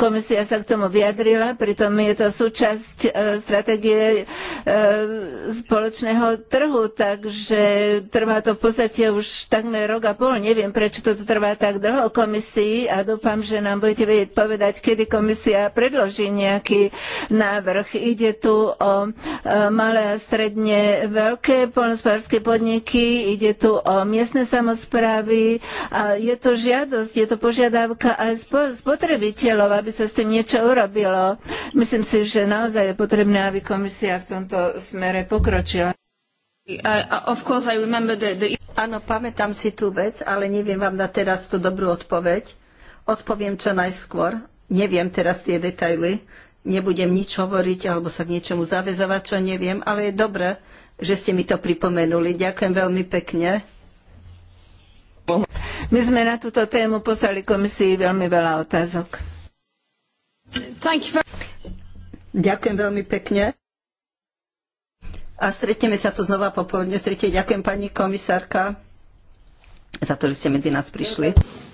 komisia sa k tomu vyjadrila, pritom je to súčasť e, stratégie e, spoločného trhu, tak takže trvá to v podstate už takmer rok a pol. Neviem, prečo to trvá tak dlho komisii a dúfam, že nám budete vedieť povedať, kedy komisia predloží nejaký návrh. Ide tu o e, malé a stredne veľké polnospodárske podniky, ide tu o miestne samozprávy a je to žiadosť, je to požiadavka aj spotrebiteľov, aby sa s tým niečo urobilo. Myslím si, že naozaj je potrebné, aby komisia v tomto smere pokročila. Áno, pamätám si tú vec, ale neviem vám dať teraz tú dobrú odpoveď. Odpoviem čo najskôr. Neviem teraz tie detaily. Nebudem nič hovoriť alebo sa k niečomu zavezovať, čo neviem, ale je dobré, že ste mi to pripomenuli. Ďakujem veľmi pekne. My sme na túto tému poslali komisii veľmi veľa otázok. Ďakujem veľmi pekne a stretneme sa tu znova popoludne. Tretie ďakujem pani komisárka za to, že ste medzi nás prišli.